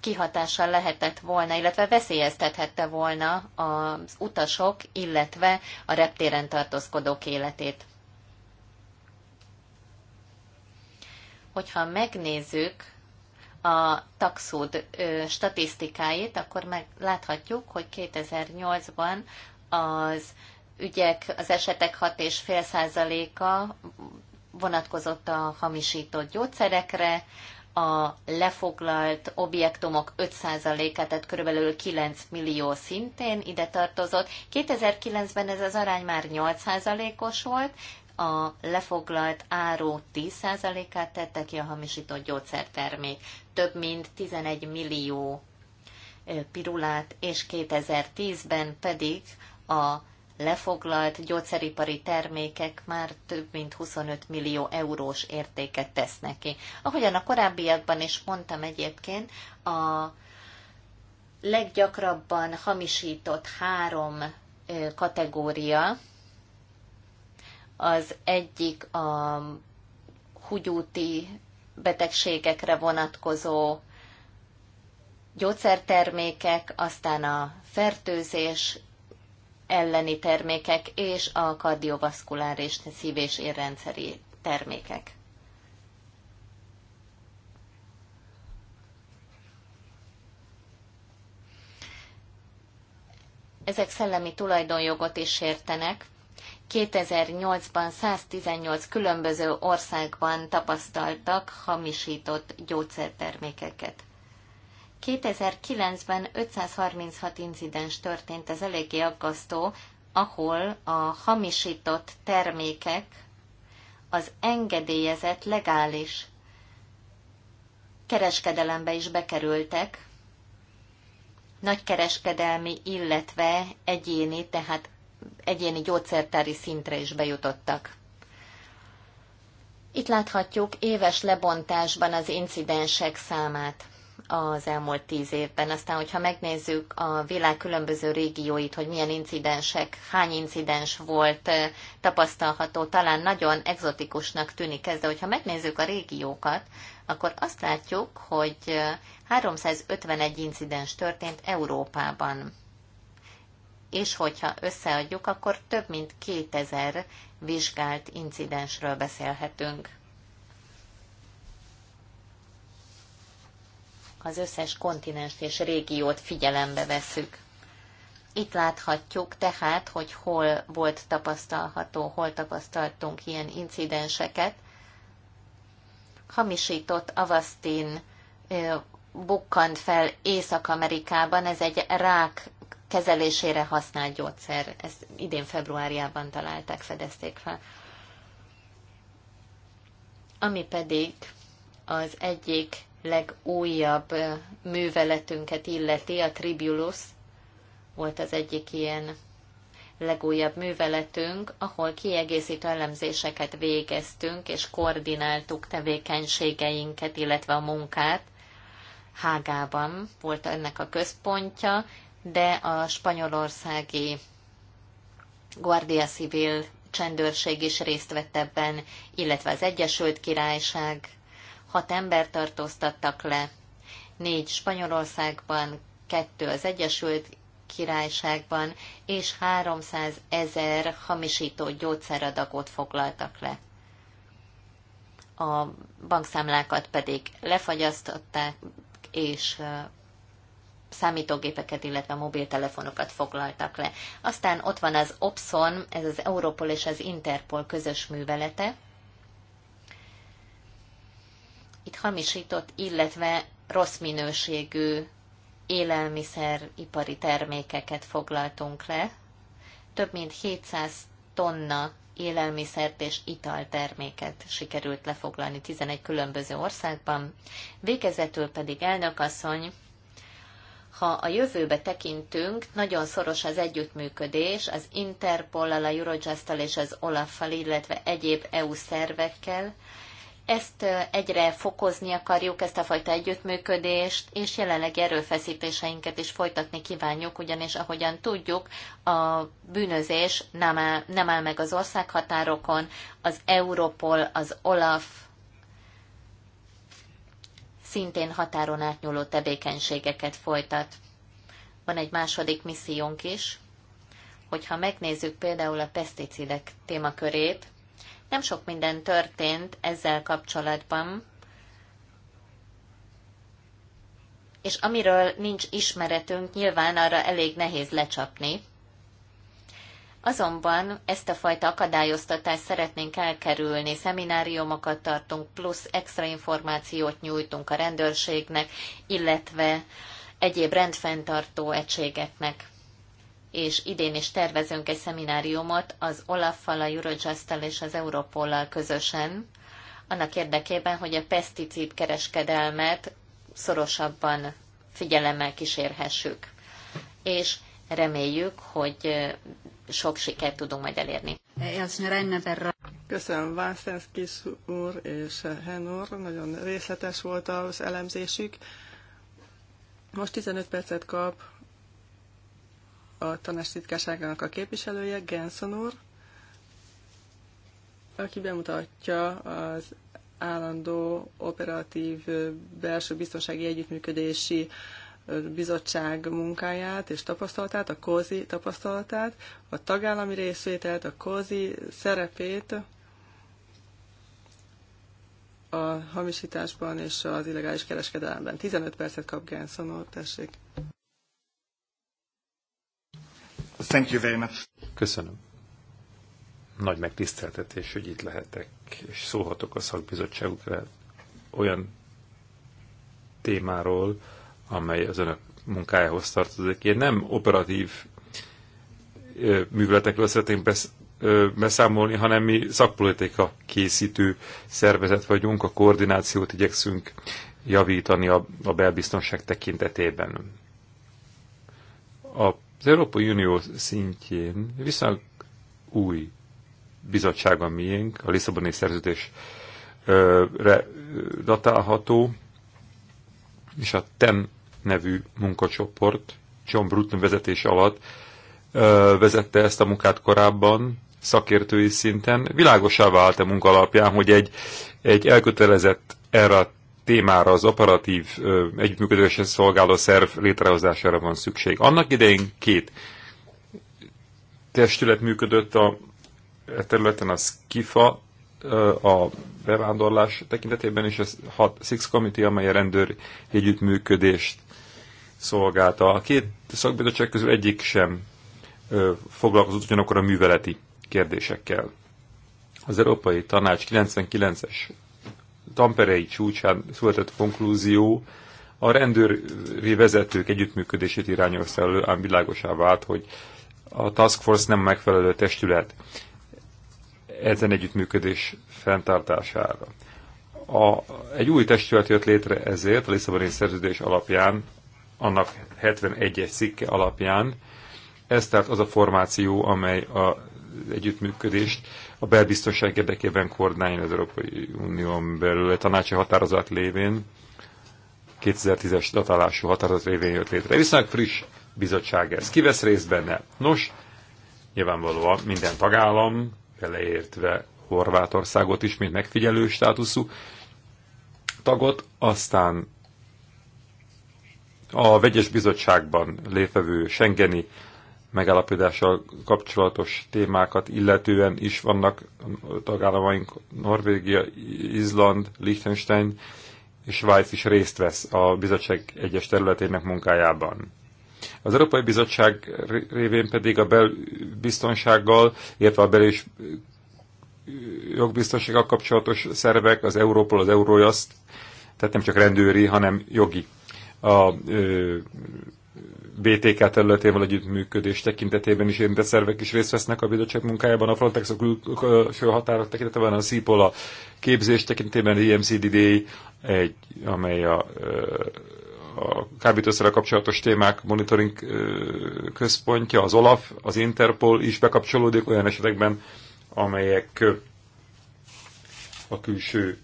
kihatással lehetett volna, illetve veszélyeztethette volna az utasok, illetve a reptéren tartózkodók életét. Hogyha megnézzük a taxód statisztikáit, akkor meg láthatjuk, hogy 2008-ban az ügyek, az esetek 6,5%-a vonatkozott a hamisított gyógyszerekre, a lefoglalt objektumok 5%-át, tehát körülbelül 9 millió szintén ide tartozott. 2009-ben ez az arány már 8%-os volt, a lefoglalt áró 10%-át tette ki a hamisított gyógyszertermék. Több mint 11 millió pirulát, és 2010-ben pedig a lefoglalt gyógyszeripari termékek már több mint 25 millió eurós értéket tesznek ki. Ahogyan a korábbiakban is mondtam egyébként, a leggyakrabban hamisított három kategória, az egyik a húgyúti betegségekre vonatkozó gyógyszertermékek, aztán a fertőzés elleni termékek és a kardiovaszkuláris szív- és érrendszeri termékek. Ezek szellemi tulajdonjogot is sértenek. 2008-ban 118 különböző országban tapasztaltak hamisított gyógyszertermékeket. 2009-ben 536 incidens történt, ez eléggé aggasztó, ahol a hamisított termékek az engedélyezett legális kereskedelembe is bekerültek, nagykereskedelmi, illetve egyéni, tehát egyéni gyógyszertári szintre is bejutottak. Itt láthatjuk éves lebontásban az incidensek számát az elmúlt tíz évben. Aztán, hogyha megnézzük a világ különböző régióit, hogy milyen incidensek, hány incidens volt tapasztalható, talán nagyon exotikusnak tűnik ez, de hogyha megnézzük a régiókat, akkor azt látjuk, hogy 351 incidens történt Európában. És hogyha összeadjuk, akkor több mint 2000 vizsgált incidensről beszélhetünk. az összes kontinens és régiót figyelembe vesszük. Itt láthatjuk tehát, hogy hol volt tapasztalható, hol tapasztaltunk ilyen incidenseket. Hamisított Avasztin bukkant fel Észak-Amerikában, ez egy rák kezelésére használt gyógyszer. Ezt idén februárjában találták, fedezték fel. Ami pedig az egyik legújabb műveletünket illeti, a Tribulus volt az egyik ilyen legújabb műveletünk, ahol kiegészítő elemzéseket végeztünk, és koordináltuk tevékenységeinket, illetve a munkát. Hágában volt ennek a központja, de a spanyolországi Guardia Civil csendőrség is részt vett ebben, illetve az Egyesült Királyság hat ember tartóztattak le, négy Spanyolországban, kettő az Egyesült Királyságban, és 300 ezer hamisító gyógyszeradagot foglaltak le. A bankszámlákat pedig lefagyasztották, és számítógépeket, illetve mobiltelefonokat foglaltak le. Aztán ott van az Opson, ez az Europol és az Interpol közös művelete, itt hamisított, illetve rossz minőségű élelmiszeripari termékeket foglaltunk le. Több mint 700 tonna élelmiszert és italterméket sikerült lefoglalni 11 különböző országban. Végezetül pedig elnökasszony, ha a jövőbe tekintünk, nagyon szoros az együttműködés az Interpol-al, a Eurojust-tal és az olaf illetve egyéb EU szervekkel, ezt egyre fokozni akarjuk, ezt a fajta együttműködést, és jelenleg erőfeszítéseinket is folytatni kívánjuk, ugyanis ahogyan tudjuk, a bűnözés nem áll, nem áll meg az országhatárokon, az Europol, az OLAF, szintén határon átnyúló tevékenységeket folytat. Van egy második missziónk is, hogyha megnézzük például a peszticidek témakörét, nem sok minden történt ezzel kapcsolatban, és amiről nincs ismeretünk, nyilván arra elég nehéz lecsapni. Azonban ezt a fajta akadályoztatást szeretnénk elkerülni. Szemináriumokat tartunk, plusz extra információt nyújtunk a rendőrségnek, illetve egyéb rendfenntartó egységeknek és idén is tervezünk egy szemináriumot az Olaffal, a eurojust és az Europollal közösen, annak érdekében, hogy a peszticid kereskedelmet szorosabban figyelemmel kísérhessük. És reméljük, hogy sok sikert tudunk majd elérni. Köszönöm Vászenszkis úr és Hen úr, nagyon részletes volt az elemzésük. Most 15 percet kap a tanástitkárságának a képviselője, Genson úr, aki bemutatja az állandó operatív belső biztonsági együttműködési bizottság munkáját és tapasztalatát, a Kozi tapasztalatát, a tagállami részvételt, a Kozi szerepét a hamisításban és az illegális kereskedelemben. 15 percet kap Genson úr, tessék. Thank you very much. Köszönöm. Nagy megtiszteltetés, hogy itt lehetek, és szólhatok a szakbizottságukra olyan témáról, amely az önök munkájához tartozik. Én nem operatív műveletekről szeretnénk beszámolni, hanem mi szakpolitika készítő szervezet vagyunk, a koordinációt igyekszünk javítani a, a belbiztonság tekintetében. A az Európai Unió szintjén viszonylag új bizottság a miénk, a Lisszaboni szerződésre datálható, és a TEN nevű munkacsoport John Bruton vezetés alatt vezette ezt a munkát korábban, szakértői szinten. Világosá vált a munka alapján, hogy egy, egy elkötelezett erre a témára az operatív együttműködésen szolgáló szerv létrehozására van szükség. Annak idején két testület működött a e területen, a SKIFA a bevándorlás tekintetében, és a Six Committee, amely a rendőr együttműködést szolgálta. A két szakbizottság közül egyik sem foglalkozott ugyanakkor a műveleti kérdésekkel. Az Európai Tanács 99-es Tamperei csúcsán született konklúzió a rendőri vezetők együttműködését irányozta elő, ám világosá vált, hogy a Task Force nem megfelelő testület ezen együttműködés fenntartására. A, egy új testület jött létre ezért, a Lisszaboni szerződés alapján, annak 71-es cikke alapján, ez tehát az a formáció, amely a együttműködést a belbiztonság érdekében koordinálni az Európai Unión belül tanácsi határozat lévén, 2010-es datálású határozat révén jött létre. Viszonylag friss bizottság ez. Ki vesz részt benne? Nos, nyilvánvalóan minden tagállam, beleértve Horvátországot is, mint megfigyelő státuszú tagot, aztán a vegyes bizottságban lévő Schengeni megállapodással kapcsolatos témákat illetően is vannak tagállamaink, Norvégia, Izland, Liechtenstein és Svájc is részt vesz a bizottság egyes területének munkájában. Az Európai Bizottság révén pedig a belbiztonsággal, illetve a bel- és jogbiztonsággal kapcsolatos szervek, az Európol, az Eurojust, tehát nem csak rendőri, hanem jogi a ö, BTK területével együttműködés tekintetében is érintett szervek is részt vesznek a bizottság munkájában, a Frontex a külső határok tekintetében, a CIPOL a képzés tekintetében, a IMCDD, egy, amely a, a kábítószerrel kapcsolatos témák monitoring központja, az OLAF, az Interpol is bekapcsolódik olyan esetekben, amelyek a külső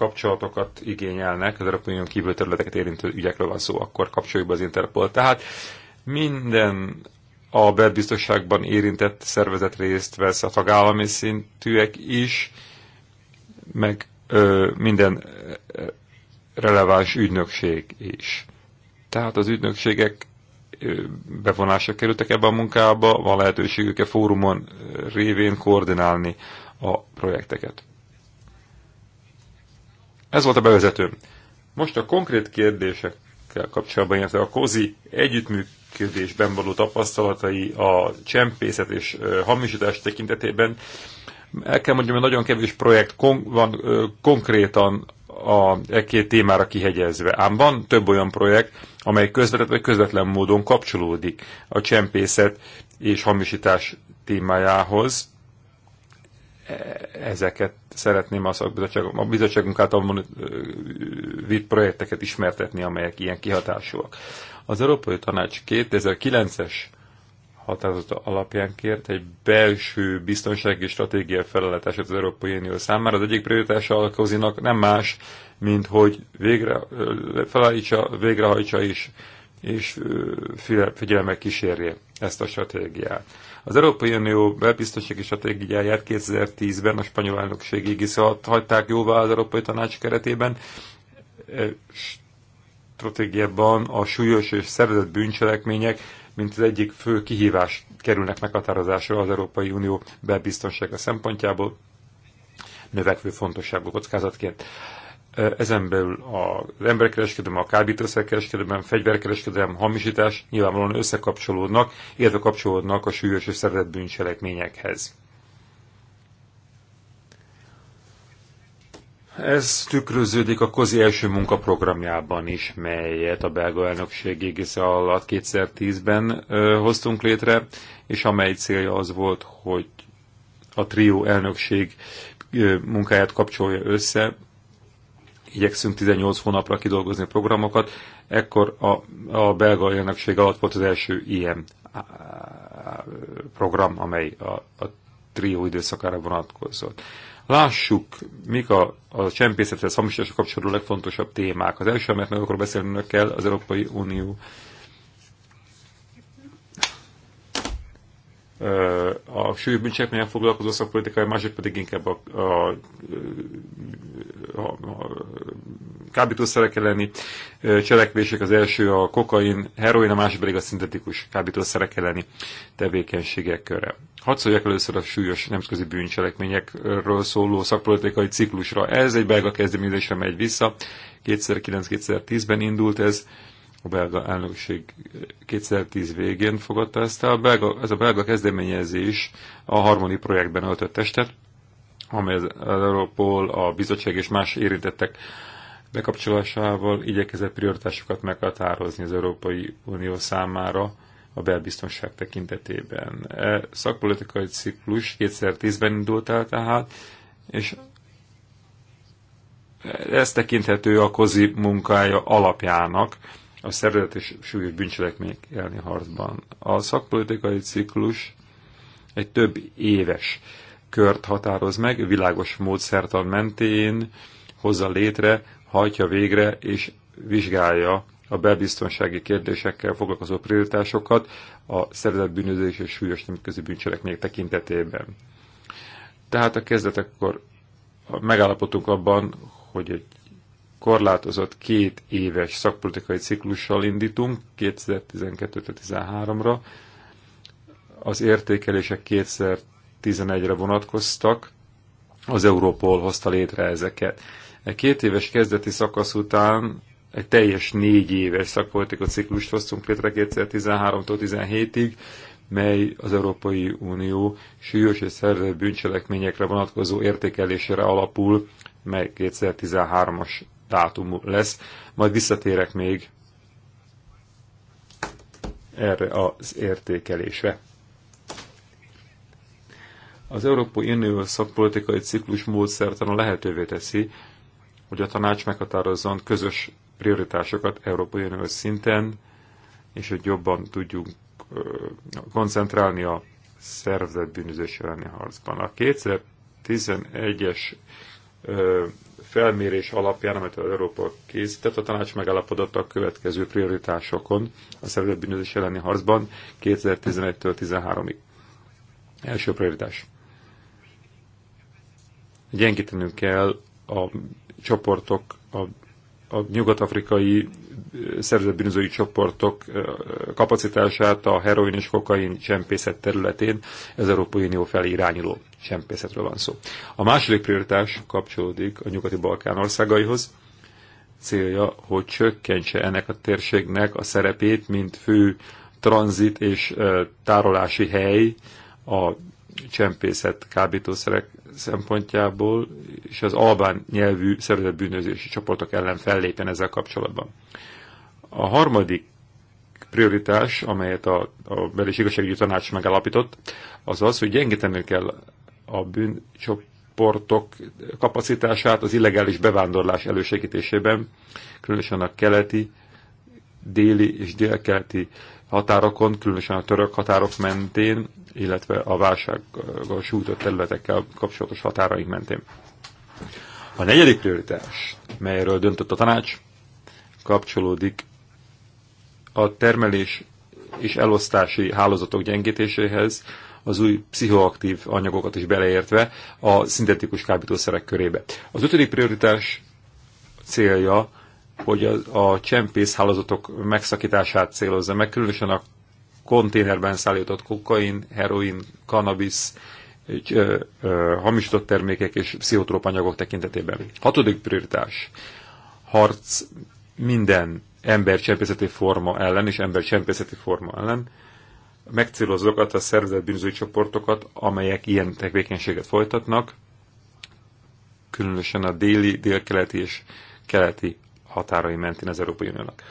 kapcsolatokat igényelnek, az Európai Unión kívül területeket érintő ügyekről van szó, akkor kapcsoljuk be az Interpol. Tehát minden a belbiztosságban érintett szervezet részt vesz, a tagállami szintűek is, meg ö, minden releváns ügynökség is. Tehát az ügynökségek bevonásra kerültek ebbe a munkába, van lehetőségük a fórumon révén koordinálni a projekteket. Ez volt a bevezető. Most a konkrét kérdésekkel kapcsolatban, illetve a kozi együttműködésben való tapasztalatai a csempészet és hamisítás tekintetében el kell mondjam, hogy nagyon kevés projekt kon- van ö, konkrétan a e két témára kihegyezve. Ám van több olyan projekt, amely közvetett vagy közvetlen módon kapcsolódik a csempészet és hamisítás témájához ezeket szeretném a bizottságunk által vitt projekteket ismertetni, amelyek ilyen kihatásúak. Az Európai Tanács 2009-es határozata alapján kért egy belső biztonsági stratégia felállítását az Európai Unió számára. Az egyik prioritása a nem más, mint hogy végre, felállítsa, végrehajtsa is, és figyelemmel kísérje ezt a stratégiát. Az Európai Unió belbiztonsági stratégiáját 2010-ben a spanyol elnökségig is hagyták jóvá az Európai Tanács keretében. E, stratégiában a súlyos és szervezett bűncselekmények, mint az egyik fő kihívás kerülnek meghatározásra az Európai Unió belbiztonsága szempontjából növekvő fontosságú kockázatként ezen belül az emberkereskedelem, a kábítószerkereskedelem, fegyverkereskedelem, hamisítás nyilvánvalóan összekapcsolódnak, illetve kapcsolódnak a súlyos és szervezett bűncselekményekhez. Ez tükröződik a kozi első munkaprogramjában is, melyet a belga elnökség égésze alatt 2010-ben hoztunk létre, és amely célja az volt, hogy a trió elnökség munkáját kapcsolja össze igyekszünk 18 hónapra kidolgozni a programokat, ekkor a, a belga elnökség alatt volt az első ilyen program, amely a, a trió időszakára vonatkozott. Lássuk, mik a, a csempészethez hamisításra kapcsolódó legfontosabb témák. Az első, amelyet meg akarok beszélni önökkel, az Európai Unió a súlyos bűncselekmények foglalkozó szakpolitikai, másik pedig inkább a, a, a, a, a kábítószerek elleni cselekvések, az első a kokain, heroin, a másik pedig a szintetikus kábítószerek elleni tevékenységek köre. Hadd szóljak először a súlyos nemzetközi bűncselekményekről szóló szakpolitikai ciklusra. Ez egy belga kezdeményezésre megy vissza, 2009-2010-ben indult ez, a belga elnökség 2010 végén fogadta ezt el. A belga, ez a belga kezdeményezés a harmoni projektben öltött testet, amely az Europol, a bizottság és más érintettek bekapcsolásával igyekezett prioritásokat meghatározni az Európai Unió számára a belbiztonság tekintetében. E szakpolitikai ciklus 2010-ben indult el tehát, és ez tekinthető a kozi munkája alapjának, a szervezet és súlyos bűncselekmények elleni harcban. A szakpolitikai ciklus egy több éves kört határoz meg, világos módszertan mentén hozza létre, hajtja végre és vizsgálja a belbiztonsági kérdésekkel foglalkozó prioritásokat a szervezett bűnözés és súlyos nemzetközi bűncselekmények tekintetében. Tehát a kezdetekkor megállapodtunk abban, hogy egy korlátozott két éves szakpolitikai ciklussal indítunk 2012-13-ra. Az értékelések 2011-re vonatkoztak, az Európol hozta létre ezeket. Egy két éves kezdeti szakasz után egy teljes négy éves szakpolitikai ciklust hoztunk létre 2013-tól 2017 ig mely az Európai Unió súlyos és szervezett bűncselekményekre vonatkozó értékelésére alapul, mely 2013-as dátum lesz. Majd visszatérek még erre az értékelésre. Az Európai Unió szakpolitikai ciklus módszertana lehetővé teszi, hogy a tanács meghatározzon közös prioritásokat Európai Unió szinten, és hogy jobban tudjunk koncentrálni a szervezett bűnözés elleni harcban. A 2011-es felmérés alapján, amit az Európa készített, a tanács megállapodott a következő prioritásokon a szervezett bűnözés elleni harcban 2011-től 2013 ig Első prioritás. Gyengítenünk kell a csoportok, a a nyugat-afrikai szervezetbűnözői csoportok kapacitását a heroin és kokain csempészet területén, az Európai Unió felé irányuló csempészetről van szó. A második prioritás kapcsolódik a nyugati Balkán országaihoz, célja, hogy csökkentse ennek a térségnek a szerepét, mint fő tranzit és tárolási hely a csempészet kábítószerek szempontjából, és az albán nyelvű szervezetbűnözési csoportok ellen fellépen ezzel kapcsolatban. A harmadik prioritás, amelyet a, a bel- igazságügyi tanács megállapított, az az, hogy gyengíteni kell a bűncsoportok kapacitását az illegális bevándorlás elősegítésében, különösen a keleti déli és délkeleti határokon, különösen a török határok mentén, illetve a válsággal sújtott területekkel kapcsolatos határaink mentén. A negyedik prioritás, melyről döntött a tanács, kapcsolódik a termelés és elosztási hálózatok gyengítéséhez, az új pszichoaktív anyagokat is beleértve a szintetikus kábítószerek körébe. Az ötödik prioritás célja hogy a, a hálózatok megszakítását célozza meg, különösen a konténerben szállított kokain, heroin, kannabisz, hamisított termékek és pszichotróp anyagok tekintetében. Hatodik prioritás. Harc minden ember csempészeti forma ellen és ember csempészeti forma ellen megcélozókat, a bűnözői csoportokat, amelyek ilyen tevékenységet folytatnak, különösen a déli, délkeleti és keleti határai mentén az Európai Uniónak.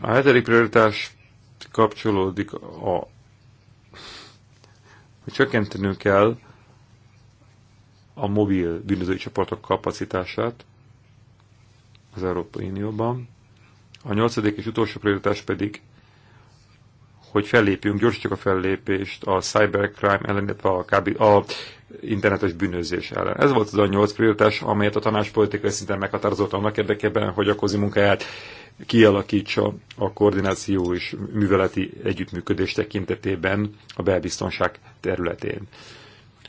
A hetedik prioritás kapcsolódik a hogy csökkentenünk kell a mobil bűnözői csoportok kapacitását az Európai Unióban. A nyolcadik és utolsó prioritás pedig hogy fellépjünk, gyorsítsuk a fellépést a cybercrime ellen, illetve a, KB, a internetes bűnözés ellen. Ez volt az a nyolc prioritás, amelyet a tanács politikai szinten meghatározott annak érdekében, hogy a kozi munkáját kialakítsa a koordináció és műveleti együttműködés tekintetében a belbiztonság területén.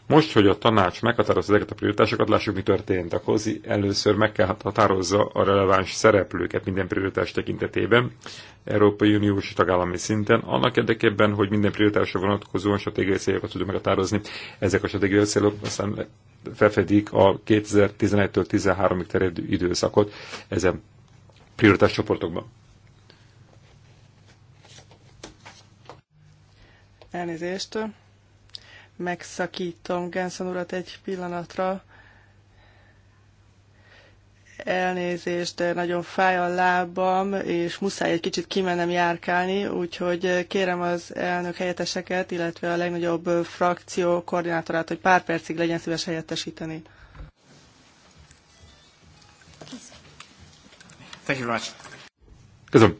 Most, hogy a tanács meghatározza ezeket a prioritásokat, lássuk, mi történt. A COSI először meg kell határozza a releváns szereplőket minden prioritás tekintetében, Európai Uniós tagállami szinten, annak érdekében, hogy minden prioritásra vonatkozóan stratégiai célokat tudjuk meghatározni. Ezek a stratégiai célok aztán felfedik a 2011-től 2013 ig terjedő időszakot ezen prioritás csoportokban. Elnézést megszakítom Genson urat egy pillanatra. Elnézést, de nagyon fáj a lábam, és muszáj egy kicsit kimennem járkálni, úgyhogy kérem az elnök helyetteseket, illetve a legnagyobb frakció koordinátorát, hogy pár percig legyen szíves helyettesíteni. Thank you very much. Köszönöm.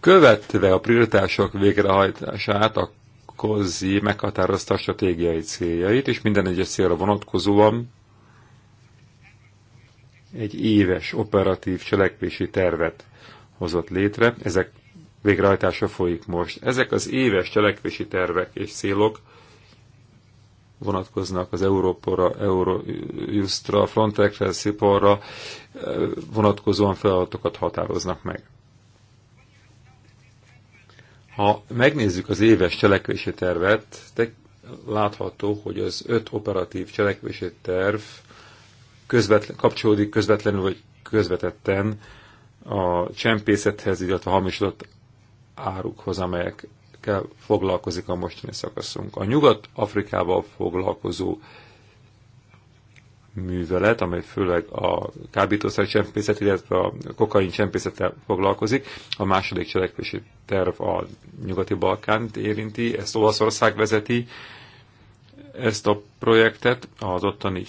Követve a prioritások végrehajtását, a Sarkozy meghatározta a stratégiai céljait, és minden egyes célra vonatkozóan egy éves operatív cselekvési tervet hozott létre. Ezek végrehajtása folyik most. Ezek az éves cselekvési tervek és célok vonatkoznak az Európora, Eurojustra, Frontexre, Sziporra, vonatkozóan feladatokat határoznak meg. Ha megnézzük az éves cselekvési tervet, te látható, hogy az öt operatív cselekvési terv közvetlen, kapcsolódik közvetlenül vagy közvetetten a csempészethez, illetve a hamisodott árukhoz, amelyekkel foglalkozik a mostani szakaszunk. A Nyugat-Afrikával foglalkozó művelet, amely főleg a kábítószer csempészet, illetve a kokain csempészettel foglalkozik. A második cselekvési terv a nyugati Balkánt érinti, ezt Olaszország vezeti, ezt a projektet az ottani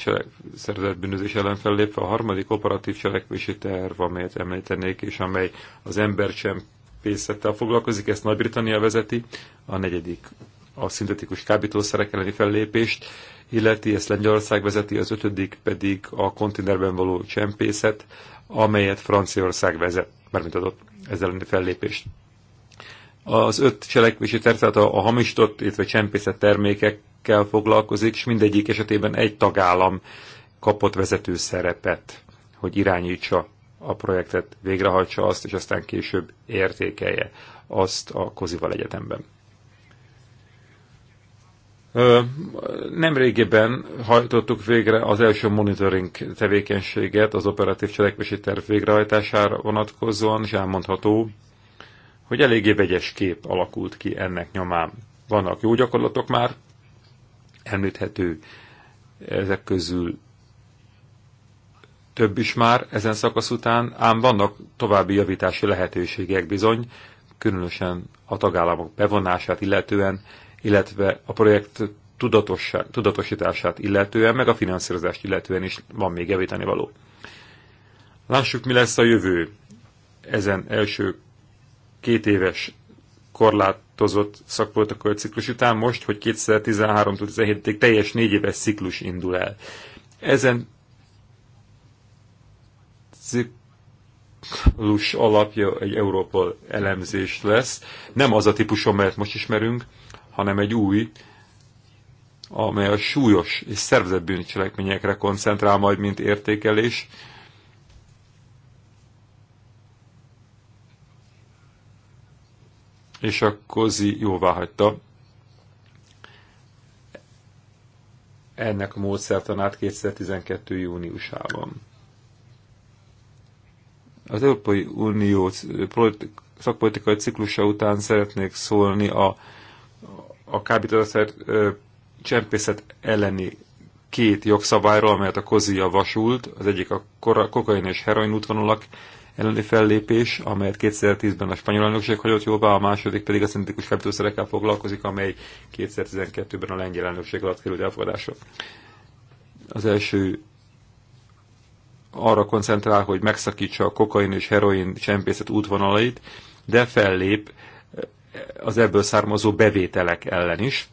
szervezett bűnözés ellen fellépve a harmadik operatív cselekvési terv, amelyet említenék, és amely az embercsempészettel foglalkozik, ezt Nagy-Britannia vezeti, a negyedik a szintetikus kábítószerek elleni fellépést illeti, ezt Lengyelország vezeti, az ötödik pedig a kontinerben való csempészet, amelyet Franciaország vezet, mármint adott ezzel elleni fellépést. Az öt cselekvési terv, tehát a, a hamisított, illetve csempészet termékekkel foglalkozik, és mindegyik esetében egy tagállam kapott vezető szerepet, hogy irányítsa a projektet, végrehajtsa azt, és aztán később értékelje azt a Kozival Egyetemben. Nemrégiben hajtottuk végre az első monitoring tevékenységet az operatív cselekvési terv végrehajtására vonatkozóan, és elmondható, hogy eléggé vegyes kép alakult ki ennek nyomán. Vannak jó gyakorlatok már, említhető ezek közül több is már ezen szakasz után, ám vannak további javítási lehetőségek bizony, különösen a tagállamok bevonását illetően illetve a projekt tudatosítását illetően, meg a finanszírozást illetően is van még javítani való. Lássuk, mi lesz a jövő ezen első két éves korlátozott szakpolitikai ciklus után most, hogy 2013 2017 ig teljes négy éves ciklus indul el. Ezen ciklus alapja egy Európol elemzés lesz. Nem az a típusom, mert most ismerünk, hanem egy új, amely a súlyos és szervezett bűncselekményekre koncentrál majd, mint értékelés. És a Kozi jóvá hagyta ennek a módszertanát 2012. júniusában. Az Európai Unió szakpolitikai ciklusa után szeretnék szólni a a kábítószer csempészet elleni két jogszabályról, amelyet a COZI javasult, az egyik a kokain és heroin útvonalak elleni fellépés, amelyet 2010-ben a spanyol elnökség hagyott jóvá, a második pedig a szintetikus kábítószerekkel foglalkozik, amely 2012-ben a lengyel elnökség alatt került elfogadásra. Az első arra koncentrál, hogy megszakítsa a kokain és heroin csempészet útvonalait, de fellép az ebből származó bevételek ellen is.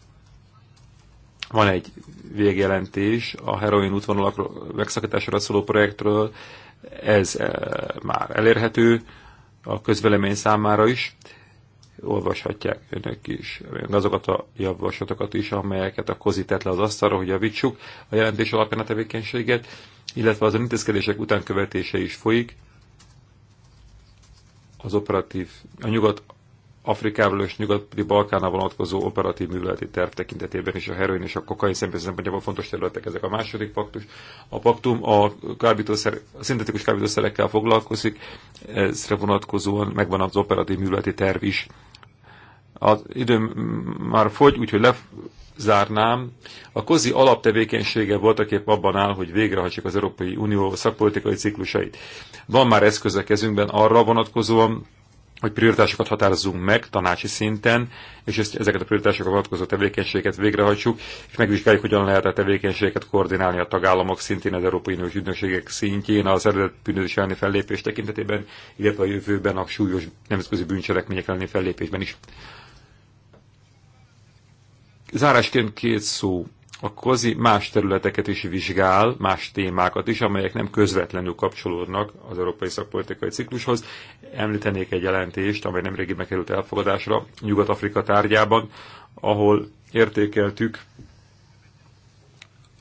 Van egy végjelentés a heroin útvonalak megszakításra szóló projektről, ez eh, már elérhető a közvelemény számára is, olvashatják önök is azokat a javaslatokat is, amelyeket a kozi tett le az asztalra, hogy javítsuk a jelentés alapján a tevékenységet, illetve az intézkedések utánkövetése is folyik, az operatív, a nyugat Afrikával és nyugati Balkánra vonatkozó operatív műveleti terv tekintetében is a heroin és a kokain szempontjából fontos területek ezek a második paktus. A paktum a, kábítószer, a szintetikus kábítószerekkel foglalkozik, ezre vonatkozóan megvan az operatív műveleti terv is. Az időm már fogy, úgyhogy le, zárnám. A kozi alaptevékenysége voltak épp abban áll, hogy végrehajtsák az Európai Unió szakpolitikai ciklusait. Van már eszköz a kezünkben arra vonatkozóan, hogy prioritásokat határozzunk meg tanácsi szinten, és ezt, ezeket a prioritásokat vonatkozó tevékenységeket végrehajtsuk, és megvizsgáljuk, hogyan lehet a tevékenységeket koordinálni a tagállamok szintén, az Európai Uniós ügynökségek szintjén, az eredet bűnözés elleni fellépés tekintetében, illetve a jövőben a súlyos nemzetközi bűncselekmények elleni fellépésben is. Zárásként két szó a kozi más területeket is vizsgál, más témákat is, amelyek nem közvetlenül kapcsolódnak az európai szakpolitikai ciklushoz. Említenék egy jelentést, amely nemrég megkerült elfogadásra Nyugat-Afrika tárgyában, ahol értékeltük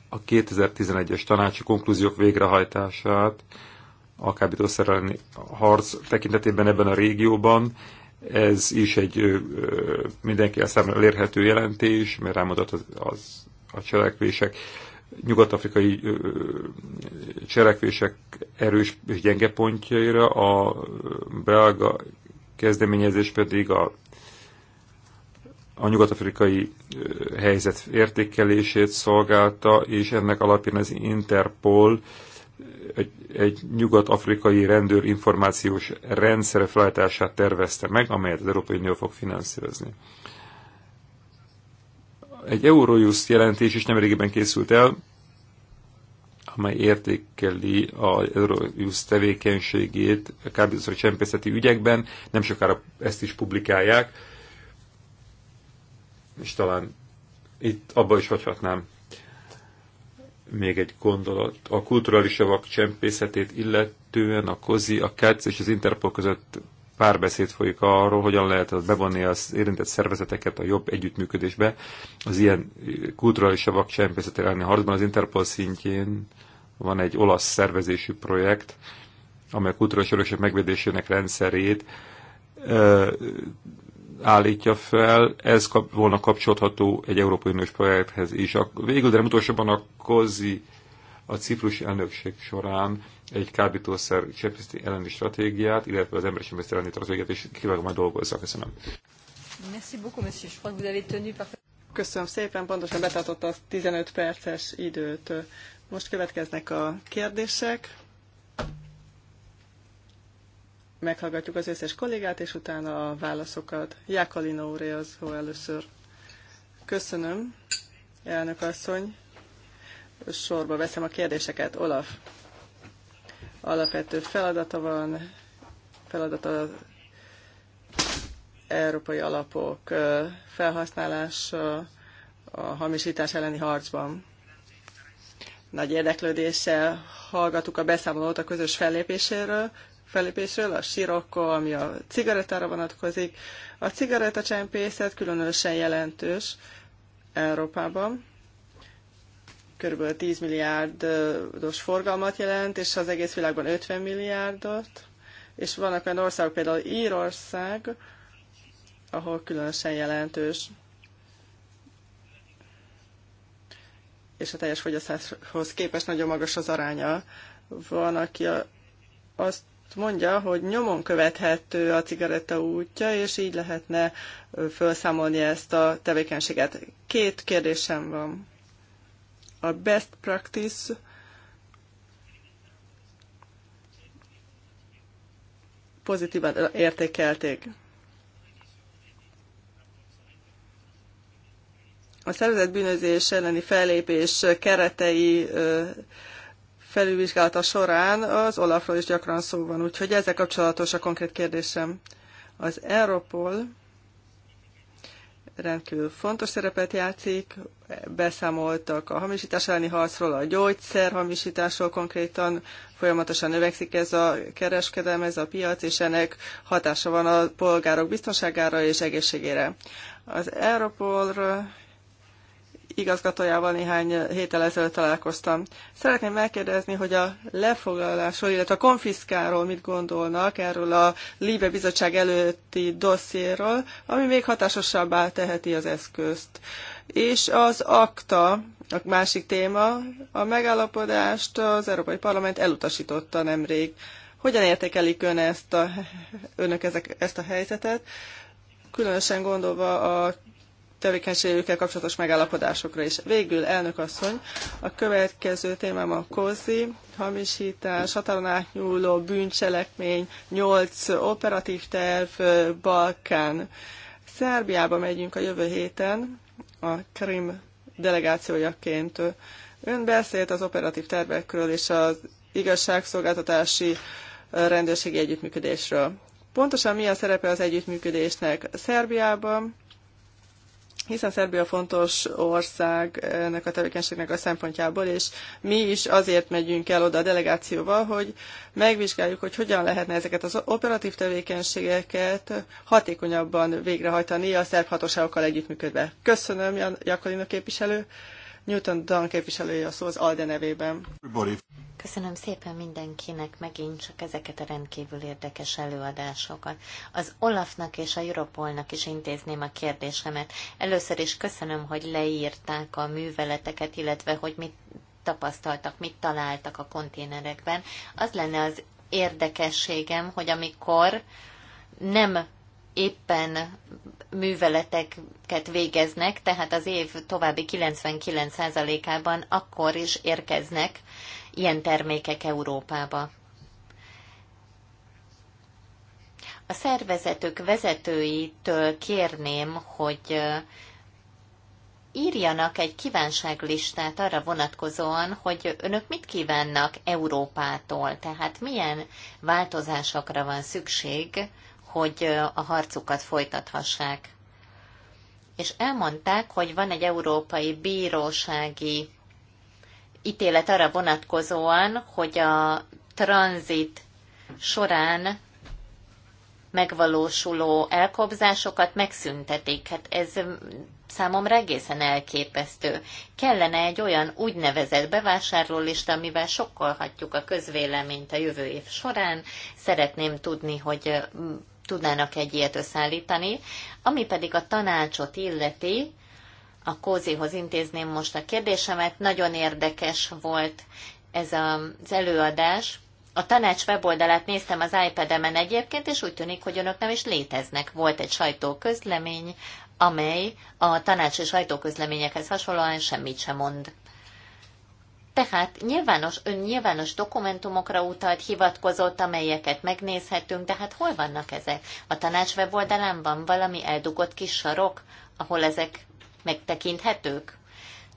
a 2011-es tanácsi konklúziók végrehajtását a kábítószer harc tekintetében ebben a régióban. Ez is egy mindenki számára elérhető jelentés, mert rámutat az, az a cselekvések, nyugat-afrikai cselekvések erős és gyenge pontjaira, a belga kezdeményezés pedig a, a nyugat-afrikai helyzet értékelését szolgálta, és ennek alapján az Interpol egy, egy nyugat-afrikai rendőr információs rendszer felállítását tervezte meg, amelyet az Európai Unió fog finanszírozni egy Eurojust jelentés is nemrégiben készült el, amely értékeli a Eurojust tevékenységét a kábítószer csempészeti ügyekben. Nem sokára ezt is publikálják, és talán itt abba is hagyhatnám még egy gondolat. A kulturális javak csempészetét illetően a COZI, a KEC és az Interpol között párbeszéd folyik arról, hogyan lehet bevonni az érintett szervezeteket a jobb együttműködésbe, az ilyen kulturális savak csempészet elleni harcban. Az Interpol szintjén van egy olasz szervezésű projekt, amely a kulturális örökség megvédésének rendszerét ö, állítja fel. Ez kap, volna kapcsolható egy Európai Uniós projekthez is. A, végül, de nem utolsóban a COZI, a ciprusi elnökség során egy kábítószer csempészeti elleni stratégiát, illetve az emberi elleni stratégiát és kívánok majd dolgozzak. Köszönöm. Merci beaucoup, monsieur. Je crois que vous avez tenu parfait. Köszönöm szépen, pontosan betartott a 15 perces időt. Most következnek a kérdések. Meghallgatjuk az összes kollégát, és utána a válaszokat. Jákalina úré az szó először. Köszönöm, elnök asszony. Sorba veszem a kérdéseket. Olaf alapvető feladata van, feladata az európai alapok felhasználása a hamisítás elleni harcban. Nagy érdeklődéssel hallgattuk a beszámolót a közös fellépéséről, fellépésről, a sirokko, ami a cigarettára vonatkozik. A cigarettacsempészet különösen jelentős Európában körülbelül 10 milliárdos forgalmat jelent, és az egész világban 50 milliárdot, és vannak olyan országok, például Írország, ahol különösen jelentős. És a teljes fogyasztáshoz képest nagyon magas az aránya. Van, aki azt mondja, hogy nyomon követhető a cigaretta útja, és így lehetne felszámolni ezt a tevékenységet. Két kérdésem van a best practice pozitívan értékelték. A szervezet bűnözés elleni fellépés keretei felülvizsgálata során az Olafról is gyakran szó van, úgyhogy ezzel kapcsolatos a konkrét kérdésem. Az Europol rendkívül fontos szerepet játszik. Beszámoltak a hamisítás elleni harcról, a gyógyszer hamisításról konkrétan. Folyamatosan növekszik ez a kereskedelem, ez a piac, és ennek hatása van a polgárok biztonságára és egészségére. Az Europol igazgatójával néhány héttel ezelőtt találkoztam. Szeretném megkérdezni, hogy a lefoglalásról, illetve a konfiszkáról mit gondolnak erről a Líbe Bizottság előtti dossziéről, ami még hatásosabbá teheti az eszközt. És az akta, a másik téma, a megállapodást az Európai Parlament elutasította nemrég. Hogyan értékelik ön ezt a, önök ezek, ezt a helyzetet? Különösen gondolva a tevékenységükkel kapcsolatos megállapodásokra is. Végül, elnök asszony, a következő témám a kozi, hamisítás, határon átnyúló bűncselekmény, nyolc operatív terv, Balkán. Szerbiába megyünk a jövő héten, a Krim delegációjaként. Ön beszélt az operatív tervekről és az igazságszolgáltatási rendőrségi együttműködésről. Pontosan mi a szerepe az együttműködésnek? Szerbiában hiszen Szerbia fontos ország ennek a tevékenységnek a szempontjából, és mi is azért megyünk el oda a delegációval, hogy megvizsgáljuk, hogy hogyan lehetne ezeket az operatív tevékenységeket hatékonyabban végrehajtani a szerb hatóságokkal együttműködve. Köszönöm, Jan Jakolino képviselő. Newton Dan képviselője a szó az ALDE nevében. Köszönöm szépen mindenkinek megint csak ezeket a rendkívül érdekes előadásokat. Az Olafnak és a Europolnak is intézném a kérdésemet. Először is köszönöm, hogy leírták a műveleteket, illetve hogy mit tapasztaltak, mit találtak a konténerekben. Az lenne az érdekességem, hogy amikor nem éppen műveleteket végeznek, tehát az év további 99%-ában akkor is érkeznek ilyen termékek Európába. A szervezetük vezetőitől kérném, hogy írjanak egy kívánságlistát arra vonatkozóan, hogy önök mit kívánnak Európától, tehát milyen változásokra van szükség, hogy a harcukat folytathassák. És elmondták, hogy van egy európai bírósági ítélet arra vonatkozóan, hogy a tranzit során megvalósuló elkobzásokat megszüntetik. Hát ez számomra egészen elképesztő. Kellene egy olyan úgynevezett bevásárlólista, amivel sokkolhatjuk a közvéleményt a jövő év során. Szeretném tudni, hogy tudnának egy ilyet összeállítani. Ami pedig a tanácsot illeti, a Kózihoz intézném most a kérdésemet, nagyon érdekes volt ez az előadás. A tanács weboldalát néztem az iPad-emen egyébként, és úgy tűnik, hogy önök nem is léteznek. Volt egy sajtóközlemény, amely a tanácsi sajtóközleményekhez hasonlóan semmit sem mond. Tehát nyilvános, ön nyilvános dokumentumokra utalt, hivatkozott, amelyeket megnézhetünk, de hát hol vannak ezek? A tanács weboldalán van valami eldugott kis sarok, ahol ezek megtekinthetők?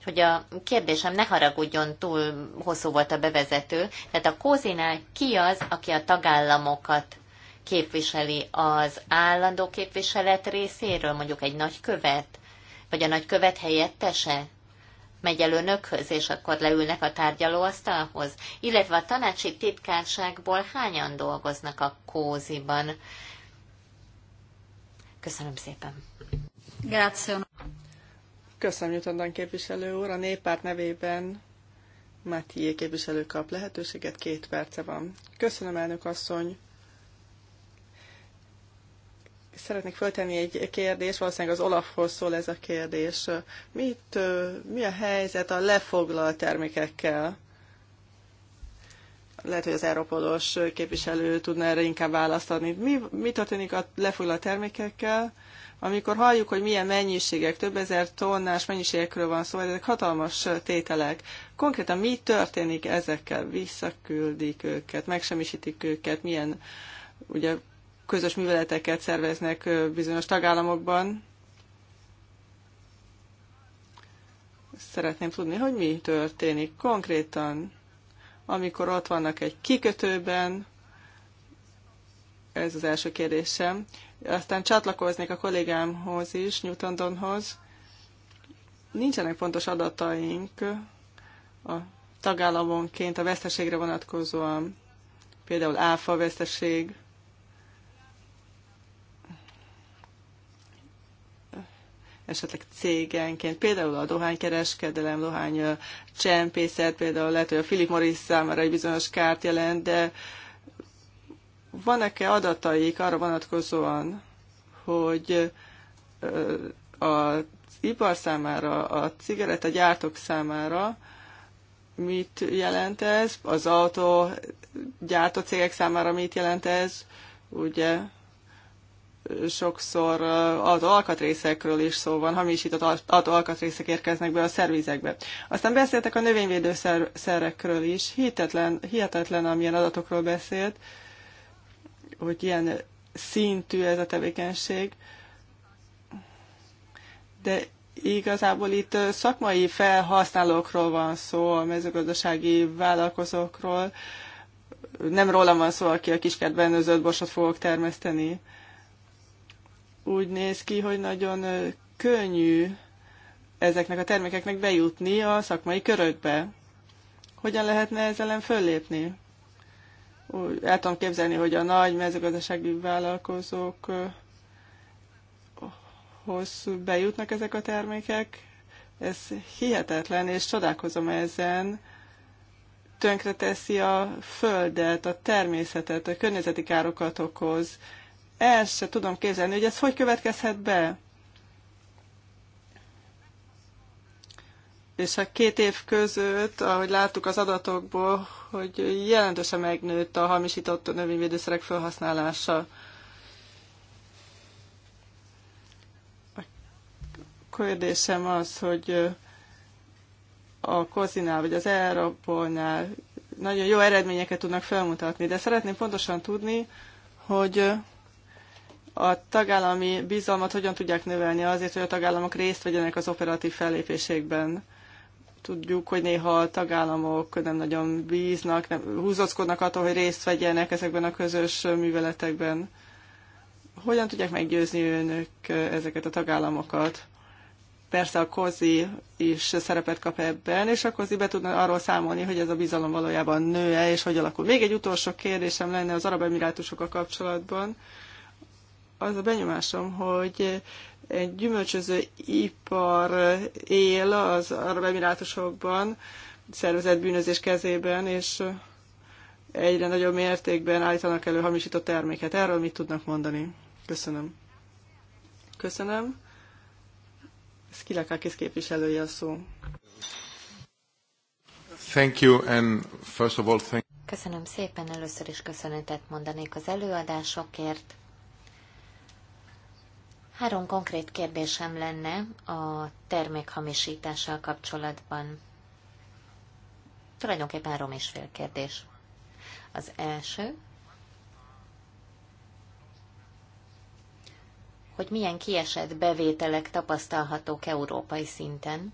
hogy a kérdésem ne haragudjon, túl hosszú volt a bevezető, tehát a Kózinál ki az, aki a tagállamokat képviseli az állandó képviselet részéről, mondjuk egy nagykövet, vagy a nagykövet helyettese? megy el önökhöz, és akkor leülnek a tárgyalóasztalhoz? Illetve a tanácsi titkárságból hányan dolgoznak a kóziban? Köszönöm szépen. Grazie. Köszönöm, Jutondon képviselő úr. A néppárt nevében Mátyé képviselő kap lehetőséget, két perce van. Köszönöm, elnök asszony. Szeretnék föltenni egy kérdést, valószínűleg az Olafhoz szól ez a kérdés. Mit, mi a helyzet a lefoglalt termékekkel? Lehet, hogy az Európolos képviselő tudna erre inkább választ adni. Mi, mi történik a lefoglalt termékekkel, amikor halljuk, hogy milyen mennyiségek, több ezer tonnás mennyiségekről van szó, ezek hatalmas tételek. Konkrétan mi történik ezekkel? Visszaküldik őket, megsemmisítik őket, milyen ugye közös műveleteket szerveznek bizonyos tagállamokban. Szeretném tudni, hogy mi történik konkrétan, amikor ott vannak egy kikötőben, ez az első kérdésem. Aztán csatlakoznék a kollégámhoz is, Newton Donhoz. Nincsenek pontos adataink a tagállamonként a veszteségre vonatkozóan, például áfa veszteség, esetleg cégenként, például a dohánykereskedelem, dohány csempészet, például lehet, hogy a Philip Morris számára egy bizonyos kárt jelent, de vannak-e adataik arra vonatkozóan, hogy az ipar számára, a gyártók számára mit jelent ez, az autó gyártó cégek számára mit jelent ez, ugye sokszor az alkatrészekről is szó van, hamisított alkatrészek érkeznek be a szervizekbe. Aztán beszéltek a növényvédőszerekről is, hihetetlen, hihetetlen, amilyen adatokról beszélt, hogy ilyen szintű ez a tevékenység. De igazából itt szakmai felhasználókról van szó, a mezőgazdasági vállalkozókról. Nem rólam van szó, aki a kiskertben özött borsot fogok termeszteni úgy néz ki, hogy nagyon könnyű ezeknek a termékeknek bejutni a szakmai körökbe. Hogyan lehetne ezzel ellen föllépni? Úgy, el tudom képzelni, hogy a nagy mezőgazdasági vállalkozókhoz bejutnak ezek a termékek. Ez hihetetlen, és csodálkozom ezen. Tönkreteszi a földet, a természetet, a környezeti károkat okoz el se tudom képzelni, hogy ez hogy következhet be. És a két év között, ahogy láttuk az adatokból, hogy jelentősen megnőtt a hamisított növényvédőszerek felhasználása. A kérdésem az, hogy a Kozinál vagy az Europolnál nagyon jó eredményeket tudnak felmutatni, de szeretném pontosan tudni, hogy a tagállami bizalmat hogyan tudják növelni azért, hogy a tagállamok részt vegyenek az operatív fellépésekben. Tudjuk, hogy néha a tagállamok nem nagyon bíznak, nem, húzózkodnak attól, hogy részt vegyenek ezekben a közös műveletekben. Hogyan tudják meggyőzni önök ezeket a tagállamokat? Persze a kozi is szerepet kap ebben, és a kozi be tudna arról számolni, hogy ez a bizalom valójában nő-e, és hogy alakul. Még egy utolsó kérdésem lenne az arab emirátusokkal kapcsolatban az a benyomásom, hogy egy gyümölcsöző ipar él az arab emirátusokban, szervezett bűnözés kezében, és egyre nagyobb mértékben állítanak elő hamisított terméket. Erről mit tudnak mondani? Köszönöm. Köszönöm. Skilakakis képviselője a szó. Thank you, and first of all, thank Köszönöm szépen, először is köszönetet mondanék az előadásokért. Három konkrét kérdésem lenne a termékhamisítással kapcsolatban. Tulajdonképpen három és fél kérdés. Az első, hogy milyen kiesett bevételek tapasztalhatók európai szinten,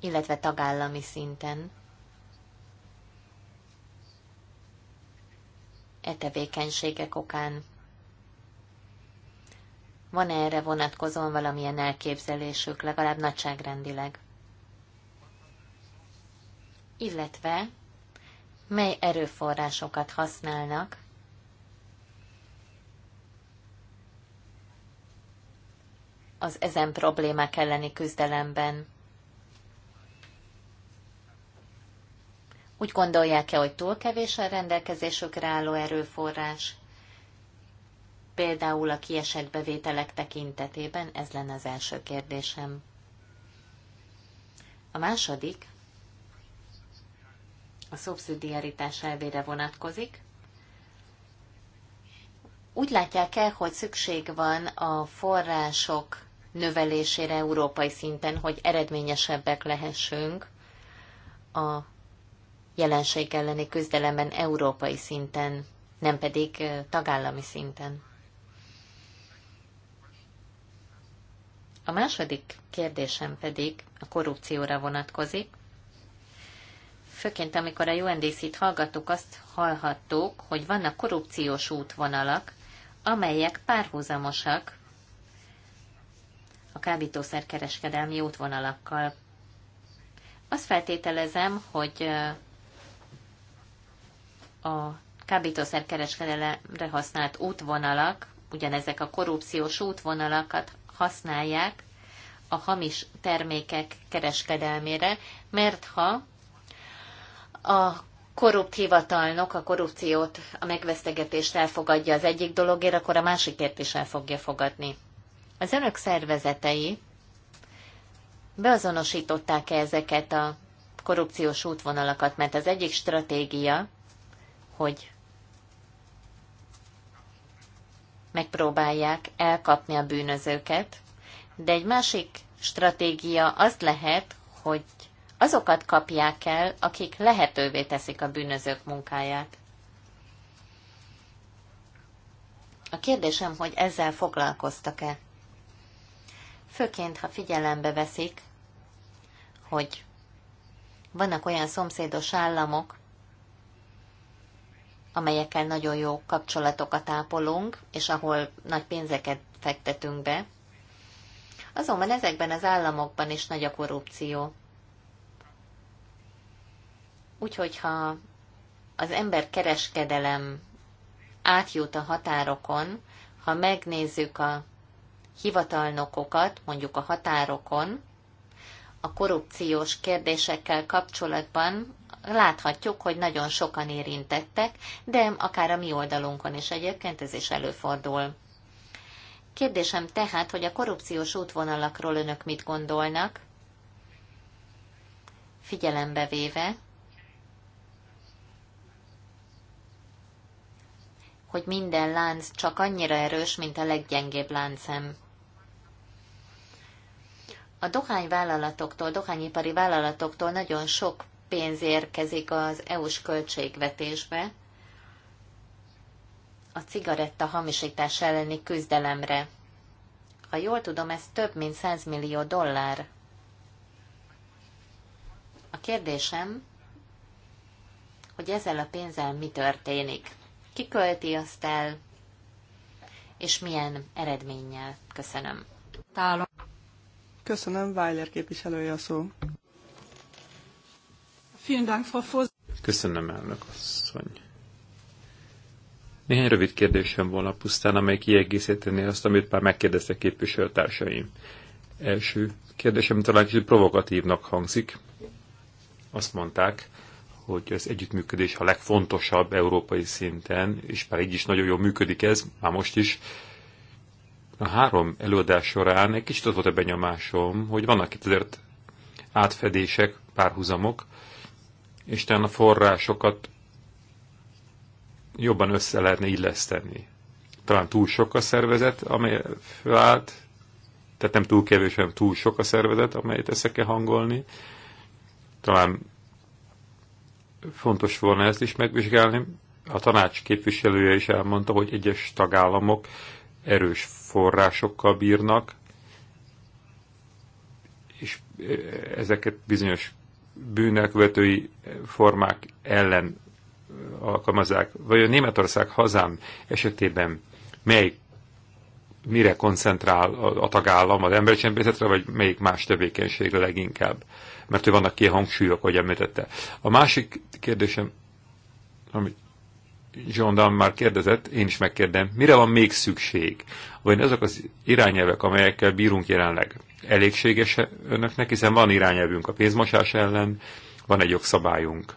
illetve tagállami szinten e tevékenységek okán. Van -e erre vonatkozóan valamilyen elképzelésük, legalább nagyságrendileg? Illetve mely erőforrásokat használnak az ezen problémák elleni küzdelemben. Úgy gondolják-e, hogy túl kevés a rendelkezésükre álló erőforrás? például a kiesett bevételek tekintetében? Ez lenne az első kérdésem. A második a szubszidiaritás elvére vonatkozik. Úgy látják el, hogy szükség van a források növelésére európai szinten, hogy eredményesebbek lehessünk a jelenség elleni küzdelemben európai szinten, nem pedig tagállami szinten. A második kérdésem pedig a korrupcióra vonatkozik. Főként amikor a UNDC-t hallgattuk, azt hallhattuk, hogy vannak korrupciós útvonalak, amelyek párhuzamosak a kábítószerkereskedelmi útvonalakkal. Azt feltételezem, hogy a kábítószerkereskedelemre használt útvonalak, ugyanezek a korrupciós útvonalakat használják a hamis termékek kereskedelmére, mert ha a korrupt hivatalnok a korrupciót, a megvesztegetést elfogadja az egyik dologért, akkor a másikért is el fogja fogadni. Az önök szervezetei beazonosították-e ezeket a korrupciós útvonalakat, mert az egyik stratégia, hogy megpróbálják elkapni a bűnözőket, de egy másik stratégia az lehet, hogy azokat kapják el, akik lehetővé teszik a bűnözők munkáját. A kérdésem, hogy ezzel foglalkoztak-e? Főként, ha figyelembe veszik, hogy vannak olyan szomszédos államok, amelyekkel nagyon jó kapcsolatokat ápolunk, és ahol nagy pénzeket fektetünk be. Azonban ezekben az államokban is nagy a korrupció. Úgyhogy ha az ember kereskedelem átjut a határokon, ha megnézzük a hivatalnokokat, mondjuk a határokon, a korrupciós kérdésekkel kapcsolatban láthatjuk, hogy nagyon sokan érintettek, de akár a mi oldalunkon is egyébként ez is előfordul. Kérdésem tehát, hogy a korrupciós útvonalakról önök mit gondolnak, figyelembe véve, hogy minden lánc csak annyira erős, mint a leggyengébb láncem. A dohányvállalatoktól, dohányipari vállalatoktól nagyon sok pénz érkezik az EU-s költségvetésbe a cigaretta hamisítás elleni küzdelemre. Ha jól tudom, ez több mint 100 millió dollár. A kérdésem, hogy ezzel a pénzzel mi történik? Ki költi azt el, és milyen eredménnyel? Köszönöm. Tálom. Köszönöm, Weiler képviselője a szó. Köszönöm, elnök asszony. Néhány rövid kérdésem volna pusztán, amely kiegészíteni azt, amit már megkérdeztek képviselőtársaim. Első kérdésem talán kicsit provokatívnak hangzik. Azt mondták, hogy az együttműködés a legfontosabb európai szinten, és már így is nagyon jól működik ez, már most is. A három előadás során egy kicsit ott volt a benyomásom, hogy vannak itt azért átfedések, párhuzamok, és a forrásokat jobban össze lehetne illeszteni. Talán túl sok a szervezet, amely felállt, tehát nem túl kevés, hanem túl sok a szervezet, amelyet össze kell hangolni. Talán fontos volna ezt is megvizsgálni. A tanács képviselője is elmondta, hogy egyes tagállamok erős forrásokkal bírnak, és ezeket bizonyos bűnökvetői formák ellen alkalmazzák. a Németország hazám esetében melyik mire koncentrál a tagállam, az embercsempészetre, vagy melyik más tevékenységre leginkább? Mert hogy vannak ki hangsúlyok, hogy említette. A másik kérdésem, amit John Dan már kérdezett, én is megkérdem, mire van még szükség? Vagy azok az irányelvek, amelyekkel bírunk jelenleg, elégséges e önöknek, hiszen van irányelvünk a pénzmosás ellen, van egy jogszabályunk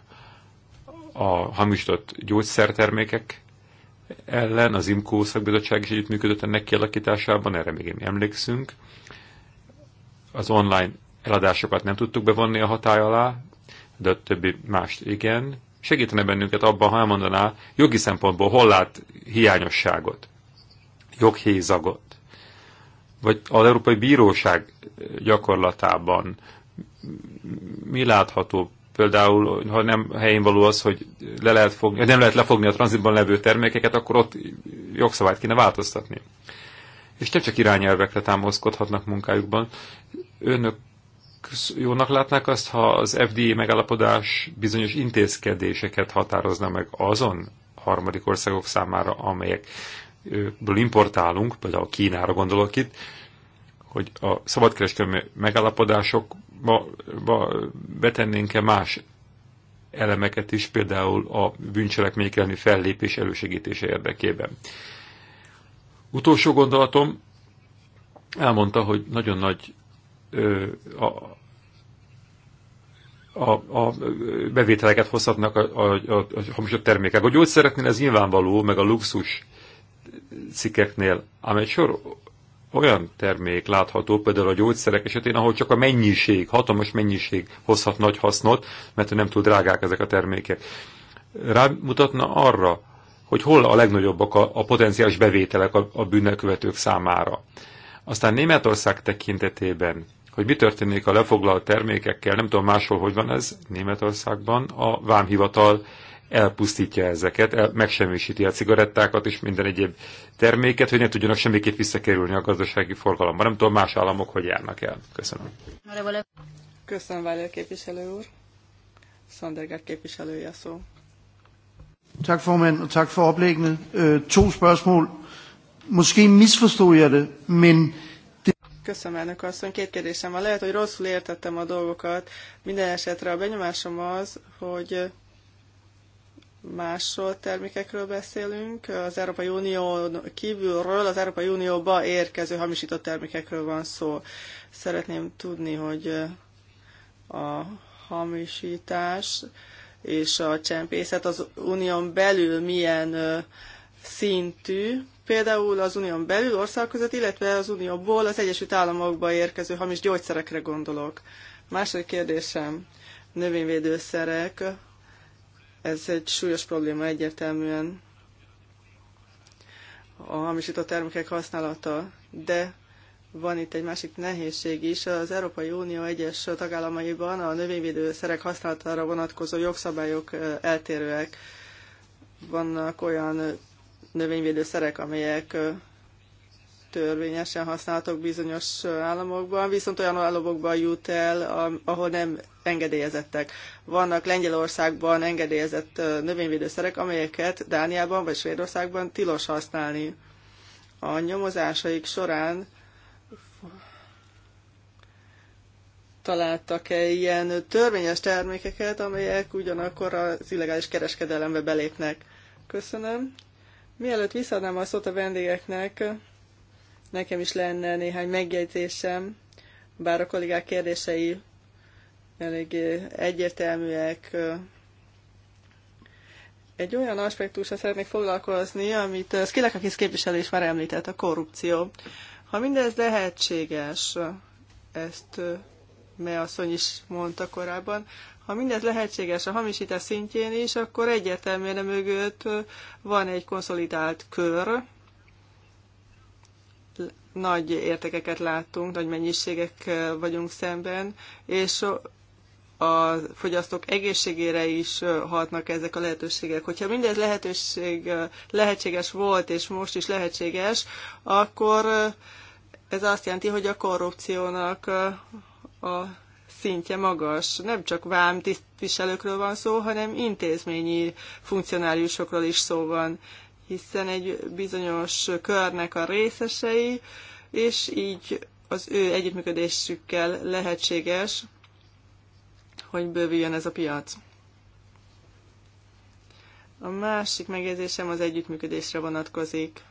a hamisított gyógyszertermékek ellen, az IMCO szakbizottság is együttműködött ennek kialakításában, erre még én emlékszünk. Az online eladásokat nem tudtuk bevonni a hatály alá, de a többi mást igen, segítene bennünket abban, ha elmondaná jogi szempontból hol lát hiányosságot, joghézagot, vagy az Európai Bíróság gyakorlatában mi látható például, ha nem helyén való az, hogy le lehet fogni, nem lehet lefogni a tranzitban levő termékeket, akkor ott jogszabályt kéne változtatni. És nem csak irányelvekre támaszkodhatnak munkájukban. Önök jónak látnák azt, ha az FDA megállapodás bizonyos intézkedéseket határozna meg azon harmadik országok számára, amelyekből importálunk, például Kínára gondolok itt, hogy a szabadkereskedelmi megállapodásokba betennénk-e más elemeket is, például a bűncselekmények elleni fellépés elősegítése érdekében. Utolsó gondolatom, elmondta, hogy nagyon nagy a, a, a bevételeket hozhatnak a, a, a, a hamisott termékek. A gyógyszereknél ez nyilvánvaló, meg a luxus cikkeknél, ám egy sor olyan termék látható, például a gyógyszerek esetén, ahol csak a mennyiség, hatalmas mennyiség hozhat nagy hasznot, mert nem túl drágák ezek a termékek. Rámutatna arra, hogy hol a legnagyobbak a, a potenciális bevételek a, a bűnnelkövetők számára. Aztán Németország tekintetében hogy mi történik a lefoglalt termékekkel, nem tudom máshol, hogy van ez, Németországban a vámhivatal elpusztítja ezeket, el, megsemmisíti a cigarettákat és minden egyéb terméket, hogy ne tudjanak semmiképp visszakerülni a gazdasági forgalomba. Nem tudom, más államok hogy járnak el. Köszönöm. Köszönöm, Válő képviselő úr. Szandergát képviselője szó. Tak formand, og tak for oplæggene. Øh, to spørgsmål. Måske misforstod jeg det, men Köszönöm, elnök asszony. Két kérdésem van. Lehet, hogy rosszul értettem a dolgokat. Minden esetre a benyomásom az, hogy másról termékekről beszélünk, az Európai Unió kívülről, az Európai Unióba érkező hamisított termékekről van szó. Szeretném tudni, hogy a hamisítás és a csempészet az unión belül milyen szintű, például az unión belül ország között, illetve az unióból az Egyesült Államokba érkező hamis gyógyszerekre gondolok. Második kérdésem, növényvédőszerek, ez egy súlyos probléma egyértelműen a hamisított termékek használata, de van itt egy másik nehézség is. Az Európai Unió egyes tagállamaiban a növényvédőszerek használatára vonatkozó jogszabályok eh, eltérőek. Vannak olyan növényvédőszerek, amelyek törvényesen használhatók bizonyos államokban, viszont olyan államokban jut el, ahol nem engedélyezettek. Vannak Lengyelországban engedélyezett növényvédőszerek, amelyeket Dániában vagy Svédországban tilos használni. A nyomozásaik során találtak-e ilyen törvényes termékeket, amelyek ugyanakkor az illegális kereskedelembe belépnek. Köszönöm. Mielőtt visszaadnám a szót a vendégeknek, nekem is lenne néhány megjegyzésem, bár a kollégák kérdései elég egyértelműek. Egy olyan aspektusra szeretnék foglalkozni, amit Skilakakis képviselő is már említett, a korrupció. Ha mindez lehetséges, ezt me asszony is mondta korábban, ha mindez lehetséges a hamisítás szintjén is, akkor egyértelműen mögött van egy konszolidált kör, nagy értékeket láttunk, nagy mennyiségek vagyunk szemben, és a fogyasztók egészségére is hatnak ezek a lehetőségek. Hogyha mindez lehetőség, lehetséges volt, és most is lehetséges, akkor ez azt jelenti, hogy a korrupciónak a szintje magas. Nem csak vám tisztviselőkről van szó, hanem intézményi funkcionáriusokról is szó van, hiszen egy bizonyos körnek a részesei, és így az ő együttműködésükkel lehetséges, hogy bővüljön ez a piac. A másik megjegyzésem az együttműködésre vonatkozik.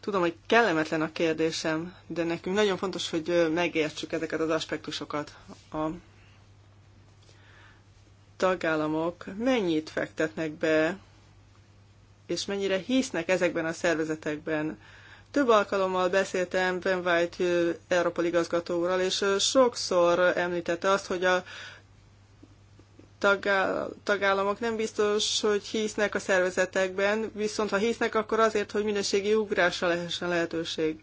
Tudom, hogy kellemetlen a kérdésem, de nekünk nagyon fontos, hogy megértsük ezeket az aspektusokat. A tagállamok mennyit fektetnek be, és mennyire hisznek ezekben a szervezetekben. Több alkalommal beszéltem Ben White Európa igazgatóval, és sokszor említette azt, hogy a tagállamok nem biztos, hogy hisznek a szervezetekben, viszont ha hisznek, akkor azért, hogy minőségi ugrásra lehessen lehetőség.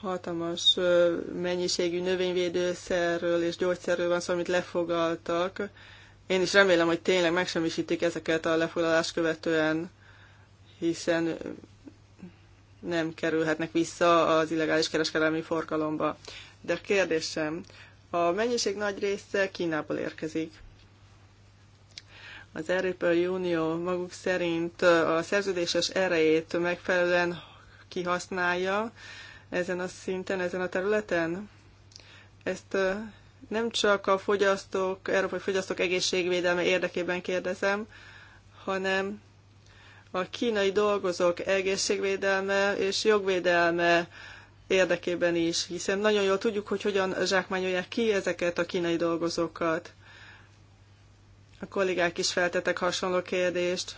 hatalmas mennyiségű növényvédőszerről és gyógyszerről van szó, amit lefoglaltak. Én is remélem, hogy tényleg megsemmisítik ezeket a lefoglalást követően, hiszen nem kerülhetnek vissza az illegális kereskedelmi forgalomba. De kérdésem, a mennyiség nagy része Kínából érkezik. Az Európai Unió maguk szerint a szerződéses erejét megfelelően kihasználja ezen a szinten, ezen a területen. Ezt nem csak a fogyasztók, európai fogyasztók egészségvédelme érdekében kérdezem, hanem a kínai dolgozók egészségvédelme és jogvédelme érdekében is, hiszen nagyon jól tudjuk, hogy hogyan zsákmányolják ki ezeket a kínai dolgozókat. A kollégák is feltettek hasonló kérdést,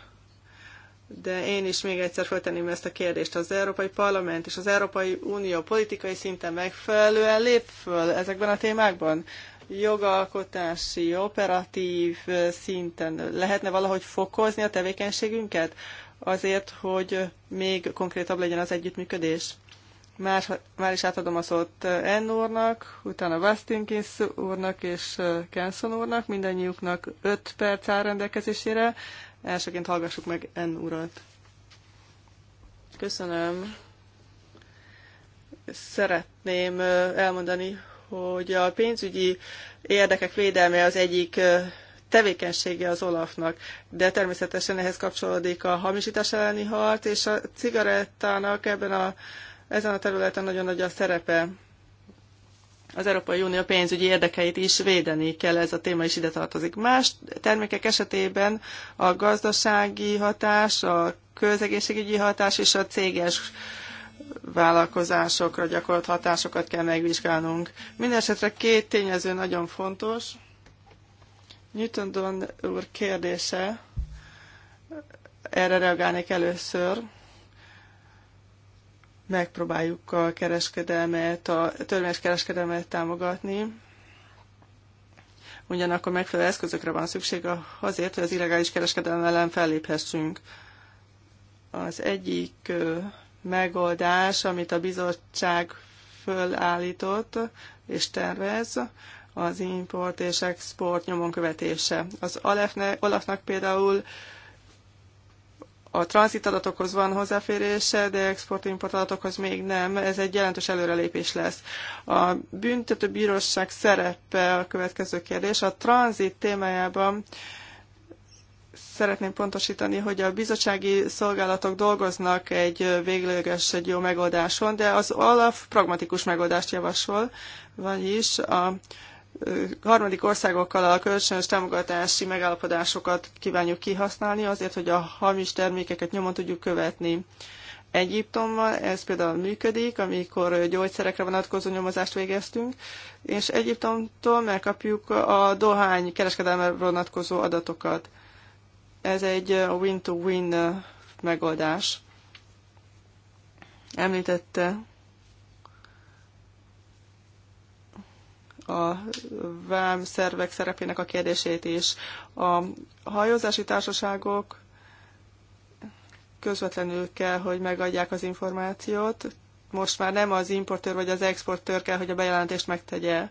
de én is még egyszer feltenném ezt a kérdést. Az Európai Parlament és az Európai Unió politikai szinten megfelelően lép föl ezekben a témákban? Jogalkotási, operatív szinten lehetne valahogy fokozni a tevékenységünket? azért, hogy még konkrétabb legyen az együttműködés. Már, már is átadom a szót Enn úrnak, utána Vastinkins úrnak és Kenson úrnak, mindannyiuknak 5 perc áll rendelkezésére. Elsőként hallgassuk meg Enn urat. Köszönöm. Szeretném elmondani, hogy a pénzügyi érdekek védelme az egyik tevékenysége az Olafnak, de természetesen ehhez kapcsolódik a hamisítás elleni harc, és a cigarettának ebben a, ezen a területen nagyon nagy a szerepe. Az Európai Unió pénzügyi érdekeit is védeni kell, ez a téma is ide tartozik. Más termékek esetében a gazdasági hatás, a közegészségügyi hatás és a céges vállalkozásokra gyakorolt hatásokat kell megvizsgálnunk. Mindenesetre két tényező nagyon fontos – Newton Don úr kérdése, erre reagálnék először. Megpróbáljuk a kereskedelmet, a törvényes kereskedelmet támogatni. Ugyanakkor megfelelő eszközökre van szükség azért, hogy az illegális kereskedelem ellen felléphessünk. Az egyik megoldás, amit a bizottság fölállított és tervez, az import és export nyomon követése. Az Olafnak például a tranzit adatokhoz van hozzáférése, de export-import adatokhoz még nem. Ez egy jelentős előrelépés lesz. A büntető bíróság szerepe a következő kérdés. A tranzit témájában szeretném pontosítani, hogy a bizottsági szolgálatok dolgoznak egy végleges, egy jó megoldáson, de az Olaf pragmatikus megoldást javasol, vagyis a harmadik országokkal a kölcsönös támogatási megállapodásokat kívánjuk kihasználni azért, hogy a hamis termékeket nyomon tudjuk követni. Egyiptommal ez például működik, amikor gyógyszerekre vonatkozó nyomozást végeztünk, és Egyiptomtól megkapjuk a dohány kereskedelme vonatkozó adatokat. Ez egy win-to-win megoldás. Említette a vámszervek szerepének a kérdését is. A hajózási társaságok közvetlenül kell, hogy megadják az információt. Most már nem az importőr vagy az exportőr kell, hogy a bejelentést megtegye.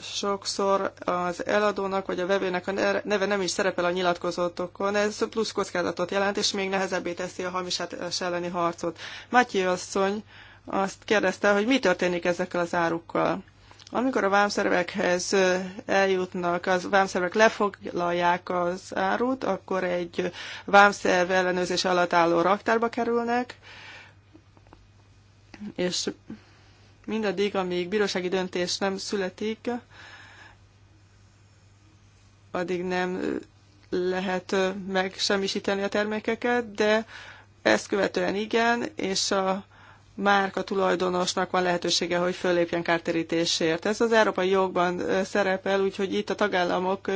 Sokszor az eladónak vagy a vevőnek a neve nem is szerepel a nyilatkozatokon. Ez plusz kockázatot jelent, és még nehezebbé teszi a hamisát elleni harcot. Matyi asszony azt kérdezte, hogy mi történik ezekkel az árukkal. Amikor a vámszervekhez eljutnak, az vámszervek lefoglalják az árut, akkor egy vámszerv ellenőrzés alatt álló raktárba kerülnek, és mindaddig, amíg bírósági döntés nem születik, addig nem lehet megsemmisíteni a termékeket, de ezt követően igen, és a márka tulajdonosnak van lehetősége, hogy föllépjen kártérítésért. Ez az európai jogban szerepel, úgyhogy itt a tagállamok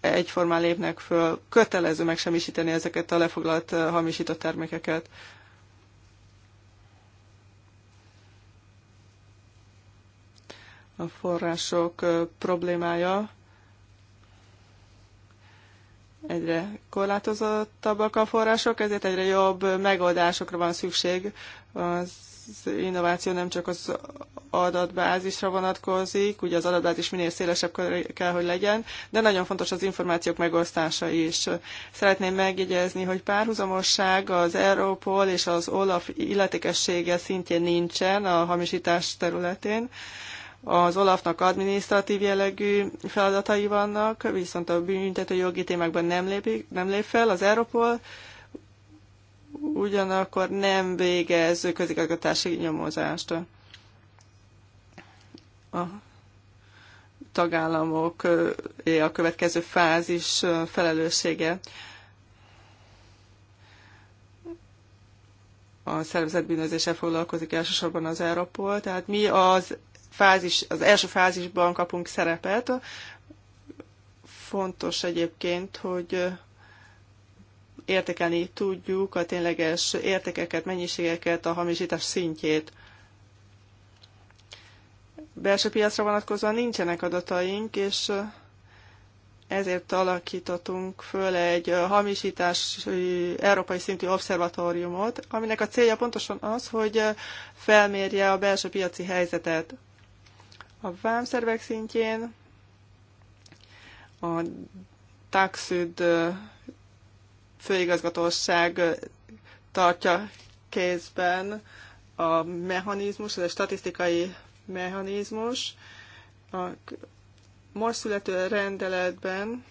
egyformán lépnek föl, kötelező megsemmisíteni ezeket a lefoglalt hamisított termékeket. A források problémája egyre korlátozottabbak a források, ezért egyre jobb megoldásokra van szükség az innováció nem csak az adatbázisra vonatkozik, ugye az adatbázis minél szélesebb kell, hogy legyen, de nagyon fontos az információk megosztása is. Szeretném megjegyezni, hogy párhuzamosság az Europol és az OLAF illetékessége szintjén nincsen a hamisítás területén. Az Olafnak adminisztratív jellegű feladatai vannak, viszont a büntető jogi témákban nem, lép, nem lép fel. Az Europol ugyanakkor nem végez közigazgatási nyomozást. A tagállamok a következő fázis felelőssége. a szervezetbűnözéssel foglalkozik elsősorban az Europol, tehát mi az, fázis, az első fázisban kapunk szerepet. Fontos egyébként, hogy értékelni tudjuk a tényleges értékeket, mennyiségeket, a hamisítás szintjét. Belső piacra vonatkozóan nincsenek adataink, és ezért alakítottunk föl egy hamisítás európai szintű obszervatóriumot, aminek a célja pontosan az, hogy felmérje a belső piaci helyzetet. A vámszervek szintjén a taxid főigazgatóság tartja kézben a mechanizmus, ez a statisztikai mechanizmus. A most születő rendeletben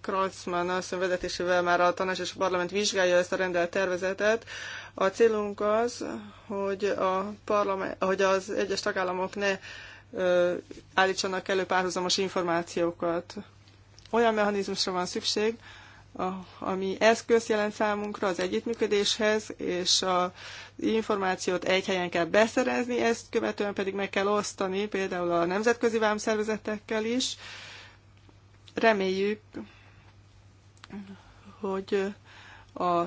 Kraltzmann a vezetésével már a tanács és a parlament vizsgálja ezt a rendelt tervezetet. A célunk az, hogy, a parlament, hogy az egyes tagállamok ne ö, állítsanak elő párhuzamos információkat. Olyan mechanizmusra van szükség, a, ami eszköz jelent számunkra az együttműködéshez, és az információt egy helyen kell beszerezni, ezt követően pedig meg kell osztani például a nemzetközi vámszervezetekkel is. Reméljük, hogy az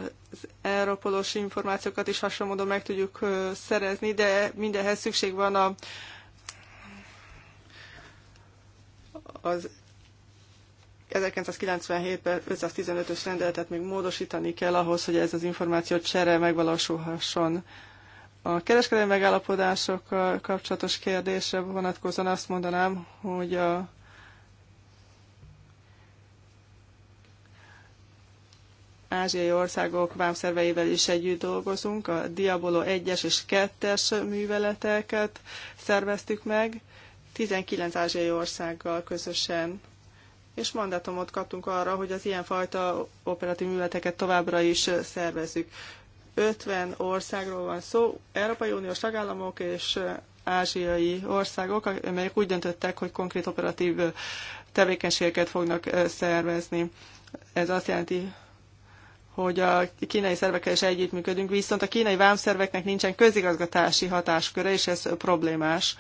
Európolos információkat is hasonló módon meg tudjuk szerezni, de mindenhez szükség van a, az 1997-ben 515-ös rendeletet még módosítani kell ahhoz, hogy ez az információ csere megvalósulhasson. A kereskedelmi megállapodásokkal kapcsolatos kérdésre vonatkozóan azt mondanám, hogy a ázsiai országok vámszerveivel is együtt dolgozunk. A Diabolo 1-es és 2-es műveleteket szerveztük meg 19 ázsiai országgal közösen és mandátumot kaptunk arra, hogy az ilyenfajta operatív műveleteket továbbra is szervezzük. 50 országról van szó, Európai Uniós tagállamok és ázsiai országok, amelyek úgy döntöttek, hogy konkrét operatív tevékenységeket fognak szervezni. Ez azt jelenti, hogy a kínai szervekkel is együttműködünk, viszont a kínai vámszerveknek nincsen közigazgatási hatásköre, és ez problémás.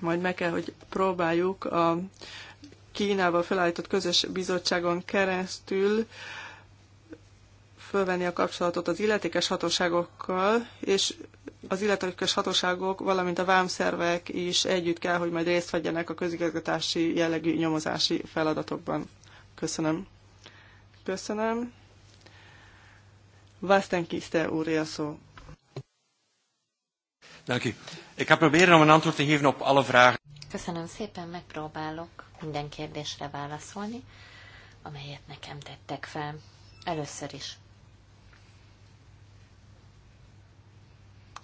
Majd meg kell, hogy próbáljuk a Kínával felállított közös bizottságon keresztül fölvenni a kapcsolatot az illetékes hatóságokkal, és az illetékes hatóságok, valamint a vámszervek is együtt kell, hogy majd részt vegyenek a közigazgatási jellegű nyomozási feladatokban. Köszönöm. Köszönöm. Vastenkiste Kiste úr a szó. Dank u. Ik ga proberen om een antwoord te geven op alle vragen. Köszönöm szépen, megpróbálok minden kérdésre válaszolni, amelyet nekem tettek fel. Először is.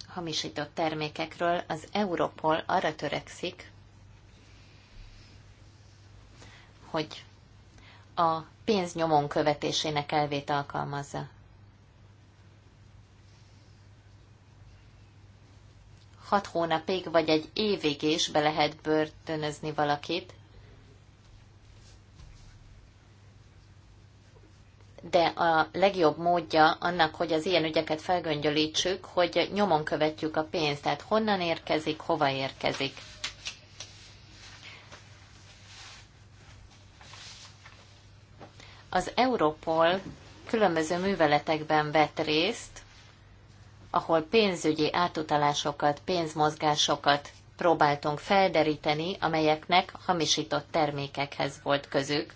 Hamisított termékekről az Europol arra törekszik, hogy a pénznyomon követésének elvét alkalmazza. hat hónapig vagy egy évig is be lehet börtönözni valakit, de a legjobb módja annak, hogy az ilyen ügyeket felgöngyölítsük, hogy nyomon követjük a pénzt, tehát honnan érkezik, hova érkezik. Az Europol különböző műveletekben vett részt, ahol pénzügyi átutalásokat, pénzmozgásokat próbáltunk felderíteni, amelyeknek hamisított termékekhez volt közük.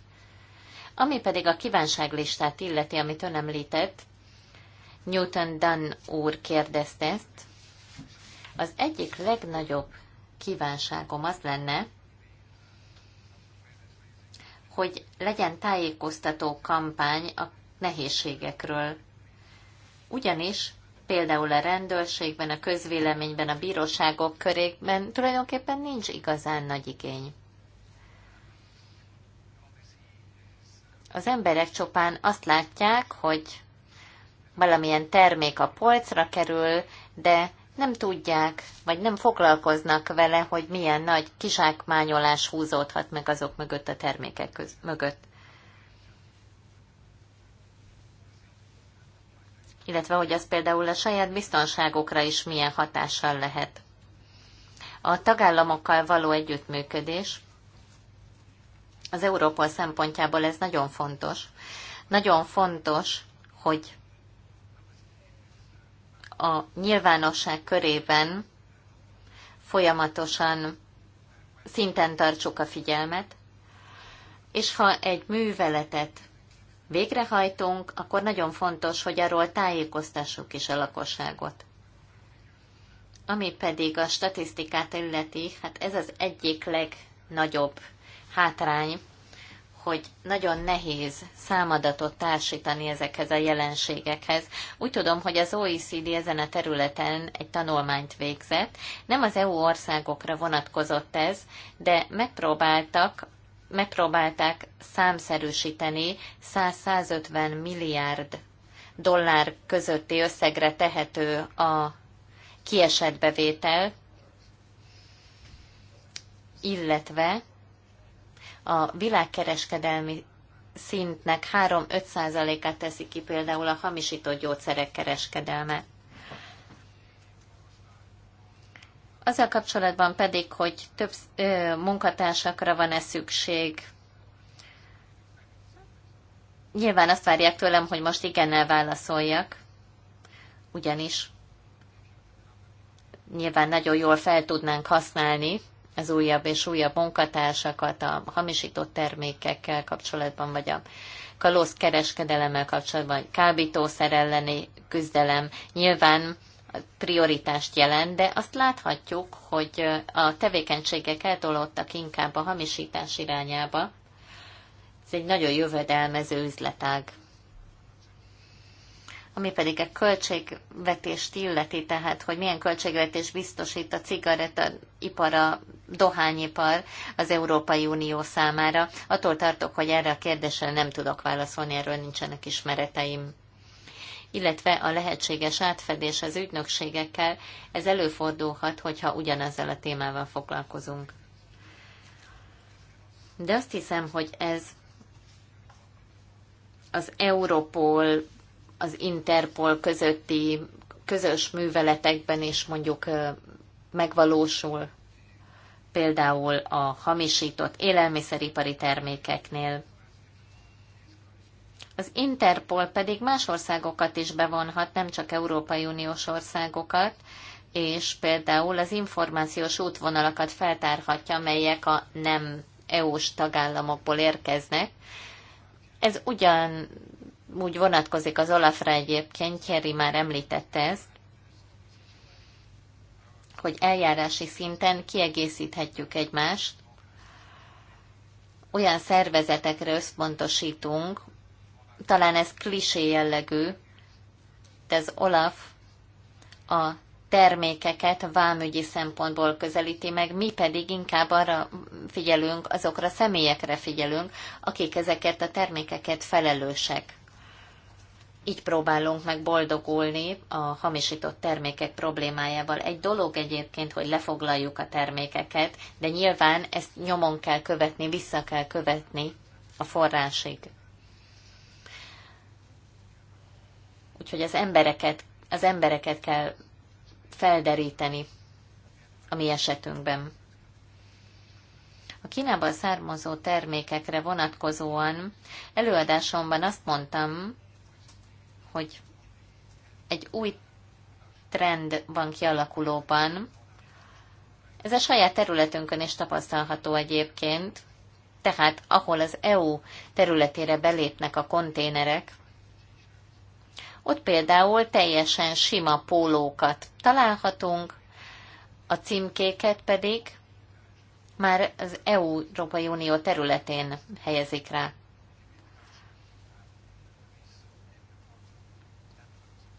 Ami pedig a kívánságlistát illeti, amit ön említett, Newton Dunn úr kérdezte ezt. Az egyik legnagyobb kívánságom az lenne, hogy legyen tájékoztató kampány a nehézségekről. Ugyanis például a rendőrségben, a közvéleményben, a bíróságok körében tulajdonképpen nincs igazán nagy igény. Az emberek csupán azt látják, hogy valamilyen termék a polcra kerül, de nem tudják, vagy nem foglalkoznak vele, hogy milyen nagy kizsákmányolás húzódhat meg azok mögött a termékek köz- mögött. illetve hogy az például a saját biztonságokra is milyen hatással lehet. A tagállamokkal való együttműködés az Európa szempontjából ez nagyon fontos. Nagyon fontos, hogy a nyilvánosság körében folyamatosan szinten tartsuk a figyelmet, és ha egy műveletet végrehajtunk, akkor nagyon fontos, hogy arról tájékoztassuk is a lakosságot. Ami pedig a statisztikát illeti, hát ez az egyik legnagyobb hátrány, hogy nagyon nehéz számadatot társítani ezekhez a jelenségekhez. Úgy tudom, hogy az OECD ezen a területen egy tanulmányt végzett. Nem az EU országokra vonatkozott ez, de megpróbáltak megpróbálták számszerűsíteni 150 milliárd dollár közötti összegre tehető a kiesett bevétel, illetve a világkereskedelmi szintnek 3-5 százalékát teszi ki például a hamisított gyógyszerek kereskedelme. Azzal kapcsolatban pedig, hogy több munkatársakra van-e szükség, Nyilván azt várják tőlem, hogy most igennel válaszoljak, ugyanis nyilván nagyon jól fel tudnánk használni az újabb és újabb munkatársakat a hamisított termékekkel kapcsolatban, vagy a kalózkereskedelemmel kapcsolatban, kábítószer elleni küzdelem. Nyilván prioritást jelent, de azt láthatjuk, hogy a tevékenységek eltolódtak inkább a hamisítás irányába. Ez egy nagyon jövedelmező üzletág. Ami pedig a költségvetést illeti, tehát hogy milyen költségvetés biztosít a cigarettaipar, a dohányipar az Európai Unió számára. Attól tartok, hogy erre a kérdésre nem tudok válaszolni, erről nincsenek ismereteim illetve a lehetséges átfedés az ügynökségekkel, ez előfordulhat, hogyha ugyanezzel a témával foglalkozunk. De azt hiszem, hogy ez az Europol, az Interpol közötti közös műveletekben is mondjuk megvalósul, például a hamisított élelmiszeripari termékeknél, az Interpol pedig más országokat is bevonhat, nem csak Európai Uniós országokat, és például az információs útvonalakat feltárhatja, amelyek a nem EU-s tagállamokból érkeznek. Ez ugyan úgy vonatkozik az Olafra egyébként, Thierry már említette ezt, hogy eljárási szinten kiegészíthetjük egymást, olyan szervezetekre összpontosítunk, talán ez klisé jellegű, de az Olaf a termékeket vámügyi szempontból közelíti meg, mi pedig inkább arra figyelünk, azokra a személyekre figyelünk, akik ezeket a termékeket felelősek. Így próbálunk meg boldogulni a hamisított termékek problémájával. Egy dolog egyébként, hogy lefoglaljuk a termékeket, de nyilván ezt nyomon kell követni, vissza kell követni a forrásig. Úgyhogy az embereket, az embereket kell felderíteni a mi esetünkben. A Kínában származó termékekre vonatkozóan előadásomban azt mondtam, hogy egy új trend van kialakulóban. Ez a saját területünkön is tapasztalható egyébként, tehát ahol az EU területére belépnek a konténerek, ott például teljesen sima pólókat találhatunk, a címkéket pedig már az Európai Unió területén helyezik rá.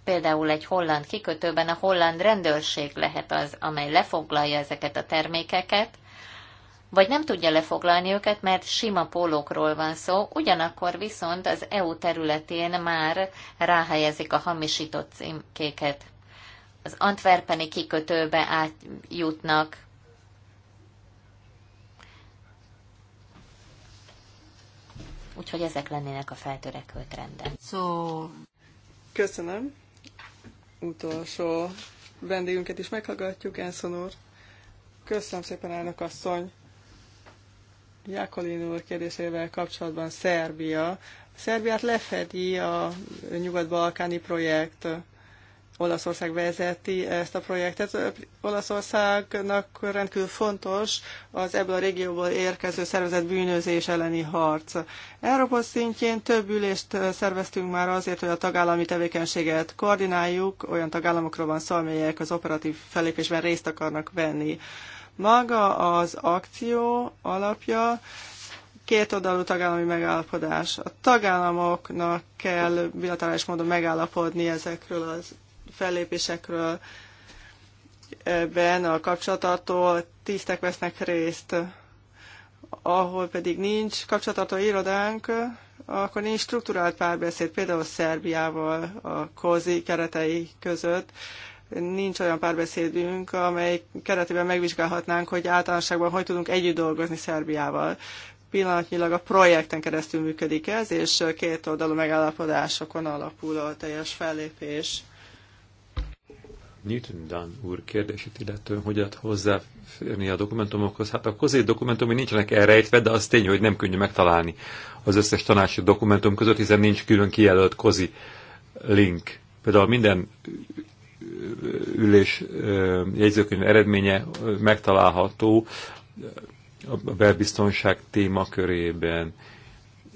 Például egy holland kikötőben a holland rendőrség lehet az, amely lefoglalja ezeket a termékeket, vagy nem tudja lefoglalni őket, mert sima pólókról van szó, ugyanakkor viszont az EU területén már ráhelyezik a hamisított címkéket. Az antwerpeni kikötőbe átjutnak, Úgyhogy ezek lennének a feltörekvő trendek. So... Köszönöm. Utolsó vendégünket is meghallgatjuk, Enszonor. Köszönöm szépen, elnök asszony. Jákolin úr kérdésével kapcsolatban Szerbia. Szerbiát lefedi a nyugat-balkáni projekt. Olaszország vezeti ezt a projektet. Olaszországnak rendkívül fontos az ebből a régióból érkező szervezet bűnözés elleni harc. Európa szintjén több ülést szerveztünk már azért, hogy a tagállami tevékenységet koordináljuk, olyan tagállamokról van szó, amelyek az operatív felépésben részt akarnak venni. Maga az akció alapja két oldalú tagállami megállapodás. A tagállamoknak kell bilaterális módon megállapodni ezekről a fellépésekről. Ebben a kapcsolatartó tisztek vesznek részt. Ahol pedig nincs kapcsolatartó irodánk, akkor nincs struktúrált párbeszéd, például Szerbiával a kozi keretei között nincs olyan párbeszédünk, amely keretében megvizsgálhatnánk, hogy általánosságban hogy tudunk együtt dolgozni Szerbiával. Pillanatnyilag a projekten keresztül működik ez, és két oldalú megállapodásokon alapul a teljes fellépés. Newton Dan úr kérdését illetően, hogy hát hozzáférni a dokumentumokhoz. Hát a kozét dokumentumi nincsenek elrejtve, de az tény, hogy nem könnyű megtalálni az összes tanácsi dokumentum között, hiszen nincs külön kijelölt kozi link. Például minden ülés jegyzőkönyv eredménye megtalálható a belbiztonság témakörében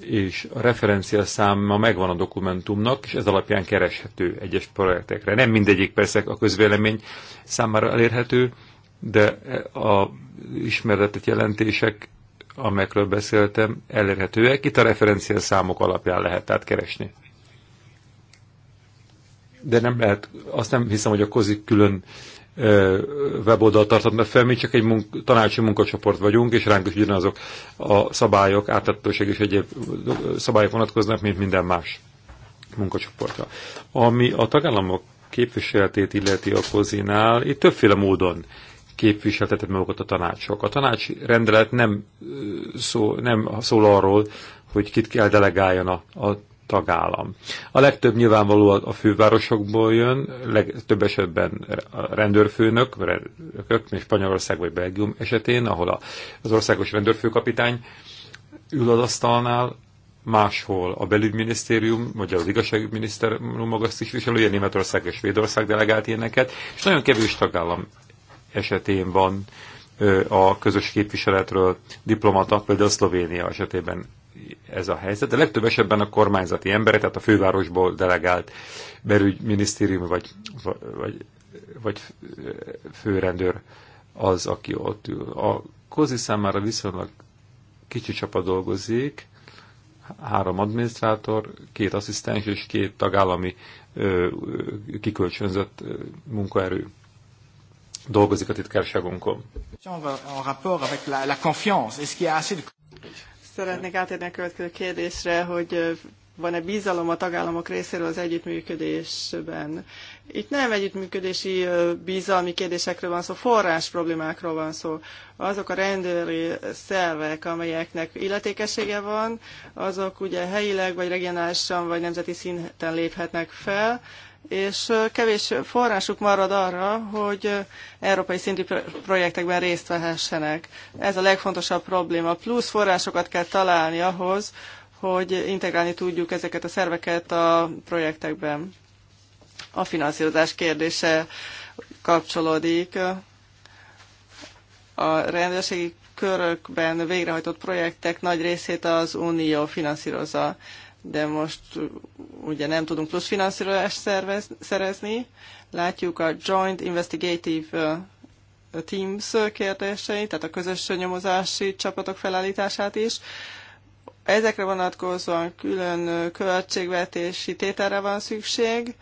és a referencia száma megvan a dokumentumnak, és ez alapján kereshető egyes projektekre. Nem mindegyik persze a közvélemény számára elérhető, de a ismeretet jelentések, amekről beszéltem, elérhetőek. Itt a referencia számok alapján lehet átkeresni keresni de nem lehet, azt nem hiszem, hogy a kozik külön weboldalt tartatna fel, mi csak egy munk, tanácsi munkacsoport vagyunk, és ránk is ugyanazok a szabályok, átláthatóság és egyéb szabályok vonatkoznak, mint minden más munkacsoportra. Ami a tagállamok képviseletét illeti a kozinál, itt többféle módon képviseltetett magukat a tanácsok. A tanács rendelet nem, szó, nem szól arról, hogy kit kell delegáljon a, a tagállam. A legtöbb nyilvánvaló a fővárosokból jön, legtöbb esetben a rendőrfőnök, és Spanyolország vagy Belgium esetén, ahol az országos rendőrfőkapitány ül az asztalnál, máshol a belügyminisztérium, vagy az igazságügyminisztérium magas tisztviselője, Németország és Svédország delegált ilyeneket, és nagyon kevés tagállam esetén van a közös képviseletről diplomata, például Szlovénia esetében ez a helyzet, de legtöbb esetben a kormányzati emberek, tehát a fővárosból delegált belügyminisztérium vagy, vagy, vagy főrendőr az, aki ott ül. A Kozi számára viszonylag kicsi csapat dolgozik, három adminisztrátor, két asszisztens és két tagállami ö, kikölcsönzött ö, munkaerő dolgozik a titkárságunkon szeretnék átérni a következő kérdésre, hogy van-e bizalom a tagállamok részéről az együttműködésben. Itt nem együttműködési bizalmi kérdésekről van szó, forrás problémákról van szó. Azok a rendőri szervek, amelyeknek illetékessége van, azok ugye helyileg, vagy regionálisan, vagy nemzeti szinten léphetnek fel, és kevés forrásuk marad arra, hogy európai szintű projektekben részt vehessenek. Ez a legfontosabb probléma. Plusz forrásokat kell találni ahhoz, hogy integrálni tudjuk ezeket a szerveket a projektekben. A finanszírozás kérdése kapcsolódik. A rendőrségi körökben végrehajtott projektek nagy részét az Unió finanszírozza de most ugye nem tudunk plusz finanszírozást szervez, szerezni. Látjuk a Joint Investigative Teams kérdéseit, tehát a közös nyomozási csapatok felállítását is. Ezekre vonatkozóan külön költségvetési tételre van szükség,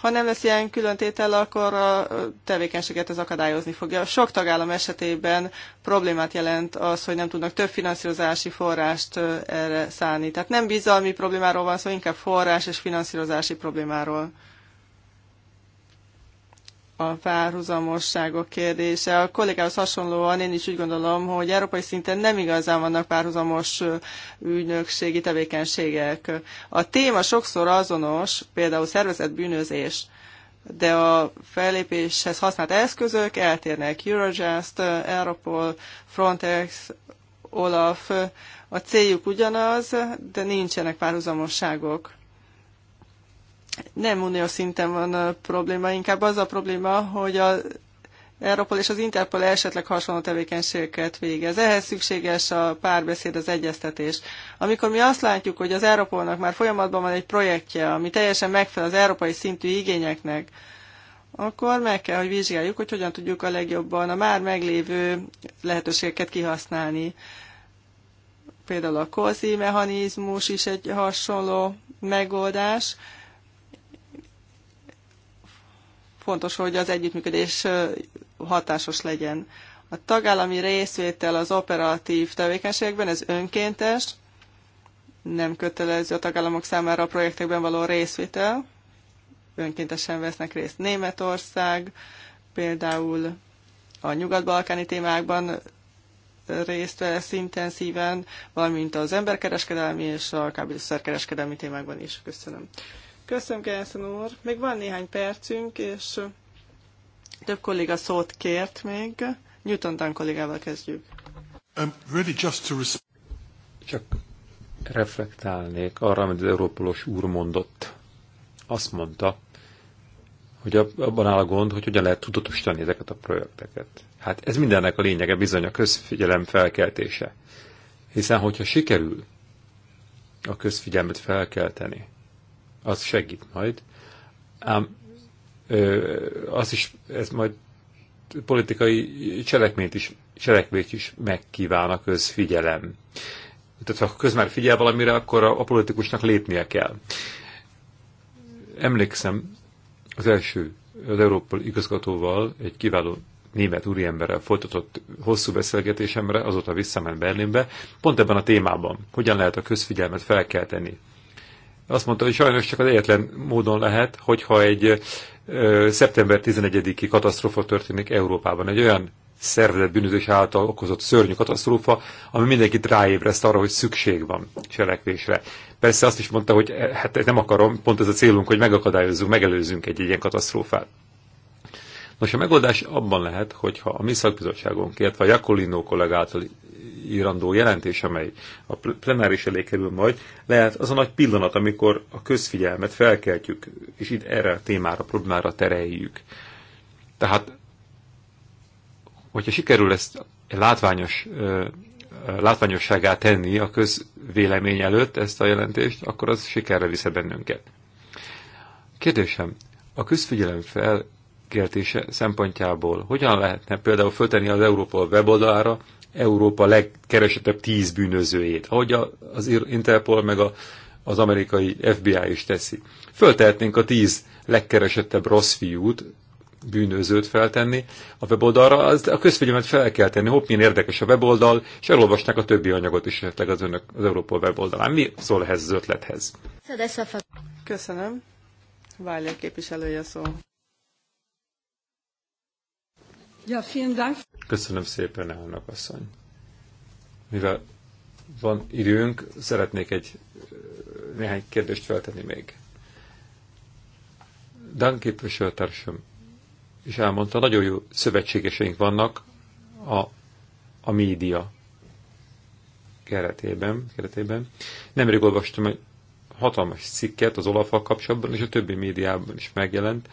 ha nem lesz ilyen külön tétel, akkor a tevékenységet ez akadályozni fogja. Sok tagállam esetében problémát jelent az, hogy nem tudnak több finanszírozási forrást erre szállni. Tehát nem bizalmi problémáról van szó, inkább forrás és finanszírozási problémáról a párhuzamosságok kérdése. A kollégához hasonlóan én is úgy gondolom, hogy európai szinten nem igazán vannak párhuzamos ügynökségi tevékenységek. A téma sokszor azonos, például szervezett bűnözés, de a fellépéshez használt eszközök eltérnek. Eurojust, Europol, Frontex, Olaf, a céljuk ugyanaz, de nincsenek párhuzamosságok nem unió szinten van a probléma, inkább az a probléma, hogy a Europol és az Interpol esetleg hasonló tevékenységeket végez. Ehhez szükséges a párbeszéd, az egyeztetés. Amikor mi azt látjuk, hogy az Europolnak már folyamatban van egy projektje, ami teljesen megfelel az európai szintű igényeknek, akkor meg kell, hogy vizsgáljuk, hogy hogyan tudjuk a legjobban a már meglévő lehetőségeket kihasználni. Például a COSI mechanizmus is egy hasonló megoldás, fontos, hogy az együttműködés hatásos legyen. A tagállami részvétel az operatív tevékenységben, ez önkéntes, nem kötelező a tagállamok számára a projektekben való részvétel, önkéntesen vesznek részt Németország, például a nyugat-balkáni témákban részt vesz intenzíven, valamint az emberkereskedelmi és a kábítószerkereskedelmi témákban is. Köszönöm. Köszönöm, Gerson úr. Még van néhány percünk, és több kolléga szót kért még. Newton Dan kollégával kezdjük. Um, really just to Csak reflektálnék arra, amit az Európolos úr mondott. Azt mondta, hogy abban áll a gond, hogy hogyan lehet tudatosítani ezeket a projekteket. Hát ez mindennek a lényege bizony a közfigyelem felkeltése. Hiszen, hogyha sikerül a közfigyelmet felkelteni, az segít majd. Ám ö, az is, ez majd politikai cselekményt is, cselekvét is megkíván a közfigyelem. Tehát ha már figyel valamire, akkor a, a politikusnak lépnie kell. Emlékszem, az első, az Európai igazgatóval egy kiváló német úriemberrel folytatott hosszú beszélgetésemre, azóta visszament Berlinbe, pont ebben a témában, hogyan lehet a közfigyelmet felkelteni azt mondta, hogy sajnos csak az egyetlen módon lehet, hogyha egy ö, szeptember 11-i katasztrófa történik Európában. Egy olyan szervezett bűnözés által okozott szörnyű katasztrófa, ami mindenkit ráébreszt arra, hogy szükség van cselekvésre. Persze azt is mondta, hogy eh, hát nem akarom, pont ez a célunk, hogy megakadályozzunk, megelőzzünk egy ilyen katasztrófát. Nos, a megoldás abban lehet, hogyha a mi szakbizottságunk, illetve a Jakolino kollégától írandó jelentés, amely a plenáris elé kerül majd, lehet az a nagy pillanat, amikor a közfigyelmet felkeltjük, és itt erre a témára, problémára tereljük. Tehát, hogyha sikerül ezt látványos látványosságá tenni a közvélemény előtt ezt a jelentést, akkor az sikerre visze bennünket. Kérdésem, a közfigyelem fel megkértése szempontjából hogyan lehetne például föltenni az Európa weboldalára Európa legkeresettebb tíz bűnözőjét, ahogy az Interpol meg a, az amerikai FBI is teszi. Föltehetnénk a tíz legkeresettebb rossz fiút, bűnözőt feltenni a weboldalra, az a közfigyelmet fel kell tenni, hopp, milyen érdekes a weboldal, és elolvasnák a többi anyagot is esetleg az önök az Európa weboldalán. Mi szól ehhez az ötlethez? Köszönöm. Válja képviselője szó. Ja, vielen Dank. Köszönöm szépen, elnök asszony. Mivel van időnk, szeretnék egy néhány kérdést feltenni még. Dan képviselőtársam is elmondta, nagyon jó szövetségeseink vannak a, a média keretében, keretében. Nemrég olvastam egy hatalmas cikket az olaf kapcsolatban, és a többi médiában is megjelent,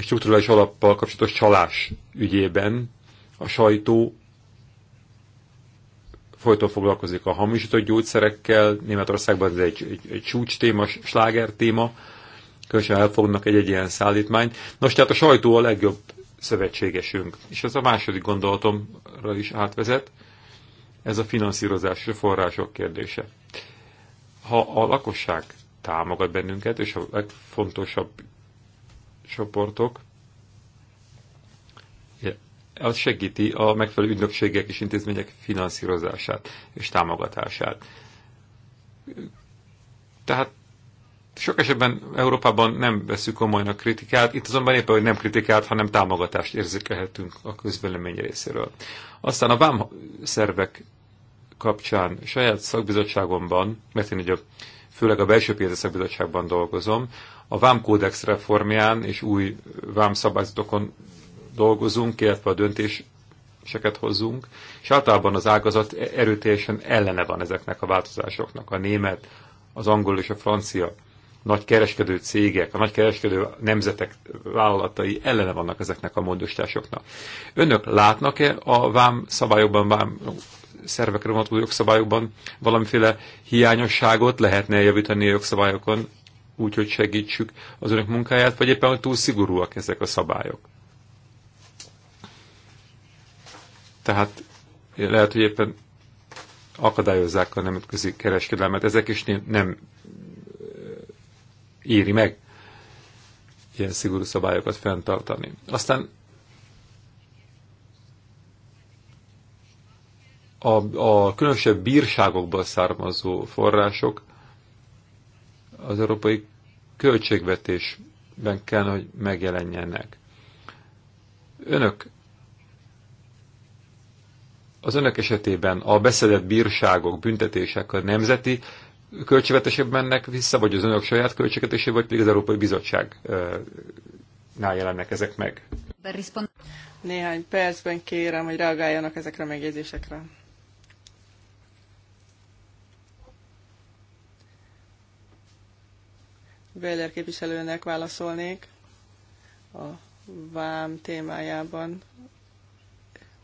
egy struktúrális alappal kapcsolatos csalás ügyében a sajtó folyton foglalkozik a hamisított gyógyszerekkel, Németországban ez egy, egy, egy csúcs téma, sláger téma, különösen elfognak egy-egy ilyen szállítmányt. Nos, tehát a sajtó a legjobb szövetségesünk. És ez a második gondolatomra is átvezet, ez a finanszírozás és a források kérdése. Ha a lakosság támogat bennünket, és a legfontosabb csoportok, az segíti a megfelelő ügynökségek és intézmények finanszírozását és támogatását. Tehát sok esetben Európában nem veszük komolyan a kritikát, itt azonban éppen, hogy nem kritikát, hanem támogatást érzékelhetünk a közvélemény részéről. Aztán a vám szervek kapcsán saját szakbizottságomban, mert én ugye főleg a belső pénzes szakbizottságban dolgozom, a vámkódex reformján és új vámszabályzatokon dolgozunk, illetve a döntéseket hozzunk, és általában az ágazat erőteljesen ellene van ezeknek a változásoknak. A német, az angol és a francia nagy kereskedő cégek, a nagy kereskedő nemzetek vállalatai ellene vannak ezeknek a módosításoknak. Önök látnak-e a vám szabályokban, vám szervekre vonatkozó jogszabályokban valamiféle hiányosságot lehetne javítani a jogszabályokon úgy, hogy segítsük az önök munkáját, vagy éppen hogy túl szigorúak ezek a szabályok. Tehát lehet, hogy éppen akadályozzák a nemzetközi kereskedelmet. Ezek is nem éri meg ilyen szigorú szabályokat fenntartani. Aztán a, a különösebb bírságokból származó források az európai költségvetésben kell, hogy megjelenjenek. Önök az önök esetében a beszedett bírságok, büntetések a nemzeti költségvetésében mennek vissza, vagy az önök saját költségvetésében, vagy pedig az Európai Bizottságnál jelennek ezek meg? Néhány percben kérem, hogy reagáljanak ezekre a megjegyzésekre. Weiler képviselőnek válaszolnék a vám témájában.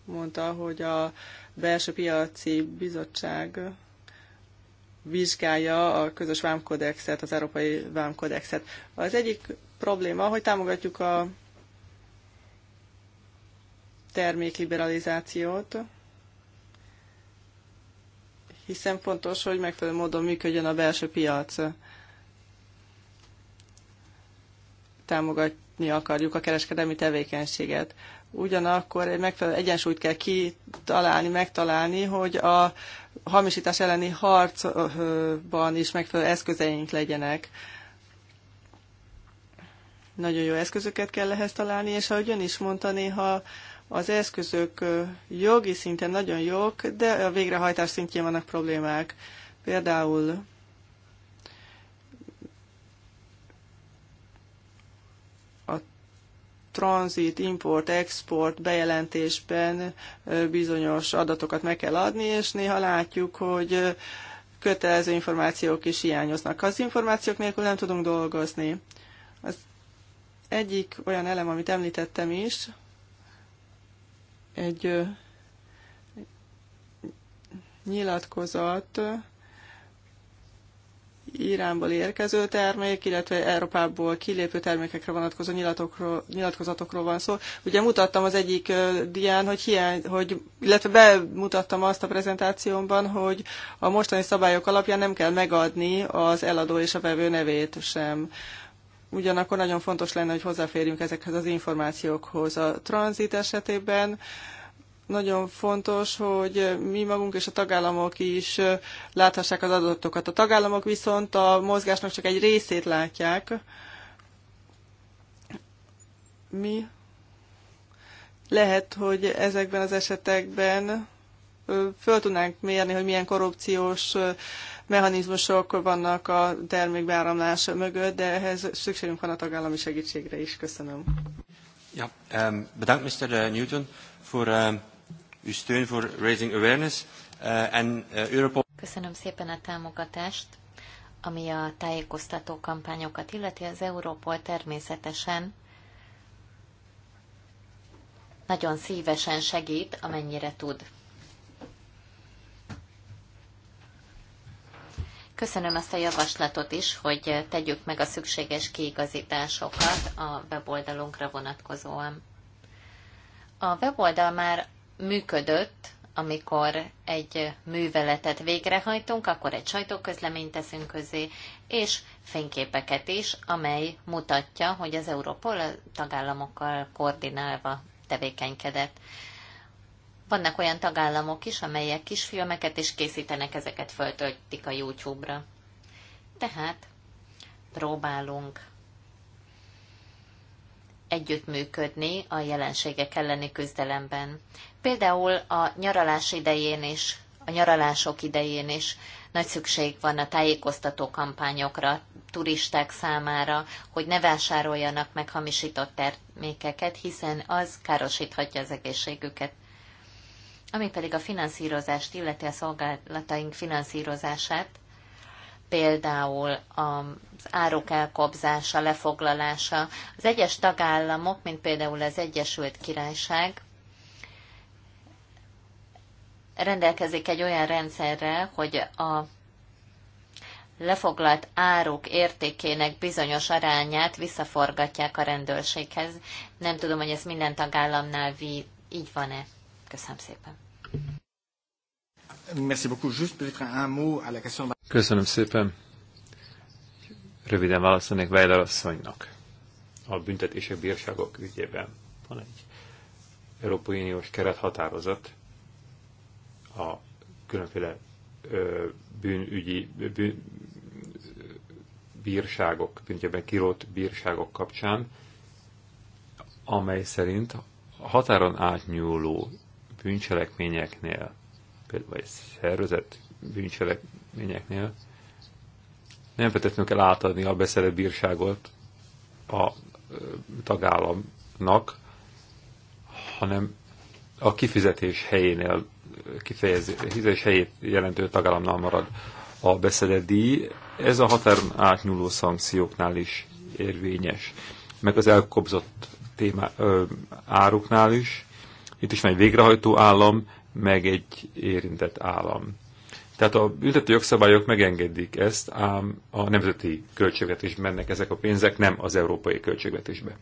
Mondta, hogy a belső piaci bizottság vizsgálja a közös vámkodexet, az európai vámkodexet. Az egyik probléma, hogy támogatjuk a termékliberalizációt, hiszen fontos, hogy megfelelő módon működjön a belső piac. támogatni akarjuk a kereskedelmi tevékenységet. Ugyanakkor egy megfelelő egyensúlyt kell kitalálni, megtalálni, hogy a hamisítás elleni harcban is megfelelő eszközeink legyenek. Nagyon jó eszközöket kell ehhez találni, és ahogy ön is mondta, néha az eszközök jogi szinten nagyon jók, de a végrehajtás szintjén vannak problémák. Például tranzit, import, export bejelentésben bizonyos adatokat meg kell adni, és néha látjuk, hogy kötelező információk is hiányoznak. Az információk nélkül nem tudunk dolgozni. Az egyik olyan elem, amit említettem is, egy nyilatkozat, Iránból érkező termék, illetve Európából kilépő termékekre vonatkozó nyilatokról, nyilatkozatokról van szó. Ugye mutattam az egyik dián, hogy hiány, hogy, illetve bemutattam azt a prezentációmban, hogy a mostani szabályok alapján nem kell megadni az eladó és a vevő nevét sem. Ugyanakkor nagyon fontos lenne, hogy hozzáférjünk ezekhez az információkhoz. A tranzit esetében nagyon fontos, hogy mi magunk és a tagállamok is láthassák az adatokat. A tagállamok viszont a mozgásnak csak egy részét látják. Mi lehet, hogy ezekben az esetekben föl tudnánk mérni, hogy milyen korrupciós mechanizmusok vannak a termékbeáramlás mögött, de ehhez szükségünk van a tagállami segítségre is. Köszönöm. Ja, bedankt Mr. Eh, Newton um uw steun voor raising awareness. Eh, eh, Europol... Köszönöm szépen a támogatást, ami a tájékoztató kampányokat illeti. Az Európol természetesen nagyon szívesen segít, amennyire tud. Köszönöm azt a javaslatot is, hogy tegyük meg a szükséges kiigazításokat a weboldalunkra vonatkozóan. A weboldal már működött, amikor egy műveletet végrehajtunk, akkor egy sajtóközleményt teszünk közé, és fényképeket is, amely mutatja, hogy az Európol tagállamokkal koordinálva tevékenykedett. Vannak olyan tagállamok is, amelyek kisfilmeket is készítenek, ezeket föltöltik a YouTube-ra. Tehát próbálunk együttműködni a jelenségek elleni küzdelemben. Például a nyaralás idején is, a nyaralások idején is nagy szükség van a tájékoztató kampányokra, turisták számára, hogy ne vásároljanak meg hamisított termékeket, hiszen az károsíthatja az egészségüket. Ami pedig a finanszírozást illeti a szolgálataink finanszírozását, például az árok elkobzása, lefoglalása. Az egyes tagállamok, mint például az Egyesült Királyság, rendelkezik egy olyan rendszerrel, hogy a lefoglalt áruk értékének bizonyos arányát visszaforgatják a rendőrséghez. Nem tudom, hogy ez minden tagállamnál így van-e. Köszönöm szépen. Köszönöm szépen. Röviden válaszolnék Vejler asszonynak a büntetések bírságok ügyében. Van egy Európai Uniós kerethatározat a különféle ö, bűnügyi bűn, bírságok, pontjában kirót bírságok kapcsán, amely szerint a határon átnyúló bűncselekményeknél például egy szervezet bűncselekményeknél nem feltétlenül kell átadni a beszerett bírságot a tagállamnak, hanem a kifizetés helyénél, kifejezés helyét jelentő tagállamnál marad a beszedett díj. Ez a határon átnyúló szankcióknál is érvényes, meg az elkobzott témá, ö, áruknál is. Itt is van egy végrehajtó állam, meg egy érintett állam. Tehát a büntető jogszabályok megengedik ezt, ám a nemzeti költségvetésben mennek ezek a pénzek, nem az európai költségvetésbe.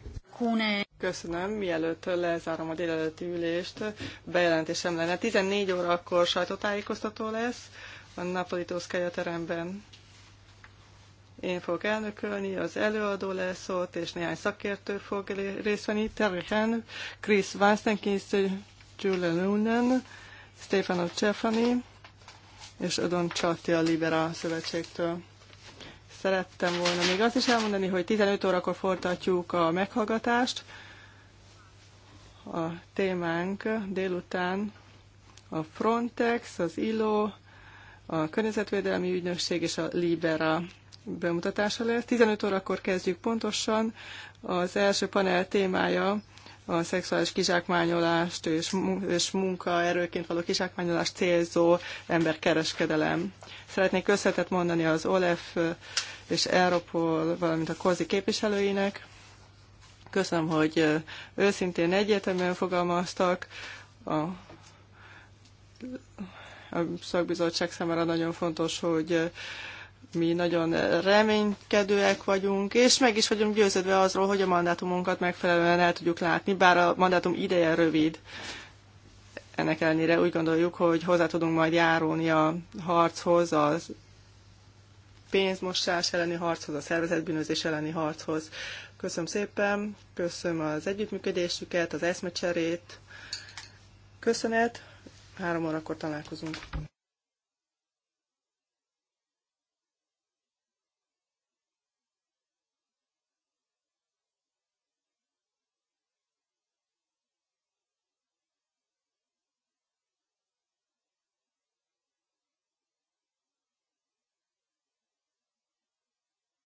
Köszönöm, mielőtt lezárom a délelőtti ülést, bejelentésem lenne. 14 órakor sajtótájékoztató lesz a Napoli Toszkája teremben. Én fogok elnökölni, az előadó lesz ott, és néhány szakértő fog részt venni. Terry Hen, Chris Vanstenkins, Julian Lunen, Stefano Cefani és Odon Csatti a Libera Szövetségtől. Szerettem volna még azt is elmondani, hogy 15 órakor folytatjuk a meghallgatást. A témánk délután a Frontex, az ILO, a Környezetvédelmi Ügynökség és a Libera bemutatása lesz. 15 órakor kezdjük pontosan. Az első panel témája a szexuális kizsákmányolást és, és munkaerőként való kizsákmányolást célzó emberkereskedelem. Szeretnék összetett mondani az OLEF és Europol, valamint a KOZI képviselőinek. Köszönöm, hogy őszintén egyértelműen fogalmaztak. A, a szakbizottság számára nagyon fontos, hogy mi nagyon reménykedőek vagyunk, és meg is vagyunk győződve azról, hogy a mandátumunkat megfelelően el tudjuk látni, bár a mandátum ideje rövid. Ennek ellenére úgy gondoljuk, hogy hozzá tudunk majd járulni a harchoz, a pénzmosás elleni harchoz, a szervezetbűnözés elleni harchoz. Köszönöm szépen, köszönöm az együttműködésüket, az eszmecserét. Köszönet, három órakor találkozunk.